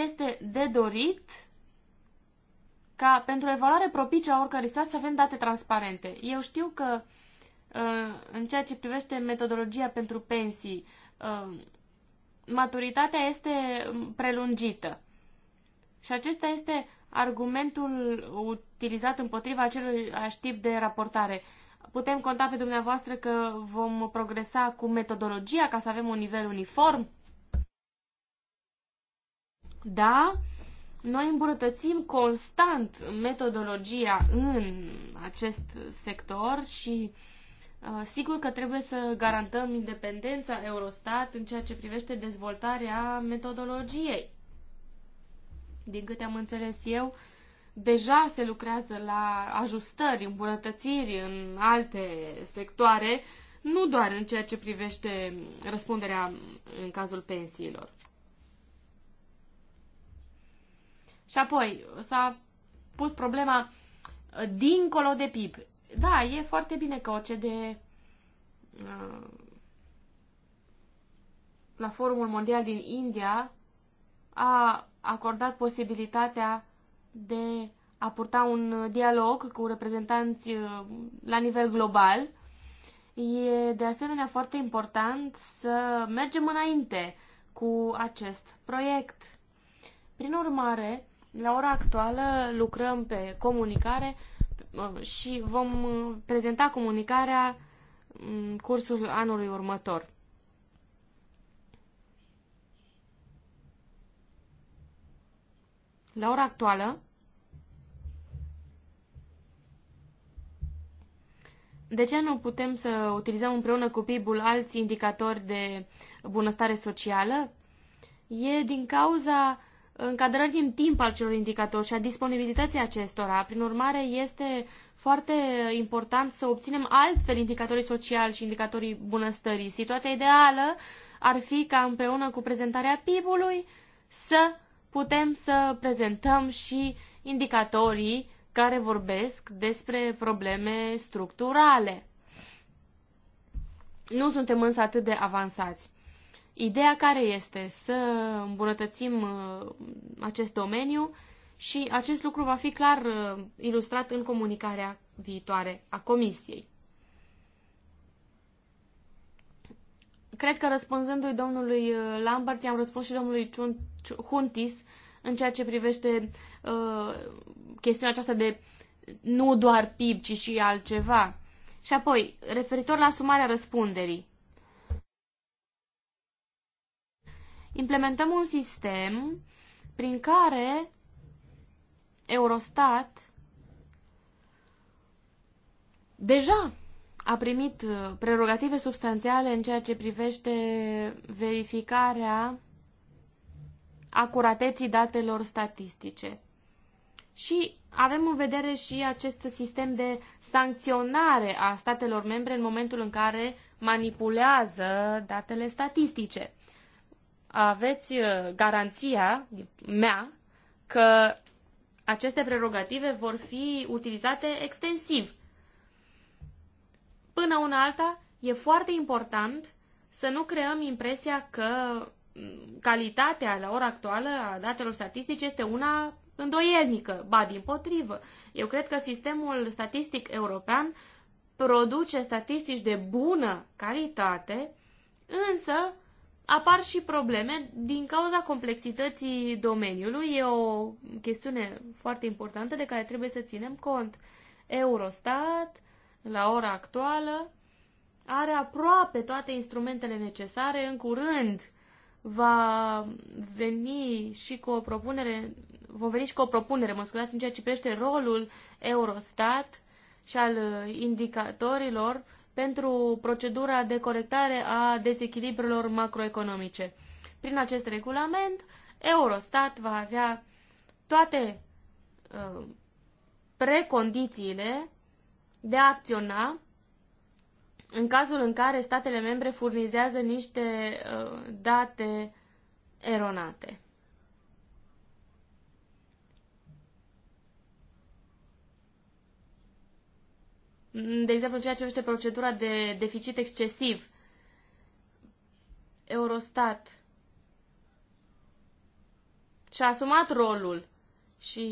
este de dorit ca pentru evaluare propice a oricărei situații să avem date transparente. Eu știu că uh, în ceea ce privește metodologia pentru pensii, uh, maturitatea este prelungită. Și acesta este argumentul utilizat împotriva acelui tip de raportare putem conta pe dumneavoastră că vom progresa cu metodologia ca să avem un nivel uniform? Da, noi îmbunătățim constant metodologia în acest sector și uh, sigur că trebuie să garantăm independența Eurostat în ceea ce privește dezvoltarea metodologiei. Din câte am înțeles eu, Deja se lucrează la ajustări, îmbunătățiri în alte sectoare, nu doar în ceea ce privește răspunderea în cazul pensiilor. Și apoi s-a pus problema uh, dincolo de PIB. Da, e foarte bine că OCDE uh, la Forumul Mondial din India a acordat posibilitatea de a purta un dialog cu reprezentanți uh, la nivel global. E de asemenea foarte important să mergem înainte cu acest proiect. Prin urmare, la ora actuală lucrăm pe comunicare uh, și vom uh, prezenta comunicarea în mm, cursul anului următor. La ora actuală, De ce nu putem să utilizăm împreună cu PIB-ul alți indicatori de bunăstare socială? E din cauza încadrării în timp al celor indicatori și a disponibilității acestora. Prin urmare, este foarte important să obținem altfel indicatorii sociali și indicatorii bunăstării. Situația ideală ar fi ca împreună cu prezentarea PIB-ului să putem să prezentăm și indicatorii care vorbesc despre probleme structurale. Nu suntem însă atât de avansați. Ideea care este să îmbunătățim uh, acest domeniu și acest lucru va fi clar uh, ilustrat în comunicarea viitoare a Comisiei. Cred că răspunzându-i domnului uh, Lambert, i-am răspuns și domnului Huntis în ceea ce privește uh, chestiunea aceasta de nu doar PIB, ci și altceva. Și apoi, referitor la sumarea răspunderii. Implementăm un sistem prin care Eurostat deja a primit uh, prerogative substanțiale în ceea ce privește verificarea acurateții datelor statistice și avem în vedere și acest sistem de sancționare a statelor membre în momentul în care manipulează datele statistice. Aveți uh, garanția mea că aceste prerogative vor fi utilizate extensiv. Până una alta, e foarte important să nu creăm impresia că mm, calitatea la ora actuală a datelor statistice este una îndoielnică, ba din potrivă. Eu cred că sistemul statistic european produce statistici de bună calitate, însă apar și probleme din cauza complexității domeniului. E o chestiune foarte importantă de care trebuie să ținem cont. Eurostat, la ora actuală, are aproape toate instrumentele necesare. În curând va veni și cu o propunere vom veni și cu o propunere, mă scuzați, în ceea ce privește rolul Eurostat și al uh, indicatorilor pentru procedura de corectare a dezechilibrelor macroeconomice. Prin acest regulament, Eurostat va avea toate uh, precondițiile de a acționa în cazul în care statele membre furnizează niște uh, date eronate. de exemplu, ceea ce privește procedura de deficit excesiv, Eurostat și-a asumat rolul și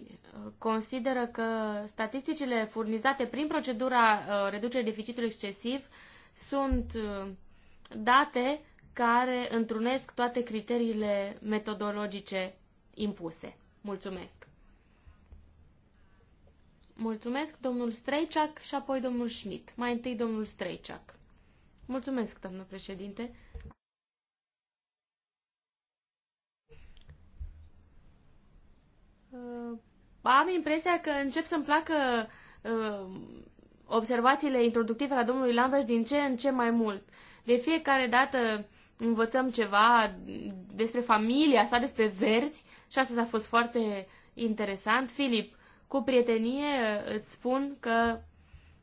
uh, consideră că statisticile furnizate prin procedura uh, reducerii deficitului excesiv sunt uh, date care întrunesc toate criteriile metodologice impuse. Mulțumesc! Mulțumesc, domnul Streiciac și apoi domnul Schmidt. Mai întâi domnul Streiciac. Mulțumesc, doamnă președinte. Uh, am impresia că încep să-mi placă uh, observațiile introductive la domnului Lambert din ce în ce mai mult. De fiecare dată învățăm ceva despre familia sa, despre verzi și asta a fost foarte interesant. Filip, cu prietenie îți spun că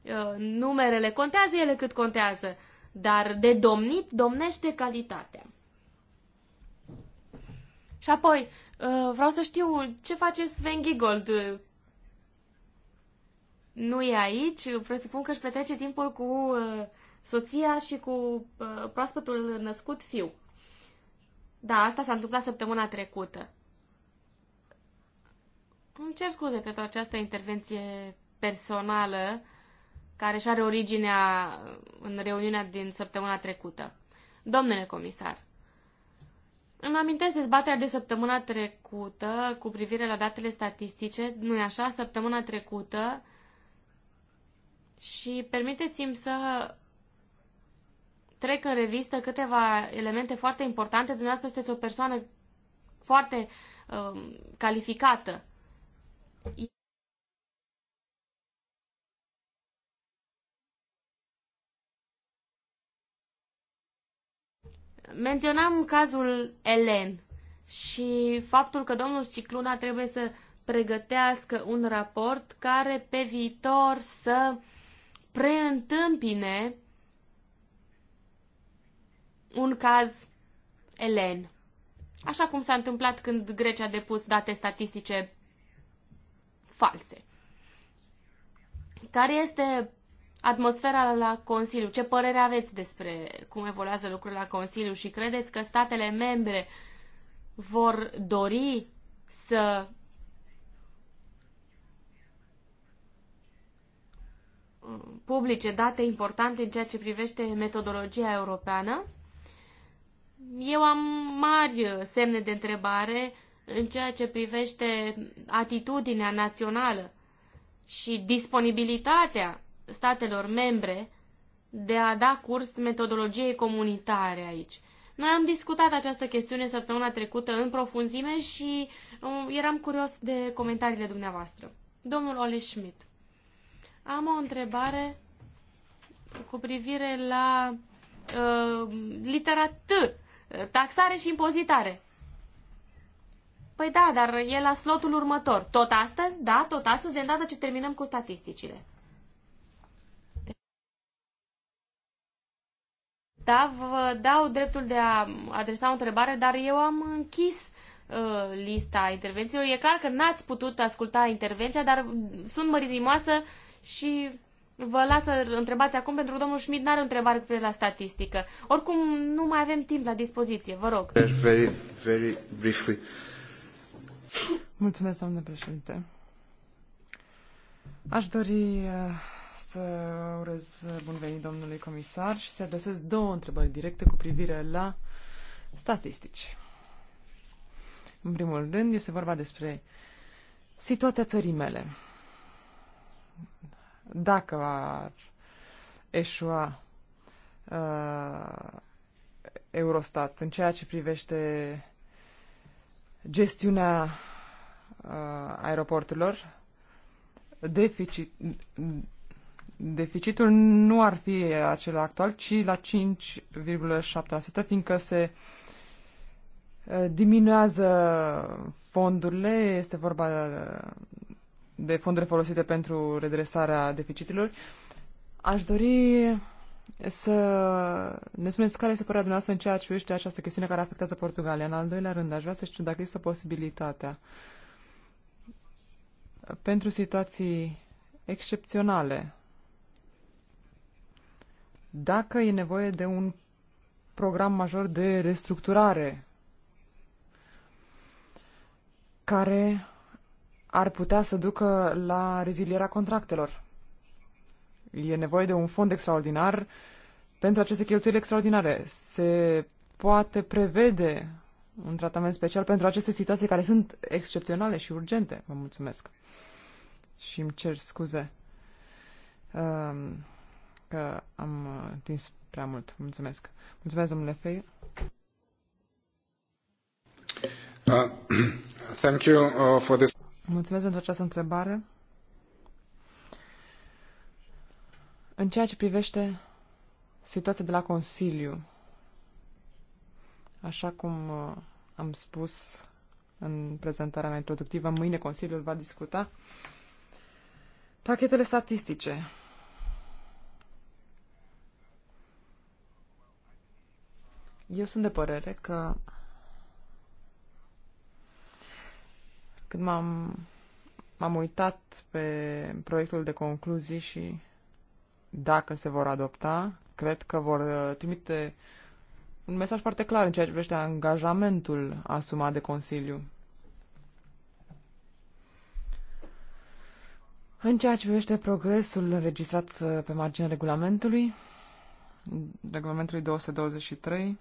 uh, numerele contează ele cât contează, dar de domnit domnește calitatea. Și apoi, uh, vreau să știu ce face Sven Gigold. Nu e aici, presupun că își petrece timpul cu uh, soția și cu uh, proaspătul născut fiu. Da, asta s-a întâmplat săptămâna trecută. Îmi cer scuze pentru această intervenție personală care și are originea în reuniunea din săptămâna trecută. Domnule comisar, îmi amintesc dezbaterea de săptămâna trecută cu privire la datele statistice, nu-i așa, săptămâna trecută, și permiteți-mi să trec în revistă câteva elemente foarte importante. Dumneavoastră sunteți o persoană foarte uh, calificată Menționam cazul Elen și faptul că domnul Cicluna trebuie să pregătească un raport care pe viitor să preîntâmpine un caz Elen. Așa cum s-a întâmplat când Grecia a depus date statistice false. Care este atmosfera la Consiliu? Ce părere aveți despre cum evoluează lucrurile la Consiliu și credeți că statele membre vor dori să publice date importante în ceea ce privește metodologia europeană? Eu am mari semne de întrebare în ceea ce privește atitudinea națională și disponibilitatea statelor membre de a da curs metodologiei comunitare aici. Noi am discutat această chestiune săptămâna trecută în profunzime și uh, eram curios de comentariile dumneavoastră. Domnul Ole Schmidt, am o întrebare cu privire la uh, literatură, taxare și impozitare. Păi da, dar e la slotul următor. Tot astăzi? Da, tot astăzi, de îndată ce terminăm cu statisticile. Da, vă dau dreptul de a adresa o întrebare, dar eu am închis uh, lista intervențiilor. E clar că n-ați putut asculta intervenția, dar sunt măritimoasă și vă las să întrebați acum, pentru că domnul Schmidt n-are întrebare cu privire la statistică. Oricum, nu mai avem timp la dispoziție, vă rog. Very, very briefly. Mulțumesc, doamnă președinte. Aș dori eh, să urez bun venit domnului comisar și să adresez două întrebări directe cu privire la statistici. În primul rând, este vorba despre situația țării mele. Dacă ar eșua uh, Eurostat în ceea ce privește gestiunea uh, aeroporturilor, deficit, deficitul nu ar fi acela actual, ci la 5,7%, fiindcă se uh, diminuează fondurile, este vorba de fonduri folosite pentru redresarea deficitelor. Aș dori să ne spuneți care este părerea dumneavoastră în ceea ce privește această chestiune care afectează Portugalia. În al doilea rând, aș vrea să știu dacă există posibilitatea pentru situații excepționale, dacă e nevoie de un program major de restructurare care ar putea să ducă la rezilierea contractelor e nevoie de un fond extraordinar pentru aceste cheltuieli extraordinare. Se poate prevede un tratament special pentru aceste situații care sunt excepționale și urgente. Vă mulțumesc. Și îmi cer scuze um, că am uh, tins prea mult. Mulțumesc. Mulțumesc, domnule Fei. Uh, *clears throat* thank you, uh, for this. Mulțumesc pentru această întrebare. În ceea ce privește situația de la Consiliu, așa cum uh, am spus în prezentarea mea introductivă, mâine Consiliul va discuta pachetele statistice. Eu sunt de părere că când m-am, m-am uitat pe proiectul de concluzii și dacă se vor adopta, cred că vor uh, trimite un mesaj foarte clar în ceea ce privește angajamentul asumat de Consiliu. În ceea ce privește progresul înregistrat uh, pe marginea regulamentului, regulamentului 223,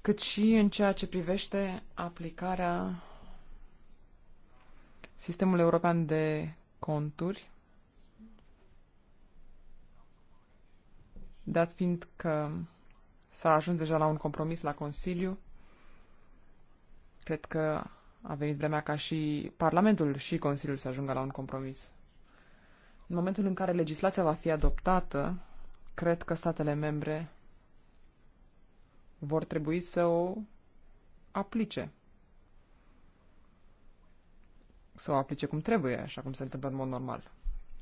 cât și în ceea ce privește aplicarea sistemului european de conturi dat fiind că s-a ajuns deja la un compromis la Consiliu, cred că a venit vremea ca și Parlamentul și Consiliul să ajungă la un compromis. În momentul în care legislația va fi adoptată, cred că statele membre vor trebui să o aplice. Să o aplice cum trebuie, așa cum se întâmplă în mod normal.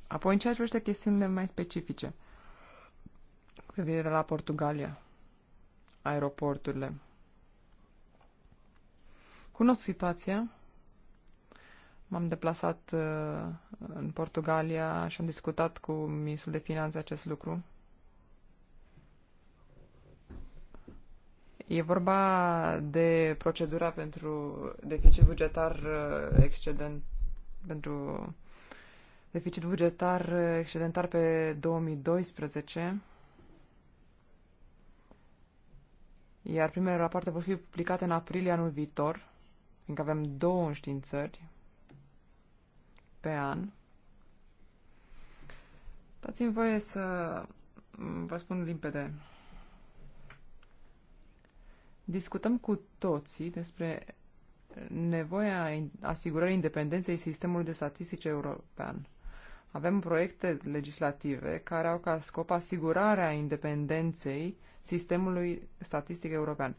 Apoi, în ceea ce privește chestiunile mai specifice – cu privire la Portugalia, aeroporturile. Cunosc situația. M-am deplasat uh, în Portugalia și am discutat cu ministrul de finanțe acest lucru. E vorba de procedura pentru deficit bugetar uh, excedent pentru deficit bugetar uh, excedentar pe 2012 iar primele rapoarte vor fi publicate în aprilie anul viitor, fiindcă avem două înștiințări pe an. Dați-mi voie să vă spun limpede. Discutăm cu toții despre nevoia asigurării independenței sistemului de statistice european. Avem proiecte legislative care au ca scop asigurarea independenței sistemului statistic european.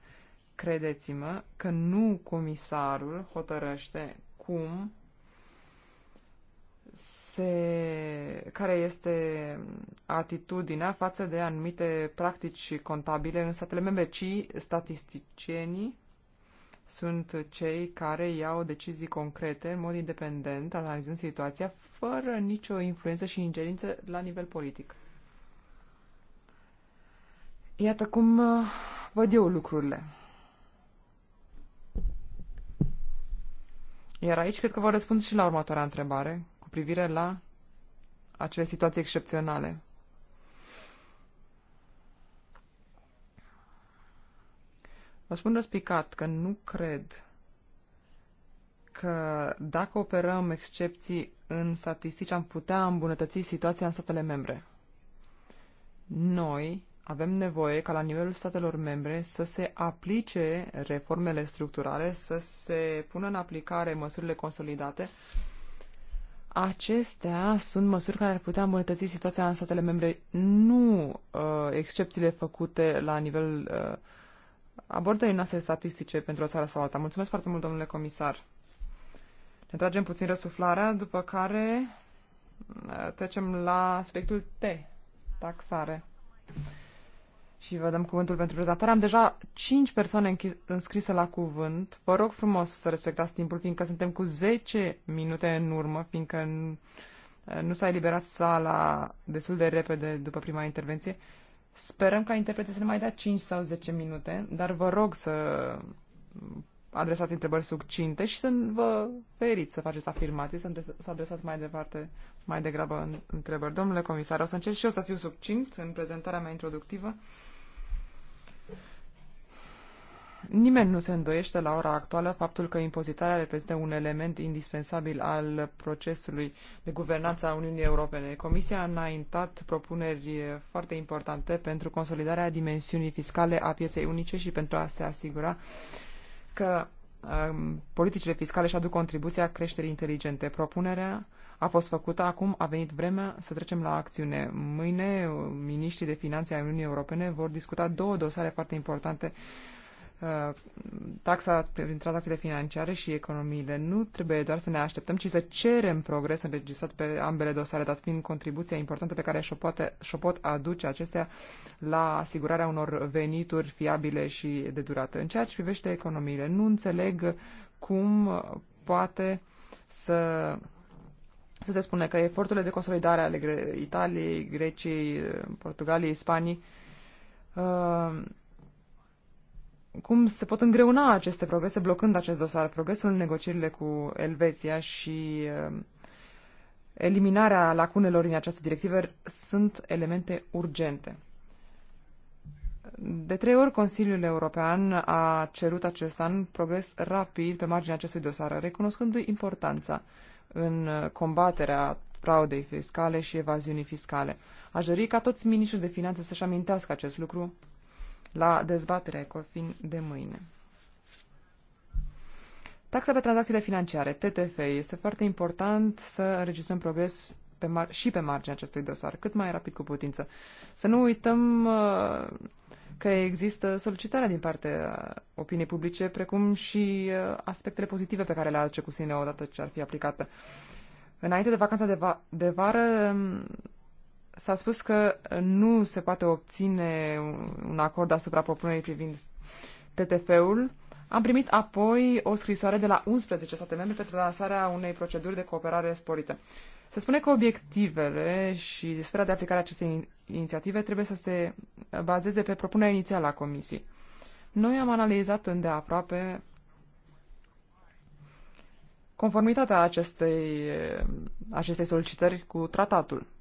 Credeți-mă că nu comisarul hotărăște cum se, care este atitudinea față de anumite practici contabile în statele membre, ci statisticienii sunt cei care iau decizii concrete, în mod independent, analizând situația, fără nicio influență și ingerință la nivel politic. Iată cum uh, văd eu lucrurile. Iar aici cred că vă răspund și la următoarea întrebare, cu privire la acele situații excepționale. Vă spun răspicat că nu cred că dacă operăm excepții în statistici am putea îmbunătăți situația în statele membre. Noi avem nevoie ca la nivelul statelor membre să se aplice reformele structurale, să se pună în aplicare măsurile consolidate. Acestea sunt măsuri care ar putea îmbunătăți situația în statele membre, nu uh, excepțiile făcute la nivel uh, abordării noastre statistice pentru o țară sau alta. Mulțumesc foarte mult, domnule comisar. Ne tragem puțin răsuflarea, după care uh, trecem la aspectul T, taxare. Și vă dăm cuvântul pentru prezentare. Am deja 5 persoane înscrise la cuvânt. Vă rog frumos să respectați timpul, fiindcă suntem cu 10 minute în urmă, fiindcă uh, nu s-a eliberat sala destul de repede după prima intervenție Sperăm ca interpreții să ne mai dea 5 sau 10 minute, dar vă rog să adresați întrebări succinte și să vă feriți să faceți afirmații, să, să adresați mai departe, mai degrabă întrebări. Domnule comisar, o să încerc și eu să fiu succint în prezentarea mea introductivă. Nimeni nu se îndoiește la ora actuală faptul că impozitarea reprezintă un element indispensabil al procesului de guvernanță a Uniunii Europene. Comisia a înaintat propuneri foarte importante pentru consolidarea dimensiunii fiscale a pieței unice și pentru a se asigura că um, politicile fiscale și aduc contribuția creșterii inteligente. Propunerea a fost făcută, acum a venit vremea să trecem la acțiune. Mâine, uh, miniștrii de finanțe ai Uniunii Europene vor discuta două dosare foarte importante Uh, taxa prin tranzacțiile financiare și economiile. Nu trebuie doar să ne așteptăm, ci să cerem progres înregistrat pe ambele dosare, dat fiind contribuția importantă pe care și-o, poate, și-o pot aduce acestea la asigurarea unor venituri fiabile și de durată. În ceea ce privește economiile, nu înțeleg cum poate să să se spune că eforturile de consolidare ale Italiei, Greciei, Portugaliei, Spanii uh, cum se pot îngreuna aceste progrese blocând acest dosar, progresul în negocierile cu Elveția și um, eliminarea lacunelor în această directivă sunt elemente urgente. De trei ori Consiliul European a cerut acest an progres rapid pe marginea acestui dosar, recunoscându-i importanța în combaterea fraudei fiscale și evaziunii fiscale. Aș dori ca toți miniștrii de finanțe să-și amintească acest lucru la dezbaterea ECOFIN de mâine. Taxa pe tranzacțiile financiare, TTF, este foarte important să înregistrăm progres pe mar- și pe marginea acestui dosar, cât mai rapid cu putință. Să nu uităm uh, că există solicitarea din partea opiniei publice, precum și uh, aspectele pozitive pe care le aduce cu sine odată ce ar fi aplicată. Înainte de vacanța de, va- de vară, um, S-a spus că nu se poate obține un acord asupra propunerii privind TTF-ul. Am primit apoi o scrisoare de la 11 state membre pentru lansarea unei proceduri de cooperare sporită. Se spune că obiectivele și sfera de aplicare a acestei inițiative trebuie să se bazeze pe propunerea inițială a Comisiei. Noi am analizat îndeaproape conformitatea acestei, acestei solicitări cu tratatul.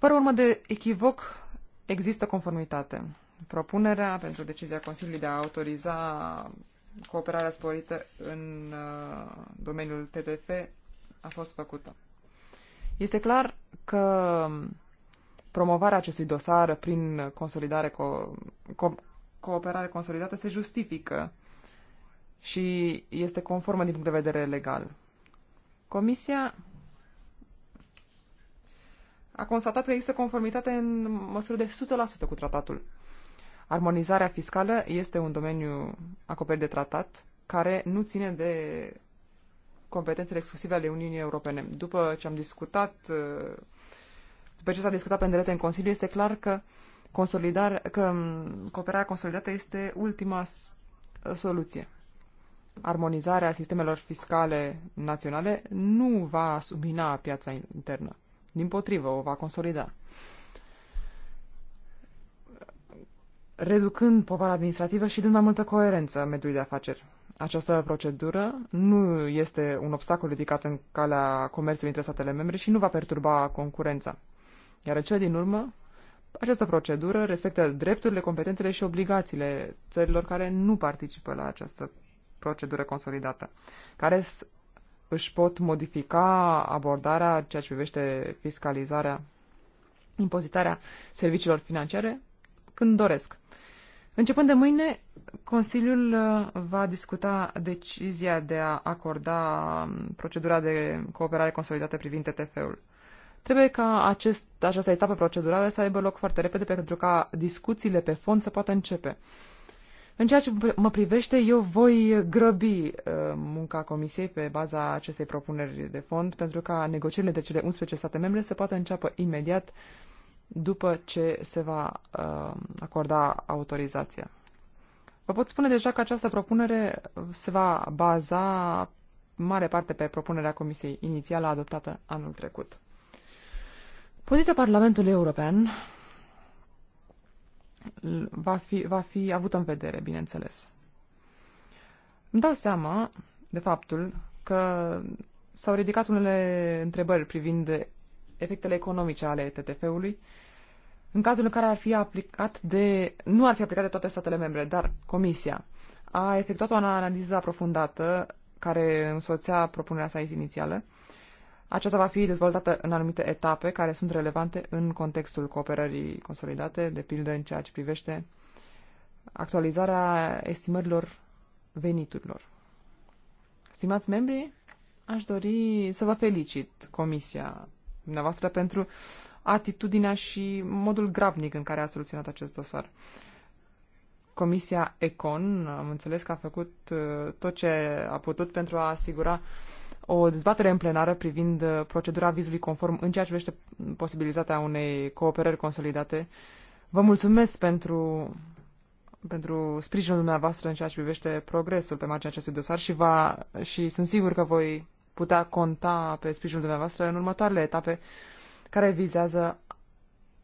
Fără urmă de echivoc, există conformitate. Propunerea pentru decizia Consiliului de a autoriza cooperarea sporită în uh, domeniul TTF a fost făcută. Este clar că promovarea acestui dosar prin consolidare co- co- cooperare consolidată se justifică și este conformă din punct de vedere legal. Comisia a constatat că există conformitate în măsură de 100% cu tratatul. Armonizarea fiscală este un domeniu acoperit de tratat care nu ține de competențele exclusive ale Uniunii Europene. După ce am discutat, uh, după ce s-a discutat pe îndelete în Consiliu, este clar că, consolidar, că um, cooperarea consolidată este ultima uh, soluție. Armonizarea sistemelor fiscale naționale nu va submina piața internă. Din potrivă, o va consolida. Reducând povara administrativă și dând mai multă coerență mediului de afaceri. Această procedură nu este un obstacol ridicat în calea comerțului între statele membre și nu va perturba concurența. Iar în cele din urmă, această procedură respectă drepturile, competențele și obligațiile țărilor care nu participă la această procedură consolidată, care își pot modifica abordarea ceea ce privește fiscalizarea, impozitarea serviciilor financiare când doresc. Începând de mâine, Consiliul uh, va discuta decizia de a acorda um, procedura de cooperare consolidată privind TTF-ul. Trebuie ca acest, această etapă procedurală să aibă loc foarte repede pentru ca discuțiile pe fond să poată începe. În ceea ce mă privește, eu voi grăbi uh, munca Comisiei pe baza acestei propuneri de fond pentru ca negocierile de cele 11 state membre să poată înceapă imediat după ce se va uh, acorda autorizația. Vă pot spune deja că această propunere se va baza mare parte pe propunerea Comisiei inițială adoptată anul trecut. Poziția Parlamentului European va fi, va fi avută în vedere, bineînțeles. Îmi dau seama de faptul că s-au ridicat unele întrebări privind efectele economice ale TTF-ului, în cazul în care ar fi aplicat de, nu ar fi aplicat de toate statele membre, dar Comisia a efectuat o analiză aprofundată care însoțea propunerea sa inițială aceasta va fi dezvoltată în anumite etape care sunt relevante în contextul cooperării consolidate, de pildă în ceea ce privește actualizarea estimărilor veniturilor. Stimați membri, aș dori să vă felicit Comisia dumneavoastră pentru atitudinea și modul gravnic în care a soluționat acest dosar. Comisia Econ, am înțeles că a făcut uh, tot ce a putut pentru a asigura uh, o dezbatere în plenară privind uh, procedura vizului conform în ceea ce privește posibilitatea unei cooperări consolidate. Vă mulțumesc pentru, pentru sprijinul dumneavoastră în ceea ce privește progresul pe marginea acestui dosar și, va, și sunt sigur că voi putea conta pe sprijinul dumneavoastră în următoarele etape care vizează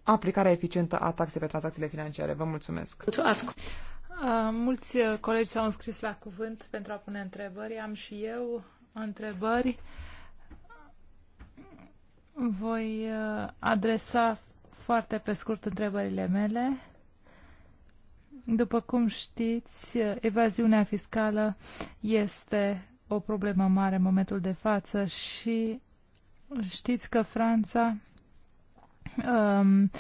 aplicarea eficientă a taxei pe tranzacțiile financiare. Vă mulțumesc! mulțumesc. Uh, mulți colegi s-au înscris la cuvânt pentru a pune întrebări. Am și eu întrebări, voi uh, adresa foarte pe scurt întrebările mele. După cum știți, evaziunea fiscală este o problemă mare în momentul de față și știți că Franța um,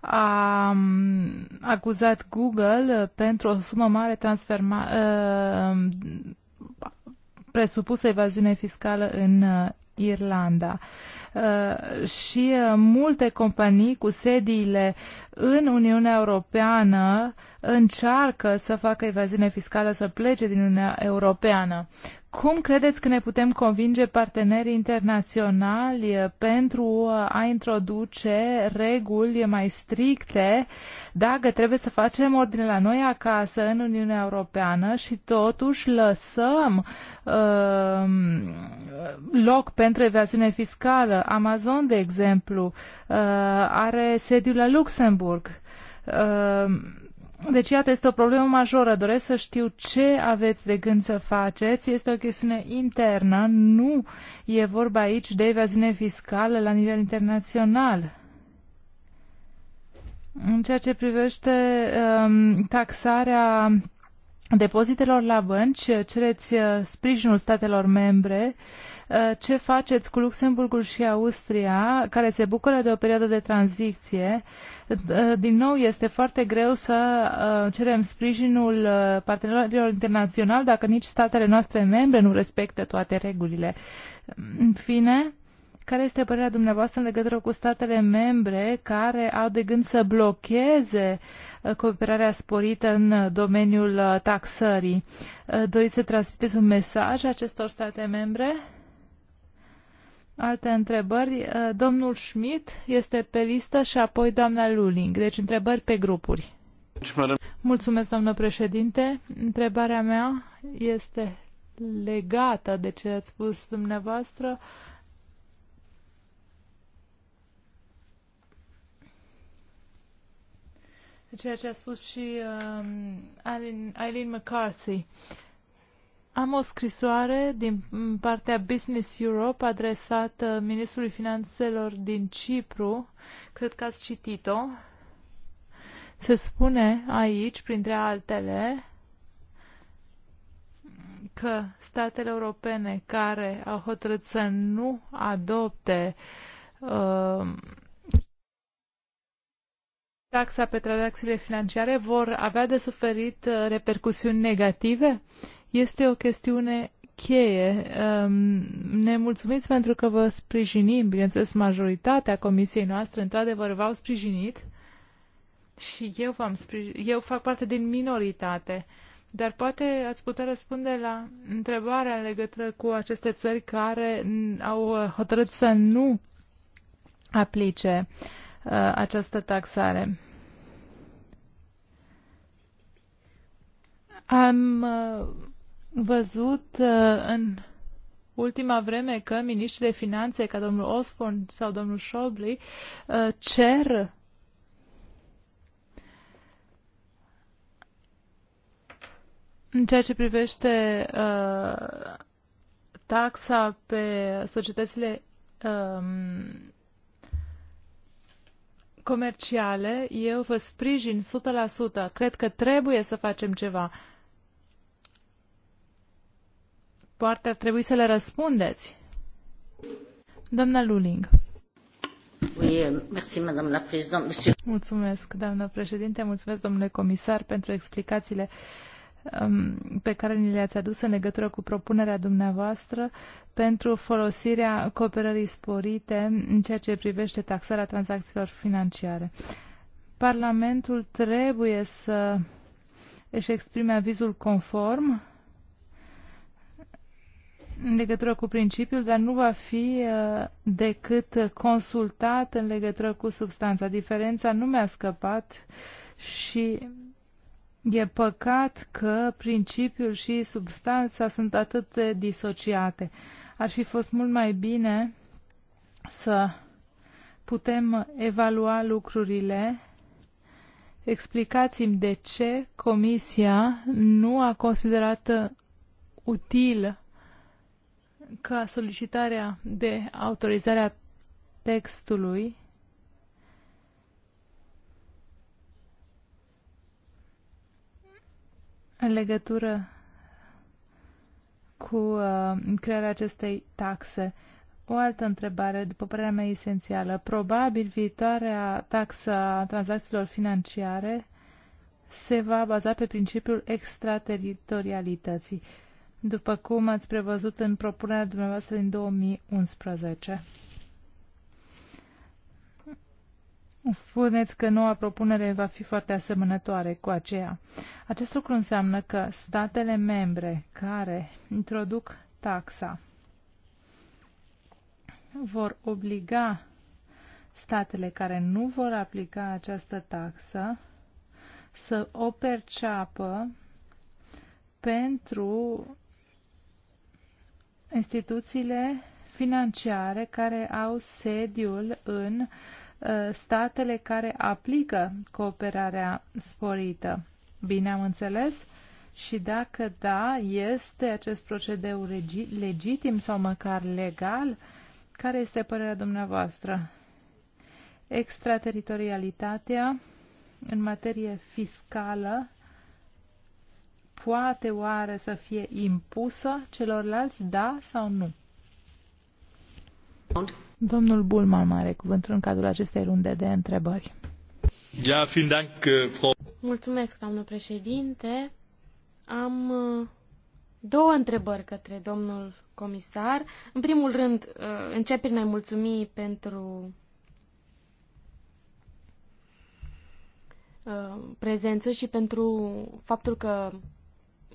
a um, acuzat Google pentru o sumă mare transferma, uh, presupusă evaziune fiscală în uh, Irlanda. Uh, și uh, multe companii cu sediile în Uniunea Europeană încearcă să facă evaziune fiscală să plece din Uniunea Europeană. Cum credeți că ne putem convinge partenerii internaționali eh, pentru a introduce reguli mai stricte dacă trebuie să facem ordine la noi acasă în Uniunea Europeană și totuși lăsăm uh, loc pentru evaziune fiscală? Amazon, de exemplu, uh, are sediul la Luxemburg. Uh, deci, iată, este o problemă majoră. Doresc să știu ce aveți de gând să faceți. Este o chestiune internă. Nu e vorba aici de evaziune fiscală la nivel internațional. În ceea ce privește um, taxarea depozitelor la bănci, cereți uh, sprijinul statelor membre uh, Uh, ce faceți cu Luxemburgul și Austria, care se bucură de o perioadă de tranziție. Uh, din nou, este foarte greu să uh, cerem sprijinul partenerilor internaționali dacă nici statele noastre membre nu respectă toate regulile. În fine, care este părerea dumneavoastră în legătură cu statele membre care au de gând să blocheze cooperarea sporită în domeniul taxării? Doriți să transmiteți un mesaj acestor state membre? alte întrebări. Uh, domnul Schmidt este pe listă și apoi doamna Luling. Deci întrebări pe grupuri. Mulțumesc, doamnă președinte. Întrebarea mea este legată de ce ați spus dumneavoastră. Ceea ce a spus și uh, Aileen McCarthy. Uh, am o scrisoare din mm, partea Business Europe adresată Ministrului Finanțelor din Cipru. Cred că ați citit-o. Se spune aici, printre altele, că statele europene care au hotărât să nu adopte uh, taxa pe tranzacțiile financiare vor avea de suferit uh, repercusiuni negative? este o chestiune cheie. Ehm, ne mulțumiți pentru că vă sprijinim, bineînțeles, majoritatea comisiei noastre, într-adevăr, v-au sprijinit și eu, v-am sprijin... eu fac parte din minoritate. Dar poate ați putea răspunde la întrebarea în legătură cu aceste țări care au uh, hotărât să nu aplice uh, această taxare. Am uh, văzut uh, în ultima vreme că miniștrii de finanțe ca domnul Osborne sau domnul Schäuble uh, cer în ceea ce privește uh, taxa pe societățile um, comerciale, eu vă sprijin 100%. Cred că trebuie să facem ceva. rapoarte ar trebui să le răspundeți. Doamna Luling. Mulțumesc, doamnă președinte, mulțumesc, domnule comisar, pentru explicațiile um, pe care ni le-ați adus în legătură cu propunerea dumneavoastră pentru folosirea cooperării sporite în ceea ce privește taxarea tranzacțiilor financiare. Parlamentul trebuie să își exprime avizul conform în legătură cu principiul, dar nu va fi uh, decât consultat în legătură cu substanța. Diferența nu mi-a scăpat și e păcat că principiul și substanța sunt atât de disociate. Ar fi fost mult mai bine să putem evalua lucrurile Explicați-mi de ce Comisia nu a considerat util ca solicitarea de autorizare a textului în legătură cu uh, crearea acestei taxe. O altă întrebare, după părerea mea esențială. Probabil viitoarea taxă a tranzacțiilor financiare se va baza pe principiul extrateritorialității după cum ați prevăzut în propunerea dumneavoastră din 2011. Spuneți că noua propunere va fi foarte asemănătoare cu aceea. Acest lucru înseamnă că statele membre care introduc taxa vor obliga statele care nu vor aplica această taxă să o perceapă pentru instituțiile financiare care au sediul în uh, statele care aplică cooperarea sporită. Bine am înțeles? Și dacă da, este acest procedeu legitim sau măcar legal? Care este părerea dumneavoastră? Extrateritorialitatea în materie fiscală poate oare să fie impusă celorlalți, da sau nu? Domnul Bulman are cuvântul în cadrul acestei runde de întrebări. Ja, vielen Dank, äh, Frau. Mulțumesc, domnul președinte. Am uh, două întrebări către domnul comisar. În primul rând, uh, încep prin a-i mulțumi pentru uh, prezență și pentru faptul că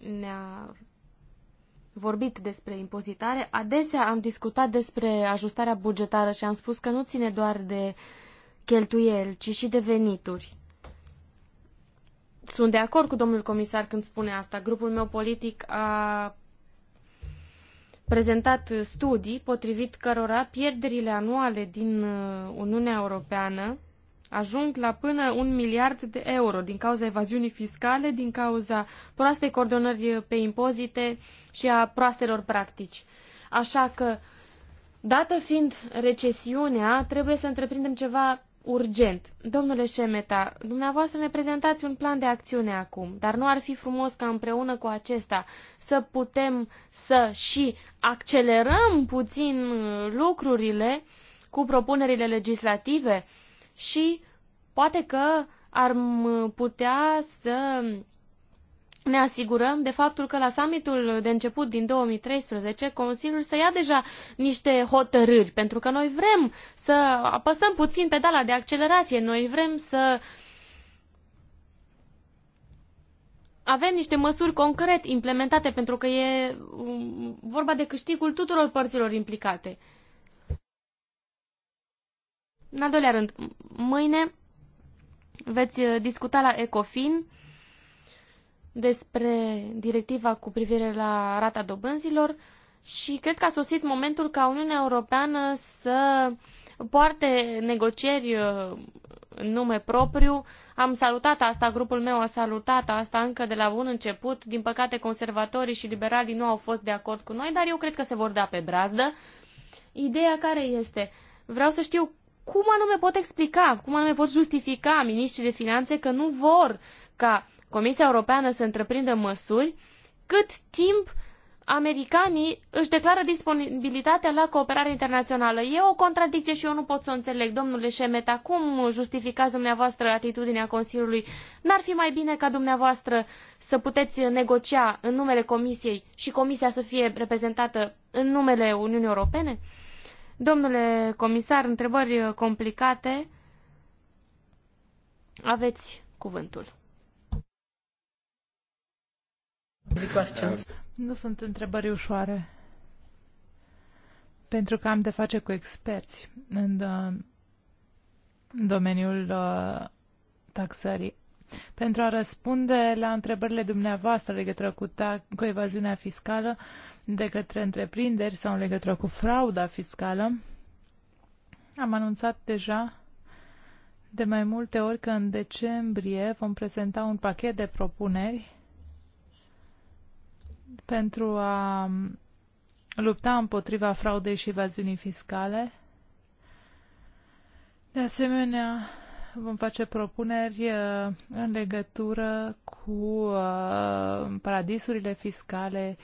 ne-a vorbit despre impozitare, adesea am discutat despre ajustarea bugetară și am spus că nu ține doar de cheltuieli, ci și de venituri. Sunt de acord cu domnul comisar când spune asta. Grupul meu politic a prezentat studii potrivit cărora pierderile anuale din uh, Uniunea Europeană ajung la până un miliard de euro din cauza evaziunii fiscale, din cauza proastei coordonări pe impozite și a proastelor practici. Așa că, dată fiind recesiunea, trebuie să întreprindem ceva urgent. Domnule Șemeta, dumneavoastră ne prezentați un plan de acțiune acum, dar nu ar fi frumos ca împreună cu acesta să putem să și accelerăm puțin lucrurile cu propunerile legislative? și poate că ar putea să ne asigurăm de faptul că la summitul de început din 2013 Consiliul să ia deja niște hotărâri, pentru că noi vrem să apăsăm puțin pedala de accelerație, noi vrem să avem niște măsuri concret implementate, pentru că e mm, vorba de câștigul tuturor părților implicate. În al doilea rând, mâine veți uh, discuta la ECOFIN despre directiva cu privire la rata dobânzilor și cred că a sosit momentul ca Uniunea Europeană să poarte negocieri uh, în nume propriu. Am salutat asta, grupul meu a salutat asta încă de la bun început. Din păcate, conservatorii și liberalii nu au fost de acord cu noi, dar eu cred că se vor da pe brazdă. Ideea care este? Vreau să știu cum anume pot explica, cum anume pot justifica miniștrii de finanțe că nu vor ca Comisia Europeană să întreprindă măsuri cât timp americanii își declară disponibilitatea la cooperare internațională. E o contradicție și eu nu pot să o înțeleg. Domnule Șemeta, cum justificați dumneavoastră atitudinea Consiliului? N-ar fi mai bine ca dumneavoastră să puteți negocia în numele Comisiei și Comisia să fie reprezentată în numele Uniunii Europene? Domnule comisar, întrebări complicate. Aveți cuvântul. Nu sunt întrebări ușoare, pentru că am de face cu experți în, uh, în domeniul uh, taxării. Pentru a răspunde la întrebările dumneavoastră legătură cu, cu evaziunea fiscală, uh, de către întreprinderi sau în legătură cu frauda fiscală, am anunțat deja de mai multe ori că în decembrie vom prezenta un pachet de propuneri pentru a lupta împotriva fraudei și evaziunii fiscale. De asemenea, vom face propuneri uh, în legătură cu uh, paradisurile fiscale,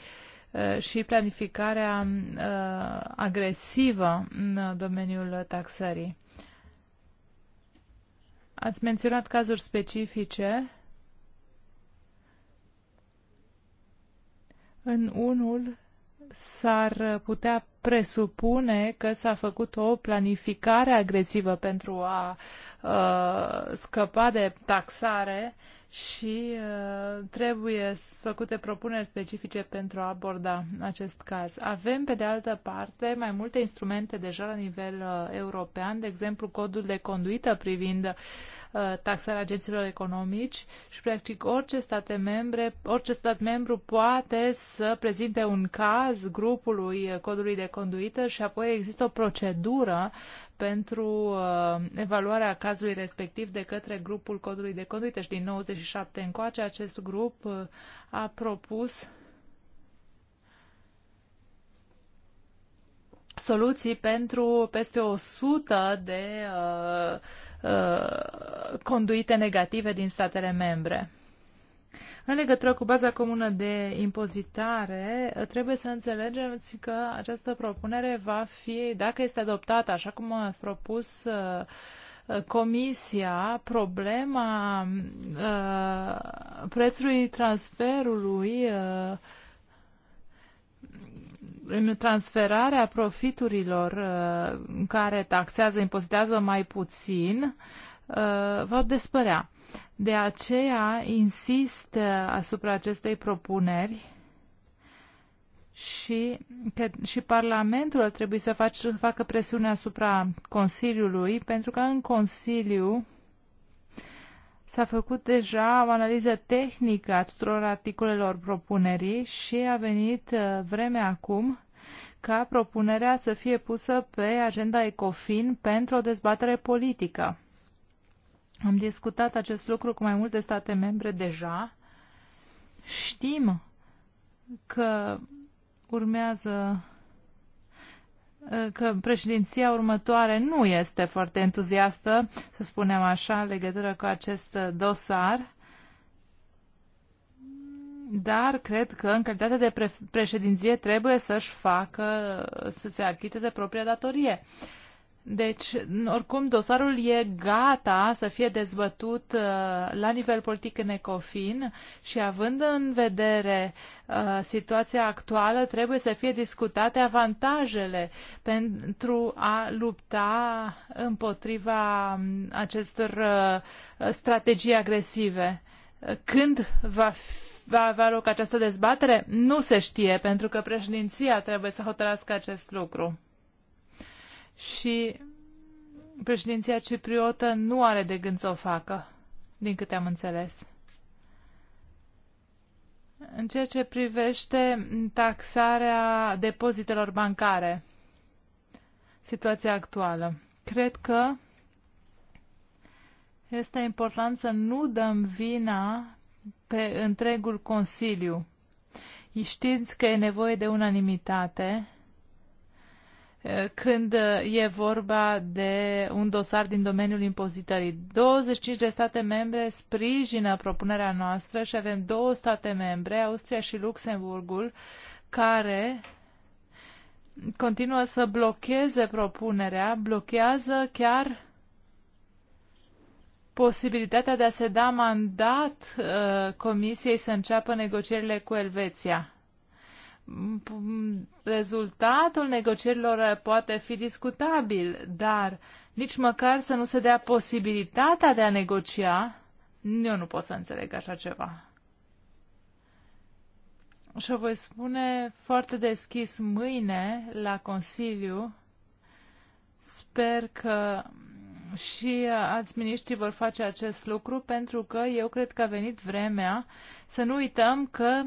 Uh, și planificarea uh, agresivă în domeniul taxării. Ați menționat cazuri specifice. În unul s-ar putea presupune că s-a făcut o planificare agresivă pentru a uh, scăpa de taxare și uh, trebuie făcute propuneri specifice pentru a aborda acest caz. Avem, pe de altă parte, mai multe instrumente deja la nivel uh, european, de exemplu codul de conduită privind uh, taxarea agenților economici și practic orice, state membre, orice stat membru poate să prezinte un caz grupului codului de conduită și apoi există o procedură pentru uh, evaluarea cazului respectiv de către grupul codului de conduită și din 97 încoace acest grup uh, a propus soluții pentru peste 100 de uh, uh, conduite negative din statele membre. În legătură cu baza comună de impozitare, trebuie să înțelegem că această propunere va fi, dacă este adoptată așa cum a propus uh, Comisia, problema uh, prețului transferului uh, în transferarea profiturilor uh, care taxează, impozitează mai puțin, uh, vor despărea. De aceea insist uh, asupra acestei propuneri și că și Parlamentul ar trebui să faci, facă presiune asupra Consiliului, pentru că în Consiliu s-a făcut deja o analiză tehnică a tuturor articolelor propunerii și a venit uh, vremea acum ca propunerea să fie pusă pe agenda ECOFIN pentru o dezbatere politică. Am discutat acest lucru cu mai multe state membre deja. Știm că urmează că președinția următoare nu este foarte entuziastă, să spunem așa, în legătură cu acest dosar, dar cred că în calitate de președinție trebuie să-și facă, să se achite de propria datorie. Uh, deci, oricum, dosarul e gata să fie dezbătut uh, la nivel politic în ECOFIN și având în vedere uh, situația actuală, trebuie să fie discutate avantajele pentru a lupta împotriva um, acestor uh, strategii agresive. Când va fi va avea loc această dezbatere? Nu se știe, pentru că președinția trebuie să hotărască acest lucru și președinția cipriotă nu are de gând să o facă, din câte am înțeles. În ceea ce privește taxarea depozitelor bancare, situația actuală, cred că este important să nu dăm vina pe întregul Consiliu. Știți că e nevoie de unanimitate când e vorba de un dosar din domeniul impozitării. 25 de state membre sprijină propunerea noastră și avem două state membre, Austria și Luxemburgul, care continuă să blocheze propunerea, blochează chiar posibilitatea de a se da mandat uh, Comisiei să înceapă negocierile cu Elveția rezultatul negocierilor poate fi discutabil, dar nici măcar să nu se dea posibilitatea de a negocia, eu nu pot să înțeleg așa ceva. Și o voi spune foarte deschis mâine la Consiliu. Sper că și alți miniștri vor face acest lucru pentru că eu cred că a venit vremea să nu uităm că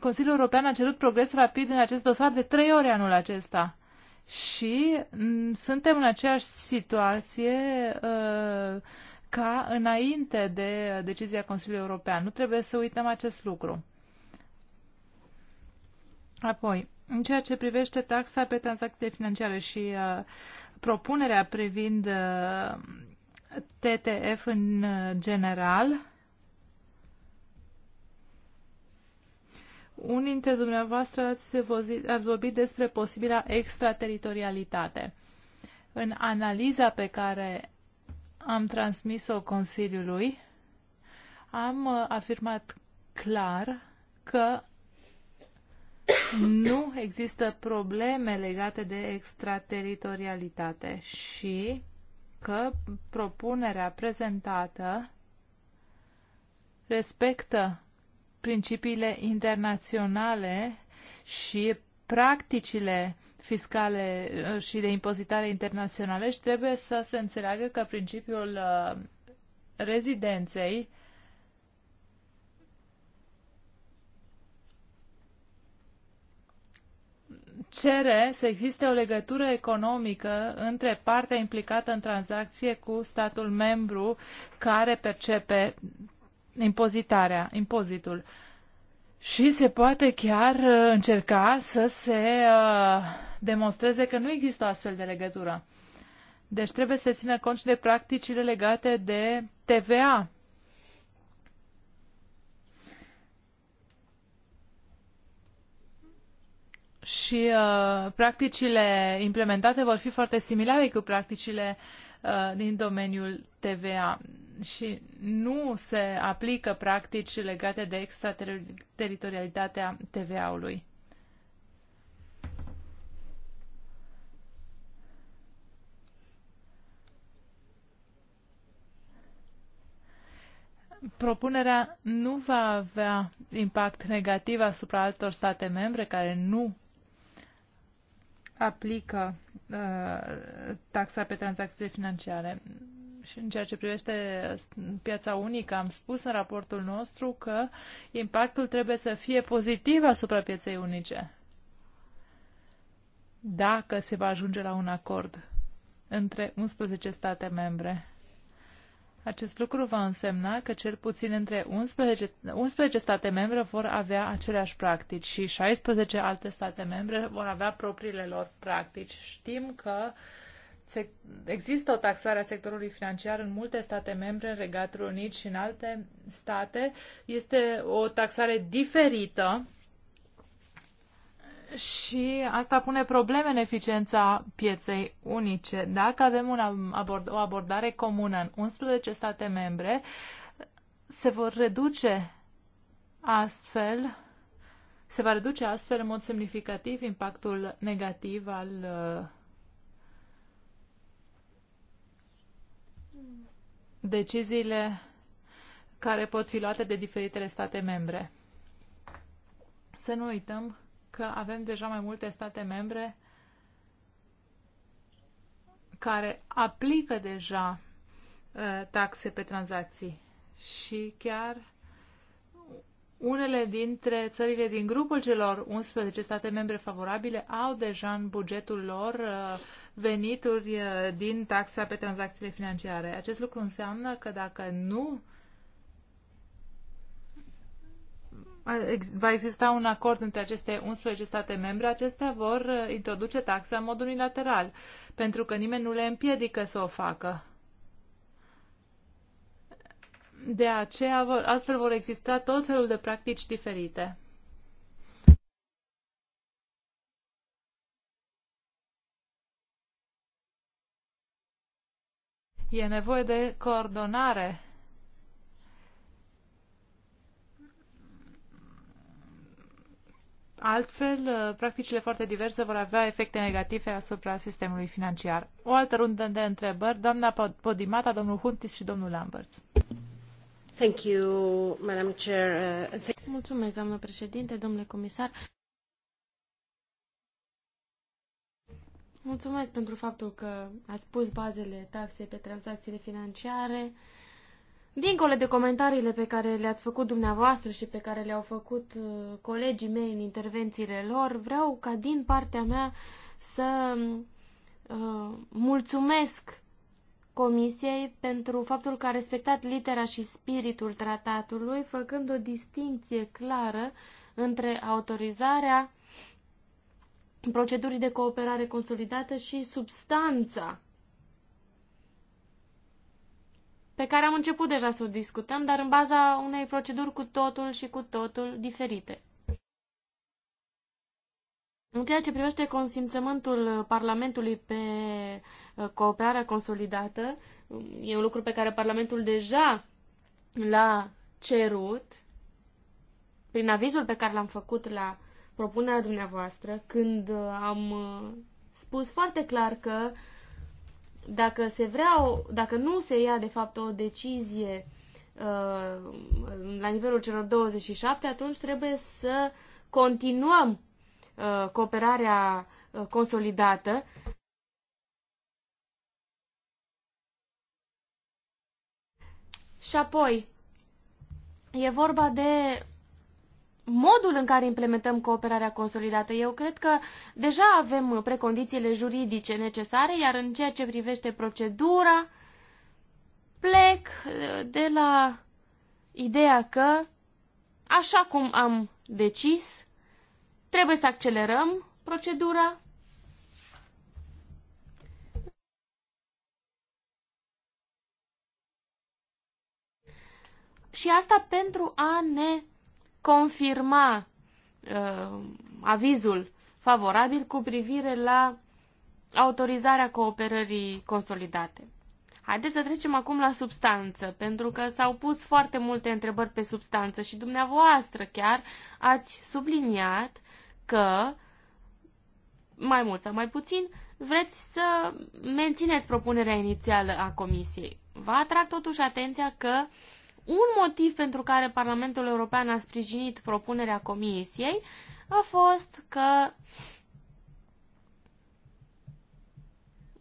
Consiliul European a cerut progres rapid în acest dosar de trei ori anul acesta. Și mm, suntem în aceeași situație uh, ca înainte de decizia Consiliului European. Nu trebuie să uităm acest lucru. Apoi, în ceea ce privește taxa pe transacții financiare și uh, propunerea privind uh, TTF în uh, general, Unii dintre dumneavoastră ați, vozit, ați vorbit despre posibila extrateritorialitate. În analiza pe care am transmis-o Consiliului, am uh, afirmat clar că nu există probleme legate de extrateritorialitate și că propunerea prezentată respectă principiile internaționale și practicile fiscale uh, și de impozitare internaționale și trebuie să se înțeleagă că principiul uh, rezidenței cere să existe o legătură economică între partea implicată în tranzacție cu statul membru care percepe impozitarea, impozitul. Și se poate chiar uh, încerca să se uh, demonstreze că nu există astfel de legătură. Deci trebuie să țină cont și de practicile legate de TVA. Și uh, practicile implementate vor fi foarte similare cu practicile uh, din domeniul TVA și nu se aplică practici legate de extrateritorialitatea TVA-ului. Propunerea nu va avea impact negativ asupra altor state membre care nu aplică uh, taxa pe tranzacțiile financiare. Și în ceea ce privește piața unică, am spus în raportul nostru că impactul trebuie să fie pozitiv asupra pieței unice. Dacă se va ajunge la un acord între 11 state membre. Acest lucru va însemna că cel puțin între 11, 11 state membre vor avea aceleași practici și 16 alte state membre vor avea propriile lor practici. Știm că uh, există o taxare a sectorului financiar în multe state membre, în Regatul Unit și în alte state. Este o taxare diferită și asta pune probleme în eficiența pieței unice. Dacă avem un abord, o abordare comună în 11 state membre, se vor reduce astfel se va reduce astfel în mod semnificativ impactul negativ al uh, deciziile care pot fi luate de diferitele state membre. Să nu uităm că avem deja mai multe state membre care aplică deja uh, taxe pe tranzacții și chiar unele dintre țările din grupul celor 11 state membre favorabile au deja în bugetul lor uh, venituri uh, din taxa pe tranzacțiile financiare. Acest lucru înseamnă că dacă nu va exista un acord între aceste 11 state membre, acestea vor uh, introduce taxa în mod unilateral, pentru că nimeni nu le împiedică să o facă. De aceea, astfel vor exista tot felul de practici diferite. E nevoie de coordonare. Altfel, uh, practicile foarte diverse vor avea efecte negative asupra sistemului financiar. O altă rundă de întrebări, doamna Podimata, domnul Huntis și domnul Lamberts. Thank you, Madam Chair. Uh, Mulțumesc, doamnă președinte, domnule comisar. Mulțumesc pentru faptul că ați pus bazele taxei pe tranzacțiile financiare. Dincolo de comentariile pe care le-ați făcut dumneavoastră și pe care le-au făcut uh, colegii mei în intervențiile lor, vreau ca din partea mea să uh, mulțumesc Comisiei pentru faptul că a respectat litera și spiritul tratatului, făcând o distinție clară între autorizarea procedurii de cooperare consolidată și substanța pe care am început deja să o discutăm, dar în baza unei proceduri cu totul și cu totul diferite. În ceea ce privește consimțământul Parlamentului pe uh, cooperarea consolidată, um, e un lucru pe care Parlamentul deja l-a cerut prin avizul pe care l-am făcut la propunerea dumneavoastră când uh, am uh, spus foarte clar că dacă se vrea, o, dacă nu se ia de fapt o decizie uh, la nivelul celor 27, atunci trebuie să continuăm cooperarea consolidată. Și apoi, e vorba de modul în care implementăm cooperarea consolidată. Eu cred că deja avem precondițiile juridice necesare, iar în ceea ce privește procedura, plec uh, de la ideea că, așa cum am decis, trebuie să accelerăm procedura. Și asta pentru a ne confirma uh, avizul favorabil cu privire la autorizarea cooperării consolidate. Haideți să trecem acum la substanță, pentru că s-au pus foarte multe întrebări pe substanță și dumneavoastră chiar ați subliniat că, mai mult sau mai puțin, vreți să mențineți propunerea inițială a comisiei. Vă atrag totuși atenția că uh, un motiv pentru care Parlamentul European a sprijinit propunerea Comisiei a fost că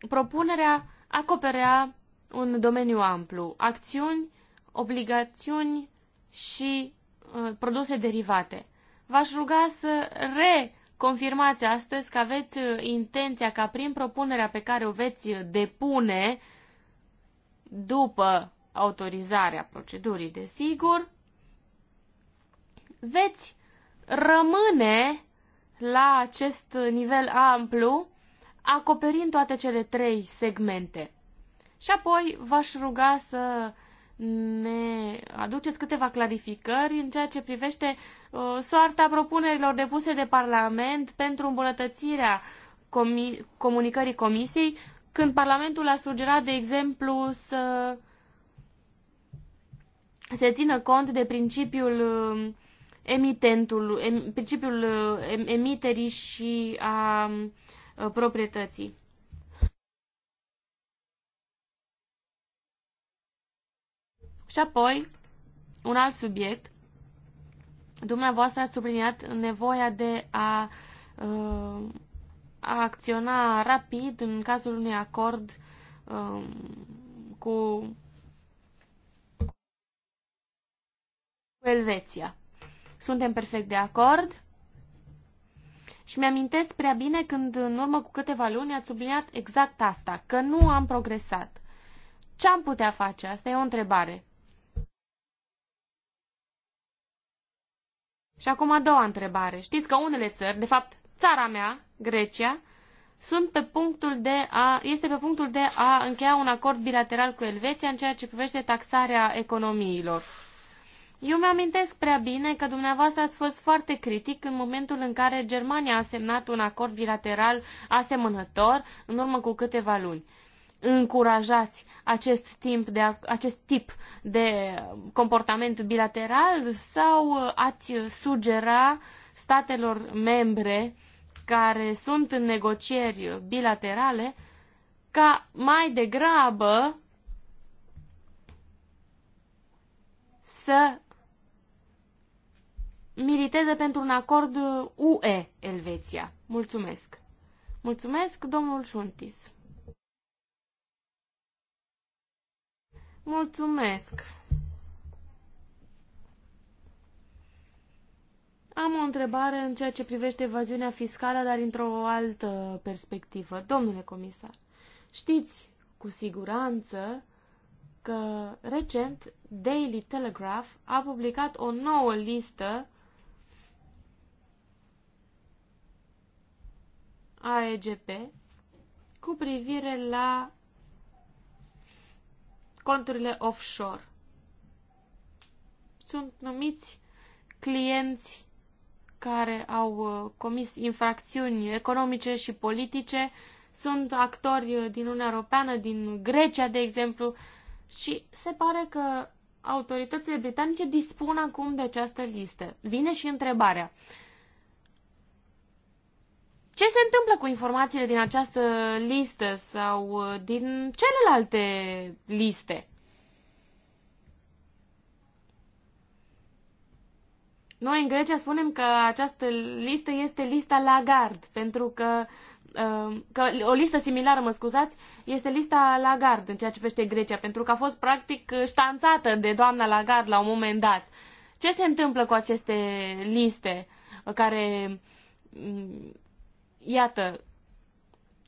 propunerea acoperea un domeniu amplu, acțiuni, obligațiuni și uh, produse derivate. V-aș ruga să reconfirmați astăzi că aveți uh, intenția ca prin propunerea pe care o veți uh, depune după autorizarea procedurii, desigur, veți rămâne la acest nivel amplu, acoperind toate cele trei segmente. Și apoi v-aș ruga să ne aduceți câteva clarificări în ceea ce privește uh, soarta propunerilor depuse de Parlament pentru îmbunătățirea comi- comunicării Comisiei, când Parlamentul a sugerat, de exemplu, să uh, se țină cont de principiul um, emitentul, em, principiul uh, emiterii și a um, proprietății. Și apoi, un alt subiect. Dumneavoastră ați subliniat nevoia de a, uh, a acționa rapid în cazul unui acord um, cu Elveția. Suntem perfect de acord? Și mi-amintesc prea bine când în urmă cu câteva luni ați subliniat exact asta, că nu am progresat. Ce am putea face? Asta e o întrebare. Și acum a doua întrebare. Știți că unele țări, de fapt țara mea, Grecia, sunt pe punctul de a, este pe punctul de a încheia un acord bilateral cu Elveția în ceea ce privește taxarea economiilor. Eu mi-amintesc prea bine că dumneavoastră ați fost foarte critic în momentul în care Germania a semnat un acord bilateral asemănător în urmă cu câteva luni. Încurajați acest, timp de, acest tip de comportament bilateral sau ați sugera statelor membre care sunt în negocieri bilaterale ca mai degrabă să militeze pentru un acord UE-Elveția. Uh, Mulțumesc! Mulțumesc, domnul Șuntis! Mulțumesc! Am o întrebare în ceea ce privește evaziunea fiscală, dar într-o altă perspectivă. Domnule comisar, știți cu siguranță că recent Daily Telegraph a publicat o nouă listă AEGP cu privire la conturile offshore. Sunt numiți clienți care au uh, comis infracțiuni economice și politice, sunt actori uh, din Uniunea Europeană, din Grecia, de exemplu, și se pare că autoritățile britanice dispun acum de această listă. Vine și întrebarea. Ce se întâmplă cu informațiile din această listă sau uh, din celelalte liste? Noi în Grecia spunem că această listă este lista Lagard, pentru că, uh, că o listă similară, mă scuzați, este lista Lagard în ceea ce pește Grecia, pentru că a fost practic ștanțată de doamna Lagard la un moment dat. Ce se întâmplă cu aceste liste care mm, iată,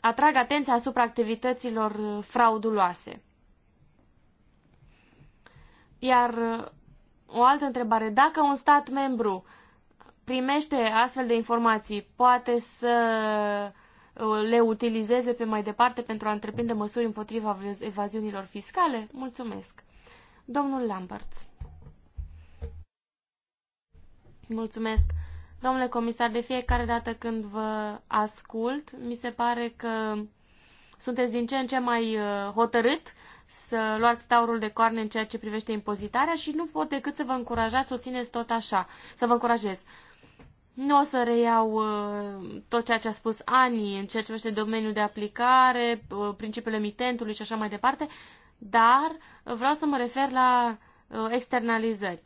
atrag atenția asupra activităților frauduloase. Iar uh, o altă întrebare, dacă un stat membru primește astfel de informații, poate să uh, le utilizeze pe mai departe pentru a întreprinde măsuri împotriva evaziunilor fiscale? Mulțumesc. Domnul Lamberts. Mulțumesc. Domnule comisar, de fiecare dată când vă ascult, mi se pare că sunteți din ce în ce mai uh, hotărât să luați taurul de coarne în ceea ce privește impozitarea și nu pot decât să vă încurajați să o țineți tot așa, să vă încurajez. Nu o să reiau uh, tot ceea ce a spus Ani în ceea ce privește domeniul de aplicare, uh, principiul emitentului și așa mai departe, dar vreau să mă refer la externalizări.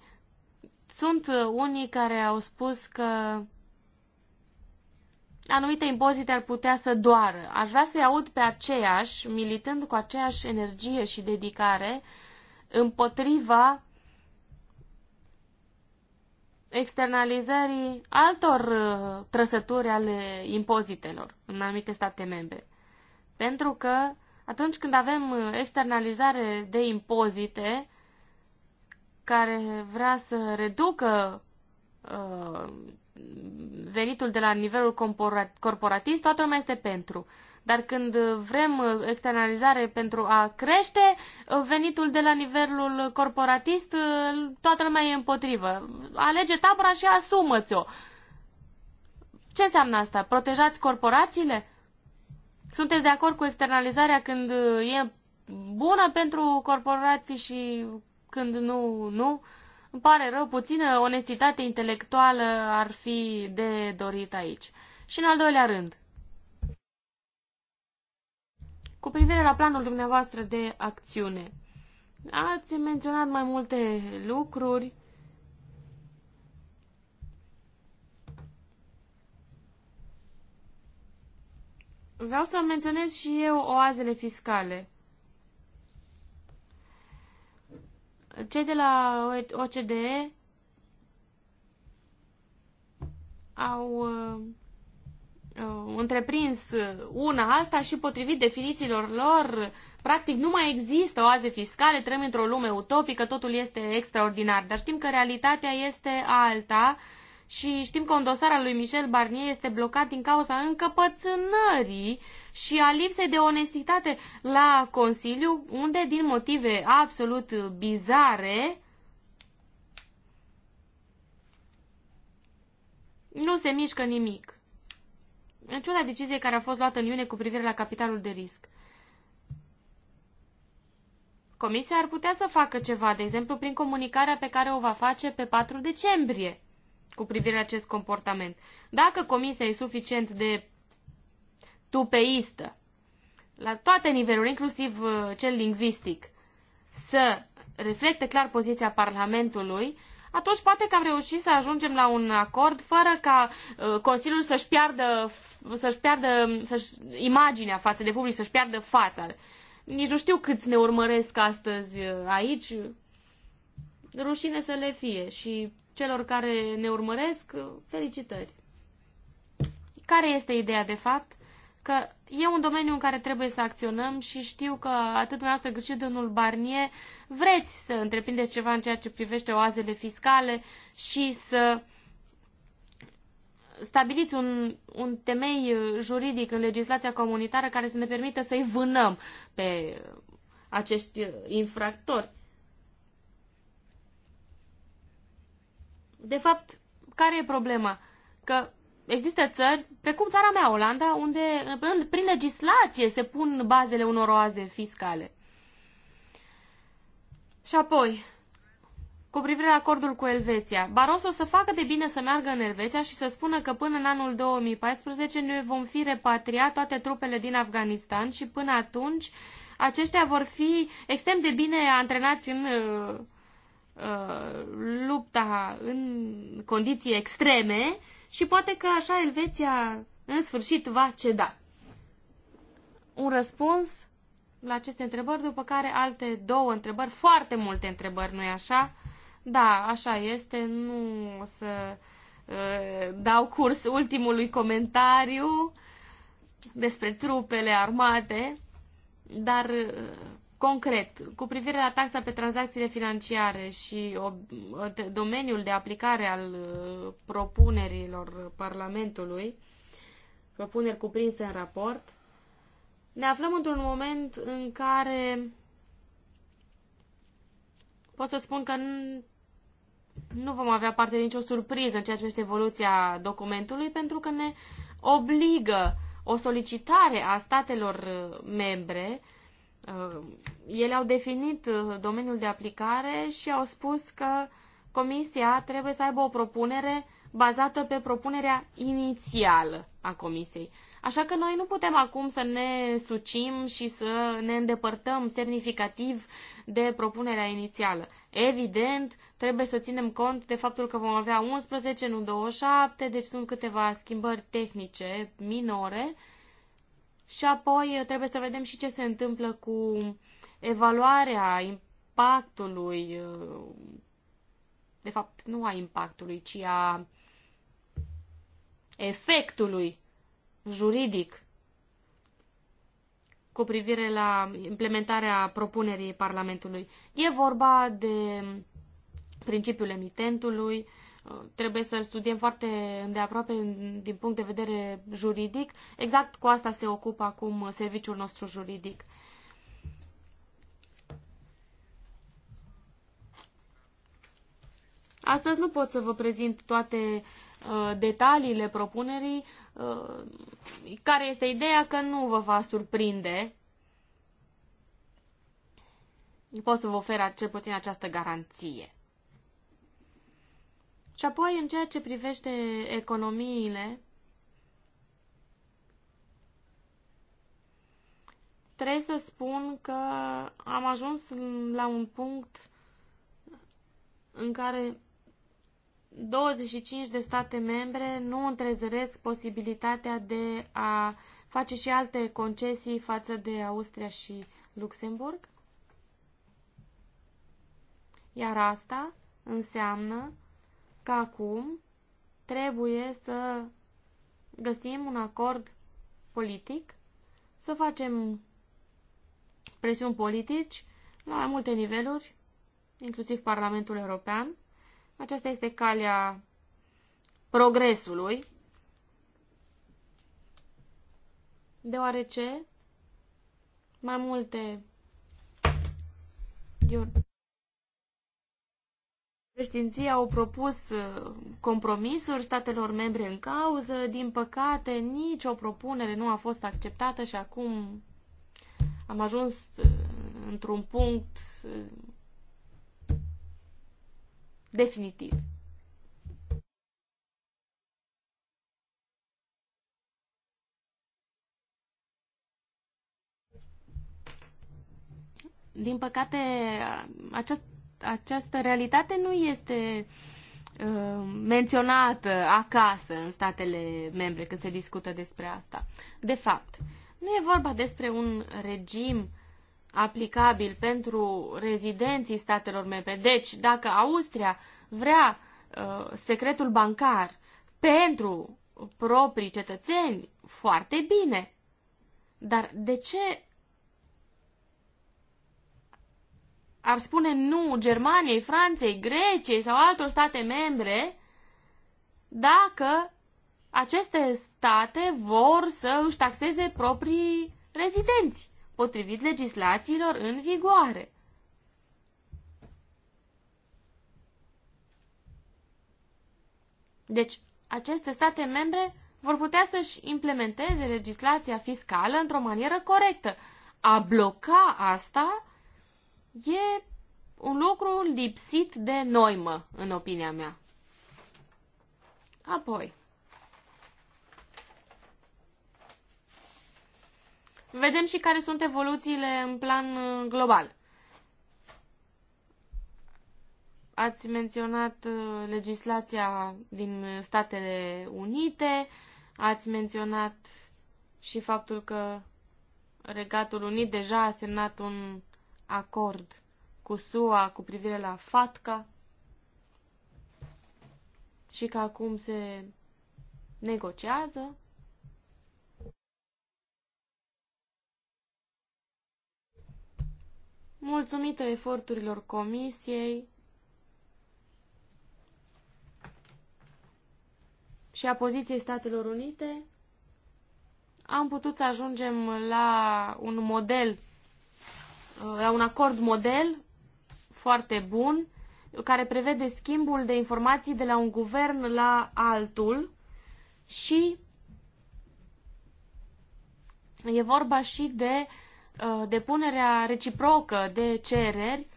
Sunt uh, unii care au spus că anumite impozite ar putea să doară. Aș vrea să-i aud pe aceiași, militând cu aceeași energie și dedicare, împotriva externalizării altor uh, trăsături ale impozitelor în anumite state membre. Pentru că atunci când avem uh, externalizare de impozite, care vrea să reducă uh, venitul de la nivelul corporatist, toată lumea este pentru. Dar când vrem externalizare pentru a crește uh, venitul de la nivelul corporatist, uh, toată lumea e împotrivă. Alege tabra și asumă-ți-o. Ce înseamnă asta? Protejați corporațiile? Sunteți de acord cu externalizarea când uh, e bună pentru corporații și când nu, nu. Îmi pare rău, puțină onestitate intelectuală ar fi de dorit aici. Și în al doilea rând, cu privire la planul dumneavoastră de acțiune, ați menționat mai multe lucruri. Vreau să menționez și eu oazele fiscale. Cei de la OCDE uh, au întreprins una alta și potrivit definițiilor lor, practic nu mai există oaze fiscale, trăim într-o lume utopică, totul este extraordinar. Dar știm că realitatea este alta și știm că un dosar al lui Michel Barnier este blocat din cauza încăpățânării uh, și a lipsei de onestitate la Consiliu, unde, din motive absolut bizare, nu se mișcă nimic. În ciuda deciziei care a fost luată în iunie cu privire la capitalul de risc. Comisia ar putea să facă ceva, de exemplu, prin comunicarea pe care o va face pe 4 decembrie cu privire la acest comportament. Dacă comisia e suficient de tupeistă, la toate niveluri, inclusiv uh, cel lingvistic, să reflecte clar poziția Parlamentului, atunci poate că am reușit să ajungem la un acord fără ca uh, Consiliul să-și piardă, să-și piardă să-și, imaginea față de public, să-și piardă fața. Nici nu știu câți ne urmăresc astăzi uh, aici. Rușine să le fie și celor care ne urmăresc, uh, felicitări. Care este ideea de fapt? că e un domeniu în care trebuie să acționăm și știu că atât dumneavoastră cât și domnul Barnier vreți să întreprindeți ceva în ceea ce privește oazele fiscale și să stabiliți un, un temei juridic în legislația comunitară care să ne permită să-i vânăm pe acești infractori. De fapt, care e problema? Că există țări precum țara mea, Olanda, unde în, prin legislație se pun bazele unor oaze fiscale. Și apoi, cu privire la acordul cu Elveția, Barroso să facă de bine să meargă în Elveția și să spună că până în anul 2014 ne vom fi repatriat toate trupele din Afganistan și până atunci aceștia vor fi extrem de bine antrenați în uh, uh lupta în condiții extreme și poate că așa Elveția în sfârșit va ceda. Un răspuns la aceste întrebări, după care alte două întrebări, foarte multe întrebări, nu-i așa? Da, așa este, nu o să uh, dau curs ultimului comentariu despre trupele armate, dar uh, Concret, cu privire la taxa pe tranzacțiile financiare și domeniul de aplicare al uh, propunerilor Parlamentului, propuneri cuprinse în raport, ne aflăm într-un moment în care pot să spun că nu vom avea parte de nicio surpriză în ceea ce este evoluția documentului, pentru că ne obligă o solicitare a statelor uh, membre Uh, ele au definit uh, domeniul de aplicare și au spus că Comisia trebuie să aibă o propunere bazată pe propunerea inițială a Comisiei. Așa că noi nu putem acum să ne sucim și să ne îndepărtăm semnificativ de propunerea inițială. Evident, trebuie să ținem cont de faptul că vom avea 11, nu 27, deci sunt câteva schimbări tehnice minore, și apoi uh, trebuie să vedem și ce se întâmplă cu evaluarea impactului, uh, de fapt nu a impactului, ci a efectului juridic cu privire la implementarea propunerii Parlamentului. E vorba de principiul emitentului, trebuie să-l studiem foarte îndeaproape din punct de vedere juridic. Exact cu asta se ocupă acum serviciul nostru juridic. Astăzi nu pot să vă prezint toate uh, detaliile propunerii, uh, care este ideea că nu vă va surprinde. Pot să vă ofer cel puțin această garanție. Și apoi, în ceea ce privește economiile, trebuie să spun că am ajuns la un punct în care 25 de state membre nu întrezăresc posibilitatea de a face și alte concesii față de Austria și Luxemburg. Iar asta înseamnă că acum trebuie să găsim un acord politic, să facem presiuni politici la mai multe niveluri, inclusiv Parlamentul European. Aceasta este calea progresului, deoarece mai multe Președinții au propus uh, compromisuri statelor membre în cauză. Din păcate, nicio propunere nu a fost acceptată și acum am ajuns uh, într-un punct uh, definitiv. Din păcate, această această realitate nu este uh, menționată acasă în statele membre când se discută despre asta. De fapt, nu e vorba despre un regim aplicabil pentru rezidenții statelor membre. Deci, dacă Austria vrea uh, secretul bancar pentru proprii cetățeni, foarte bine. Dar de ce ar spune nu Germaniei, Franței, Greciei sau altor state membre dacă aceste state vor să își taxeze proprii rezidenți, potrivit legislațiilor în vigoare. Deci, aceste state membre vor putea să-și implementeze legislația fiscală într-o manieră corectă. A bloca asta E un lucru lipsit de noimă, în opinia mea. Apoi, vedem și care sunt evoluțiile în plan uh, global. Ați menționat uh, legislația din Statele Unite, ați menționat și faptul că Regatul Unit deja a semnat un acord cu SUA cu privire la FATCA și că acum se negociază. Mulțumită eforturilor comisiei și a poziției Statelor Unite, am putut să ajungem la un model la un acord model foarte bun care prevede schimbul de informații de la un guvern la altul și e vorba și de uh, depunerea reciprocă de cereri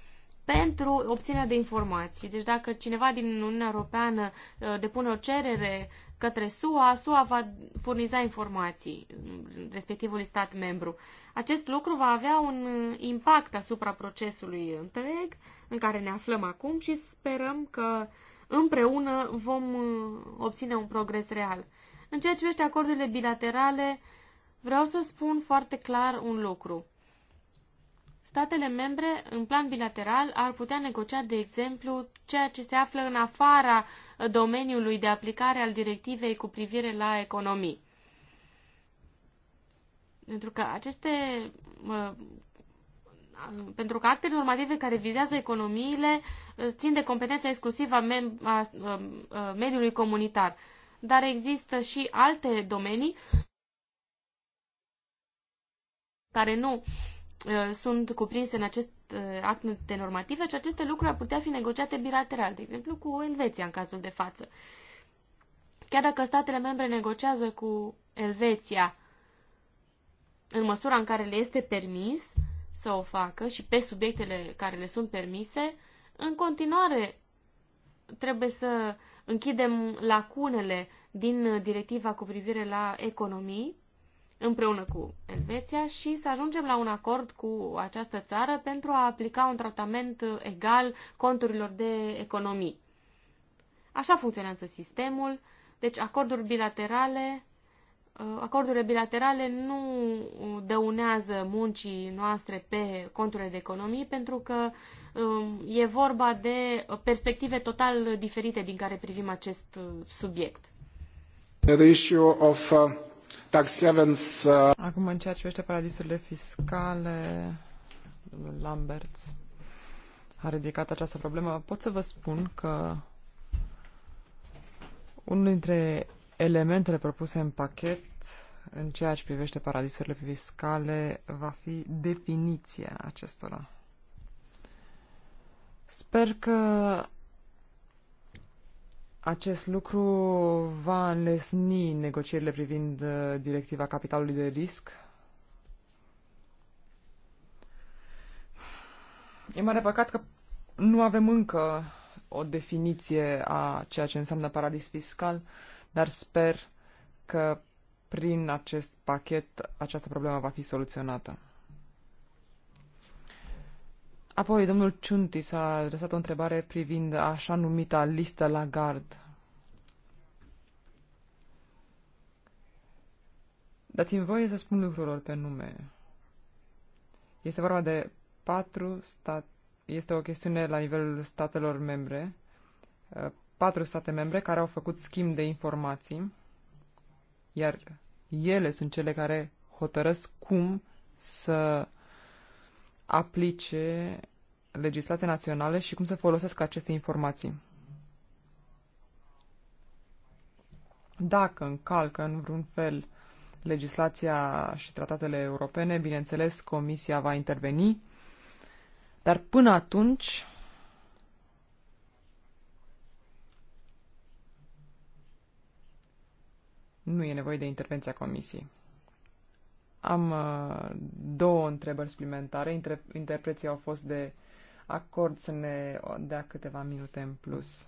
pentru obținerea de informații. Deci dacă cineva din Uniunea Europeană uh, depune o cerere către SUA, SUA va furniza informații respectivul stat membru. Acest lucru va avea un impact asupra procesului întreg în care ne aflăm acum și sperăm că împreună vom uh, obține un progres real. În ceea ce privește acordurile bilaterale, vreau să spun foarte clar un lucru statele membre, în plan bilateral, ar putea negocia, de exemplu, ceea ce se află în afara uh, domeniului de aplicare al directivei cu privire la economii. Pentru că aceste. Uh, uh, pentru că actele normative care vizează economiile țin de competența exclusivă a, mem- a mediului comunitar. Dar există și alte domenii care nu Uh, sunt cuprinse în acest uh, acte normative și aceste lucruri ar putea fi negociate bilateral, de exemplu cu Elveția în cazul de față. Chiar dacă statele membre negociază cu Elveția în măsura în care le este permis să o facă și pe subiectele care le sunt permise, în continuare trebuie să închidem lacunele din directiva cu privire la economii împreună cu Elveția și să ajungem la un acord cu această țară pentru a aplica un tratament egal conturilor de economii. Așa funcționează sistemul, deci acorduri bilaterale, uh, acordurile bilaterale nu dăunează muncii noastre pe conturile de economii pentru că um, e vorba de perspective total diferite din care privim acest uh, subiect. The issue of uh... Uh, Acum în ceea ce privește paradisurile fiscale, Lamberts a ridicat această problemă. Pot să vă spun că unul dintre elementele propuse în pachet în ceea ce privește paradisurile fiscale va fi definiția acestora. Sper că acest lucru va înlesni negocierile privind uh, directiva capitalului de risc. E mare păcat că nu avem încă o definiție a ceea ce înseamnă paradis fiscal, dar sper că prin acest pachet această problemă va fi soluționată. Apoi, domnul Ciunti s-a adresat o întrebare privind așa numita listă la gard. Dați-mi voie să spun lucrurilor pe nume. Este vorba de patru stat... Este o chestiune la nivelul statelor membre. Uh, patru state membre care au făcut schimb de informații, iar ele sunt cele care hotărăsc cum să aplice legislația națională și cum să folosească aceste informații. Dacă încalcă în vreun fel legislația și tratatele europene, bineînțeles, Comisia va interveni, dar până atunci nu e nevoie de intervenția Comisiei. Am uh, două întrebări suplimentare. Inter- interpreții au fost de acord să ne dea câteva minute în plus.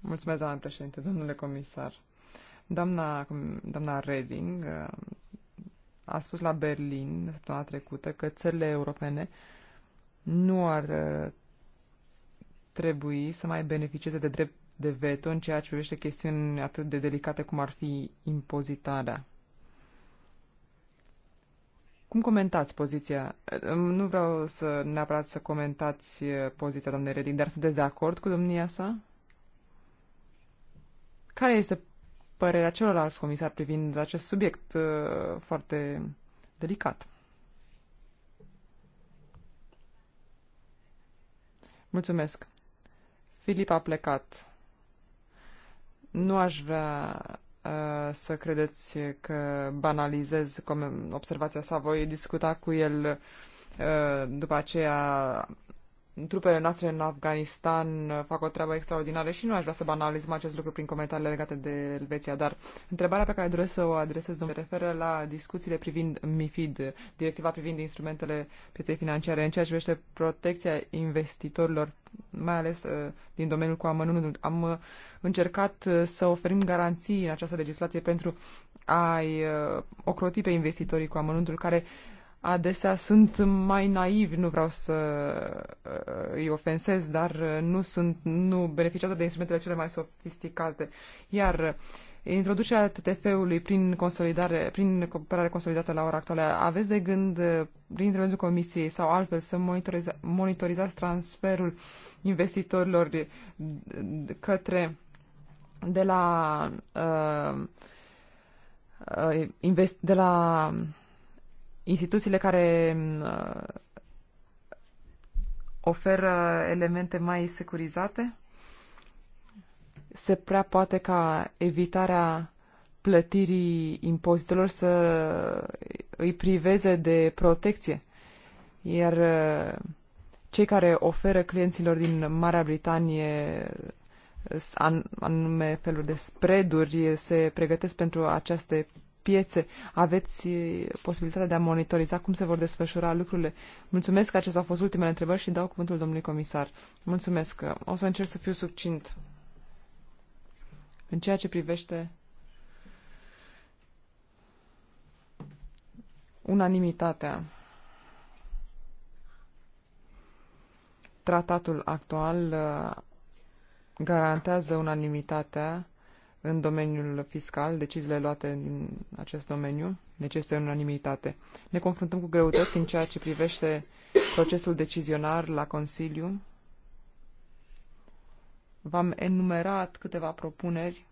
Mulțumesc, doamna președinte, domnule comisar. Doamna, doamna Reding uh, a spus la Berlin săptămâna trecută că țările europene nu ar uh, trebui să mai beneficieze de drept de veto în ceea ce privește chestiuni atât de delicate cum ar fi impozitarea. Cum comentați poziția? Nu vreau să neapărat să comentați eh, poziția doamnei Reding, dar sunteți de acord cu domnia sa? Care este părerea celorlalți comisari privind acest subiect eh, foarte delicat? Mulțumesc. Filip a plecat. Nu aș vrea uh, să credeți că banalizez observația sa. Voi discuta cu el uh, după aceea trupele noastre în Afganistan fac o treabă extraordinară și nu aș vrea să banalizăm acest lucru prin comentariile legate de Elveția, dar întrebarea pe care doresc să o adresez, domnule, referă la discuțiile privind MIFID, directiva privind instrumentele pieței financiare, în ceea ce privește protecția investitorilor, mai ales uh, din domeniul cu amănuntul. Am uh, încercat uh, să oferim garanții în această legislație pentru a-i ocroti pe investitorii cu amănuntul care uh, adesea sunt mai naivi, nu vreau să uh, îi ofensez, dar uh, nu, sunt, nu beneficiază de instrumentele cele mai sofisticate. Iar uh, introducerea TTF-ului prin, consolidare, prin cooperare consolidată la ora actuală, aveți de gând, prin intermediul Comisiei sau altfel, să monitoriza, monitorizați transferul investitorilor către de la uh, invest, de la instituțiile care uh, oferă elemente mai securizate, se prea poate ca evitarea plătirii impozitelor să îi priveze de protecție. Iar uh, cei care oferă clienților din Marea Britanie uh, anume feluri de spreaduri se pregătesc pentru aceste piețe. Aveți posibilitatea de a monitoriza cum se vor desfășura lucrurile. Mulțumesc că acestea au fost ultimele întrebări și dau cuvântul domnului comisar. Mulțumesc. O să încerc să fiu succint. În ceea ce privește unanimitatea. Tratatul actual uh, garantează unanimitatea în domeniul fiscal, deciziile luate în acest domeniu, necesită deci unanimitate. Ne confruntăm cu greutăți în ceea ce privește procesul decizionar la Consiliu. V-am enumerat câteva propuneri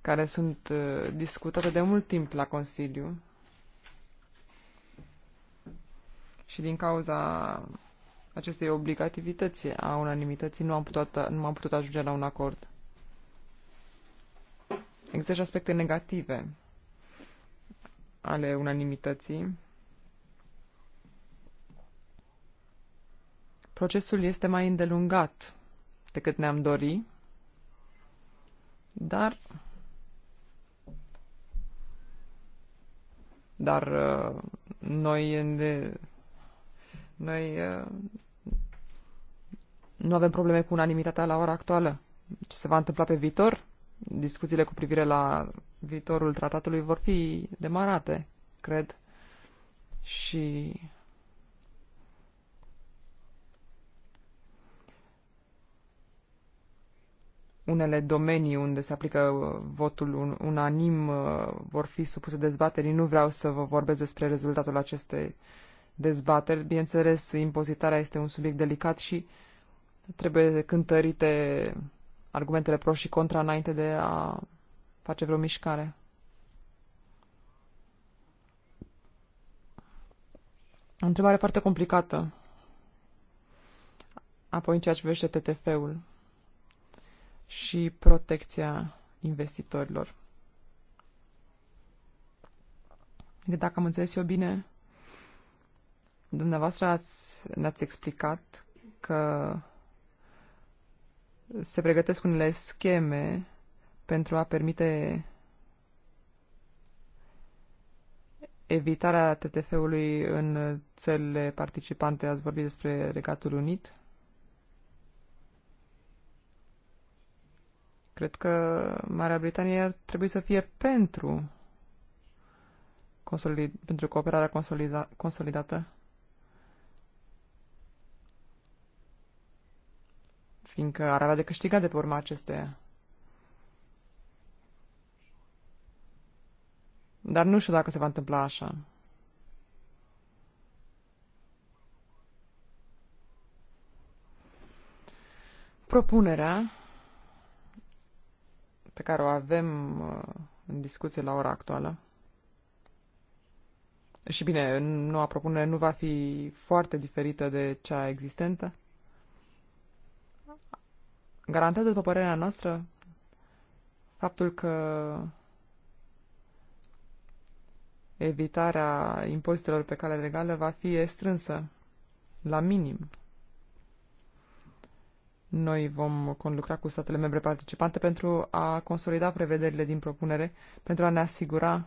care sunt uh, discutate de mult timp la Consiliu. și din cauza acestei obligativități a unanimității nu am putut, nu am putut ajunge la un acord. Există și aspecte negative ale unanimității. Procesul este mai îndelungat decât ne-am dori, dar dar uh, noi ne noi nu avem probleme cu unanimitatea la ora actuală. Ce se va întâmpla pe viitor? Discuțiile cu privire la viitorul tratatului vor fi demarate, cred. Și unele domenii unde se aplică votul unanim uh, vor fi supuse dezbaterii. Nu vreau să vă vorbesc despre rezultatul acestei dezbateri. Bineînțeles, impozitarea este un subiect delicat și trebuie cântărite argumentele pro și contra înainte de a face vreo mișcare. O întrebare foarte complicată. Apoi în ceea ce privește TTF-ul și protecția investitorilor. Dacă am înțeles eu bine, Dumneavoastră ați, ne-ați explicat că se pregătesc unele scheme pentru a permite evitarea TTF-ului în țările participante. Ați vorbit despre Regatul Unit. Cred că Marea Britanie ar trebui să fie pentru, consolid, pentru cooperarea consolida, consolidată. fiindcă ar avea de câștigat de pe urma acestea. Dar nu știu dacă se va întâmpla așa. Propunerea pe care o avem uh, în discuție la ora actuală și bine, noua propunere nu va fi foarte diferită de cea existentă, garantează, după părerea noastră, faptul că evitarea impozitelor pe cale legală va fi strânsă la minim. Noi vom conlucra cu statele membre participante pentru a consolida prevederile din propunere, pentru a ne asigura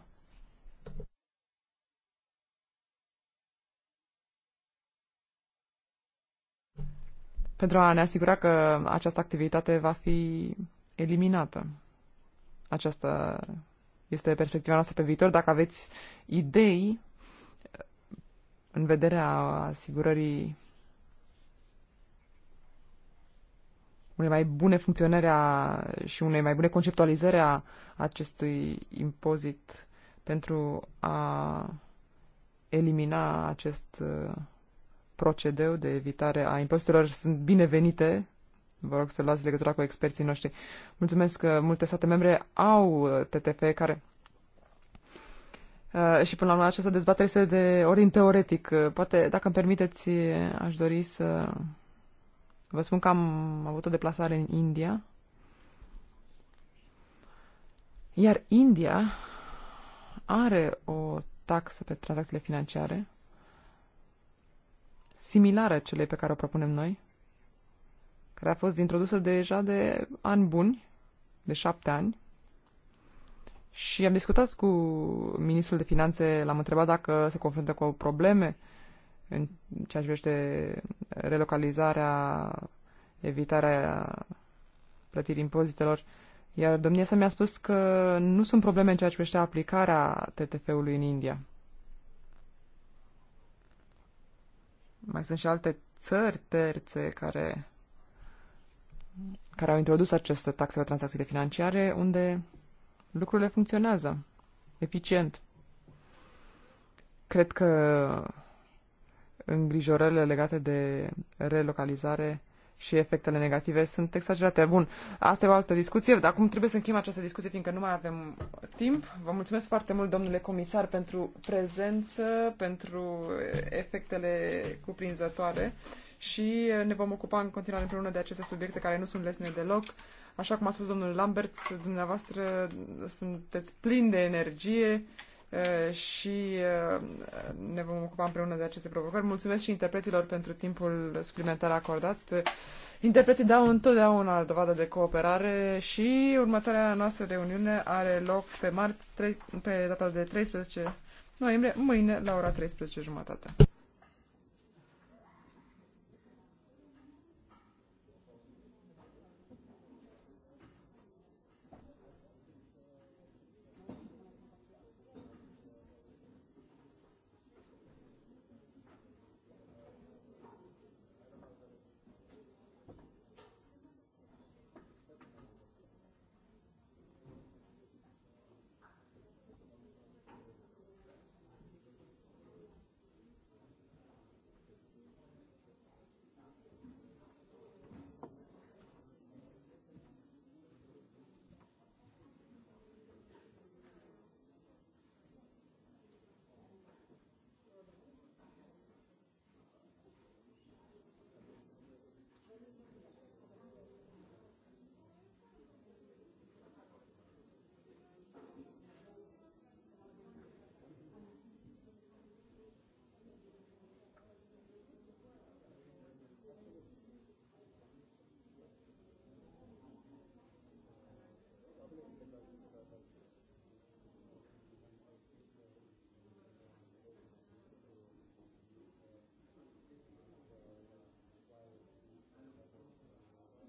pentru a ne asigura că această activitate va fi eliminată. Aceasta este perspectiva noastră pe viitor. Dacă aveți idei uh, în vederea asigurării unei mai bune funcționări a, și unei mai bune conceptualizări a acestui impozit pentru a elimina acest uh, procedeu de evitare a impozitelor sunt binevenite. Vă rog să luați legătura cu experții noștri. Mulțumesc că multe state membre au uh, TTF care uh, și până la urmă această dezbatere este de ordin teoretic. Uh, poate, dacă îmi permiteți, aș dori să vă spun că am avut o deplasare în India. Iar India are o taxă pe tranzacțiile financiare similară celei pe care o propunem noi, care a fost introdusă deja de ani buni, de șapte ani. Și am discutat cu ministrul de finanțe, l-am întrebat dacă se confruntă cu probleme în ceea ce privește relocalizarea, evitarea plătirii impozitelor. Iar domnia sa mi-a spus că nu sunt probleme în ceea ce privește aplicarea TTF-ului în India. Mai sunt și alte țări terțe care, care au introdus aceste taxe pe tranzacțiile financiare, unde lucrurile funcționează eficient. Cred că îngrijorările legate de relocalizare și efectele negative sunt exagerate. Bun, asta e o altă discuție, dar acum trebuie să închim această discuție, fiindcă nu mai avem timp. Vă mulțumesc foarte mult, domnule comisar, pentru prezență, pentru efectele cuprinzătoare și ne vom ocupa în continuare împreună de aceste subiecte care nu sunt lesne deloc. Așa cum a spus domnul Lamberts, dumneavoastră sunteți plini de energie Eh, și eh, ne vom ocupa împreună de aceste provocări. Mulțumesc și interpreților pentru timpul suplimentar acordat. Interpreții dau întotdeauna dovadă de cooperare și următoarea noastră reuniune are loc pe marți, pe data de 13 noiembrie, mâine la ora 13.30. jumătate.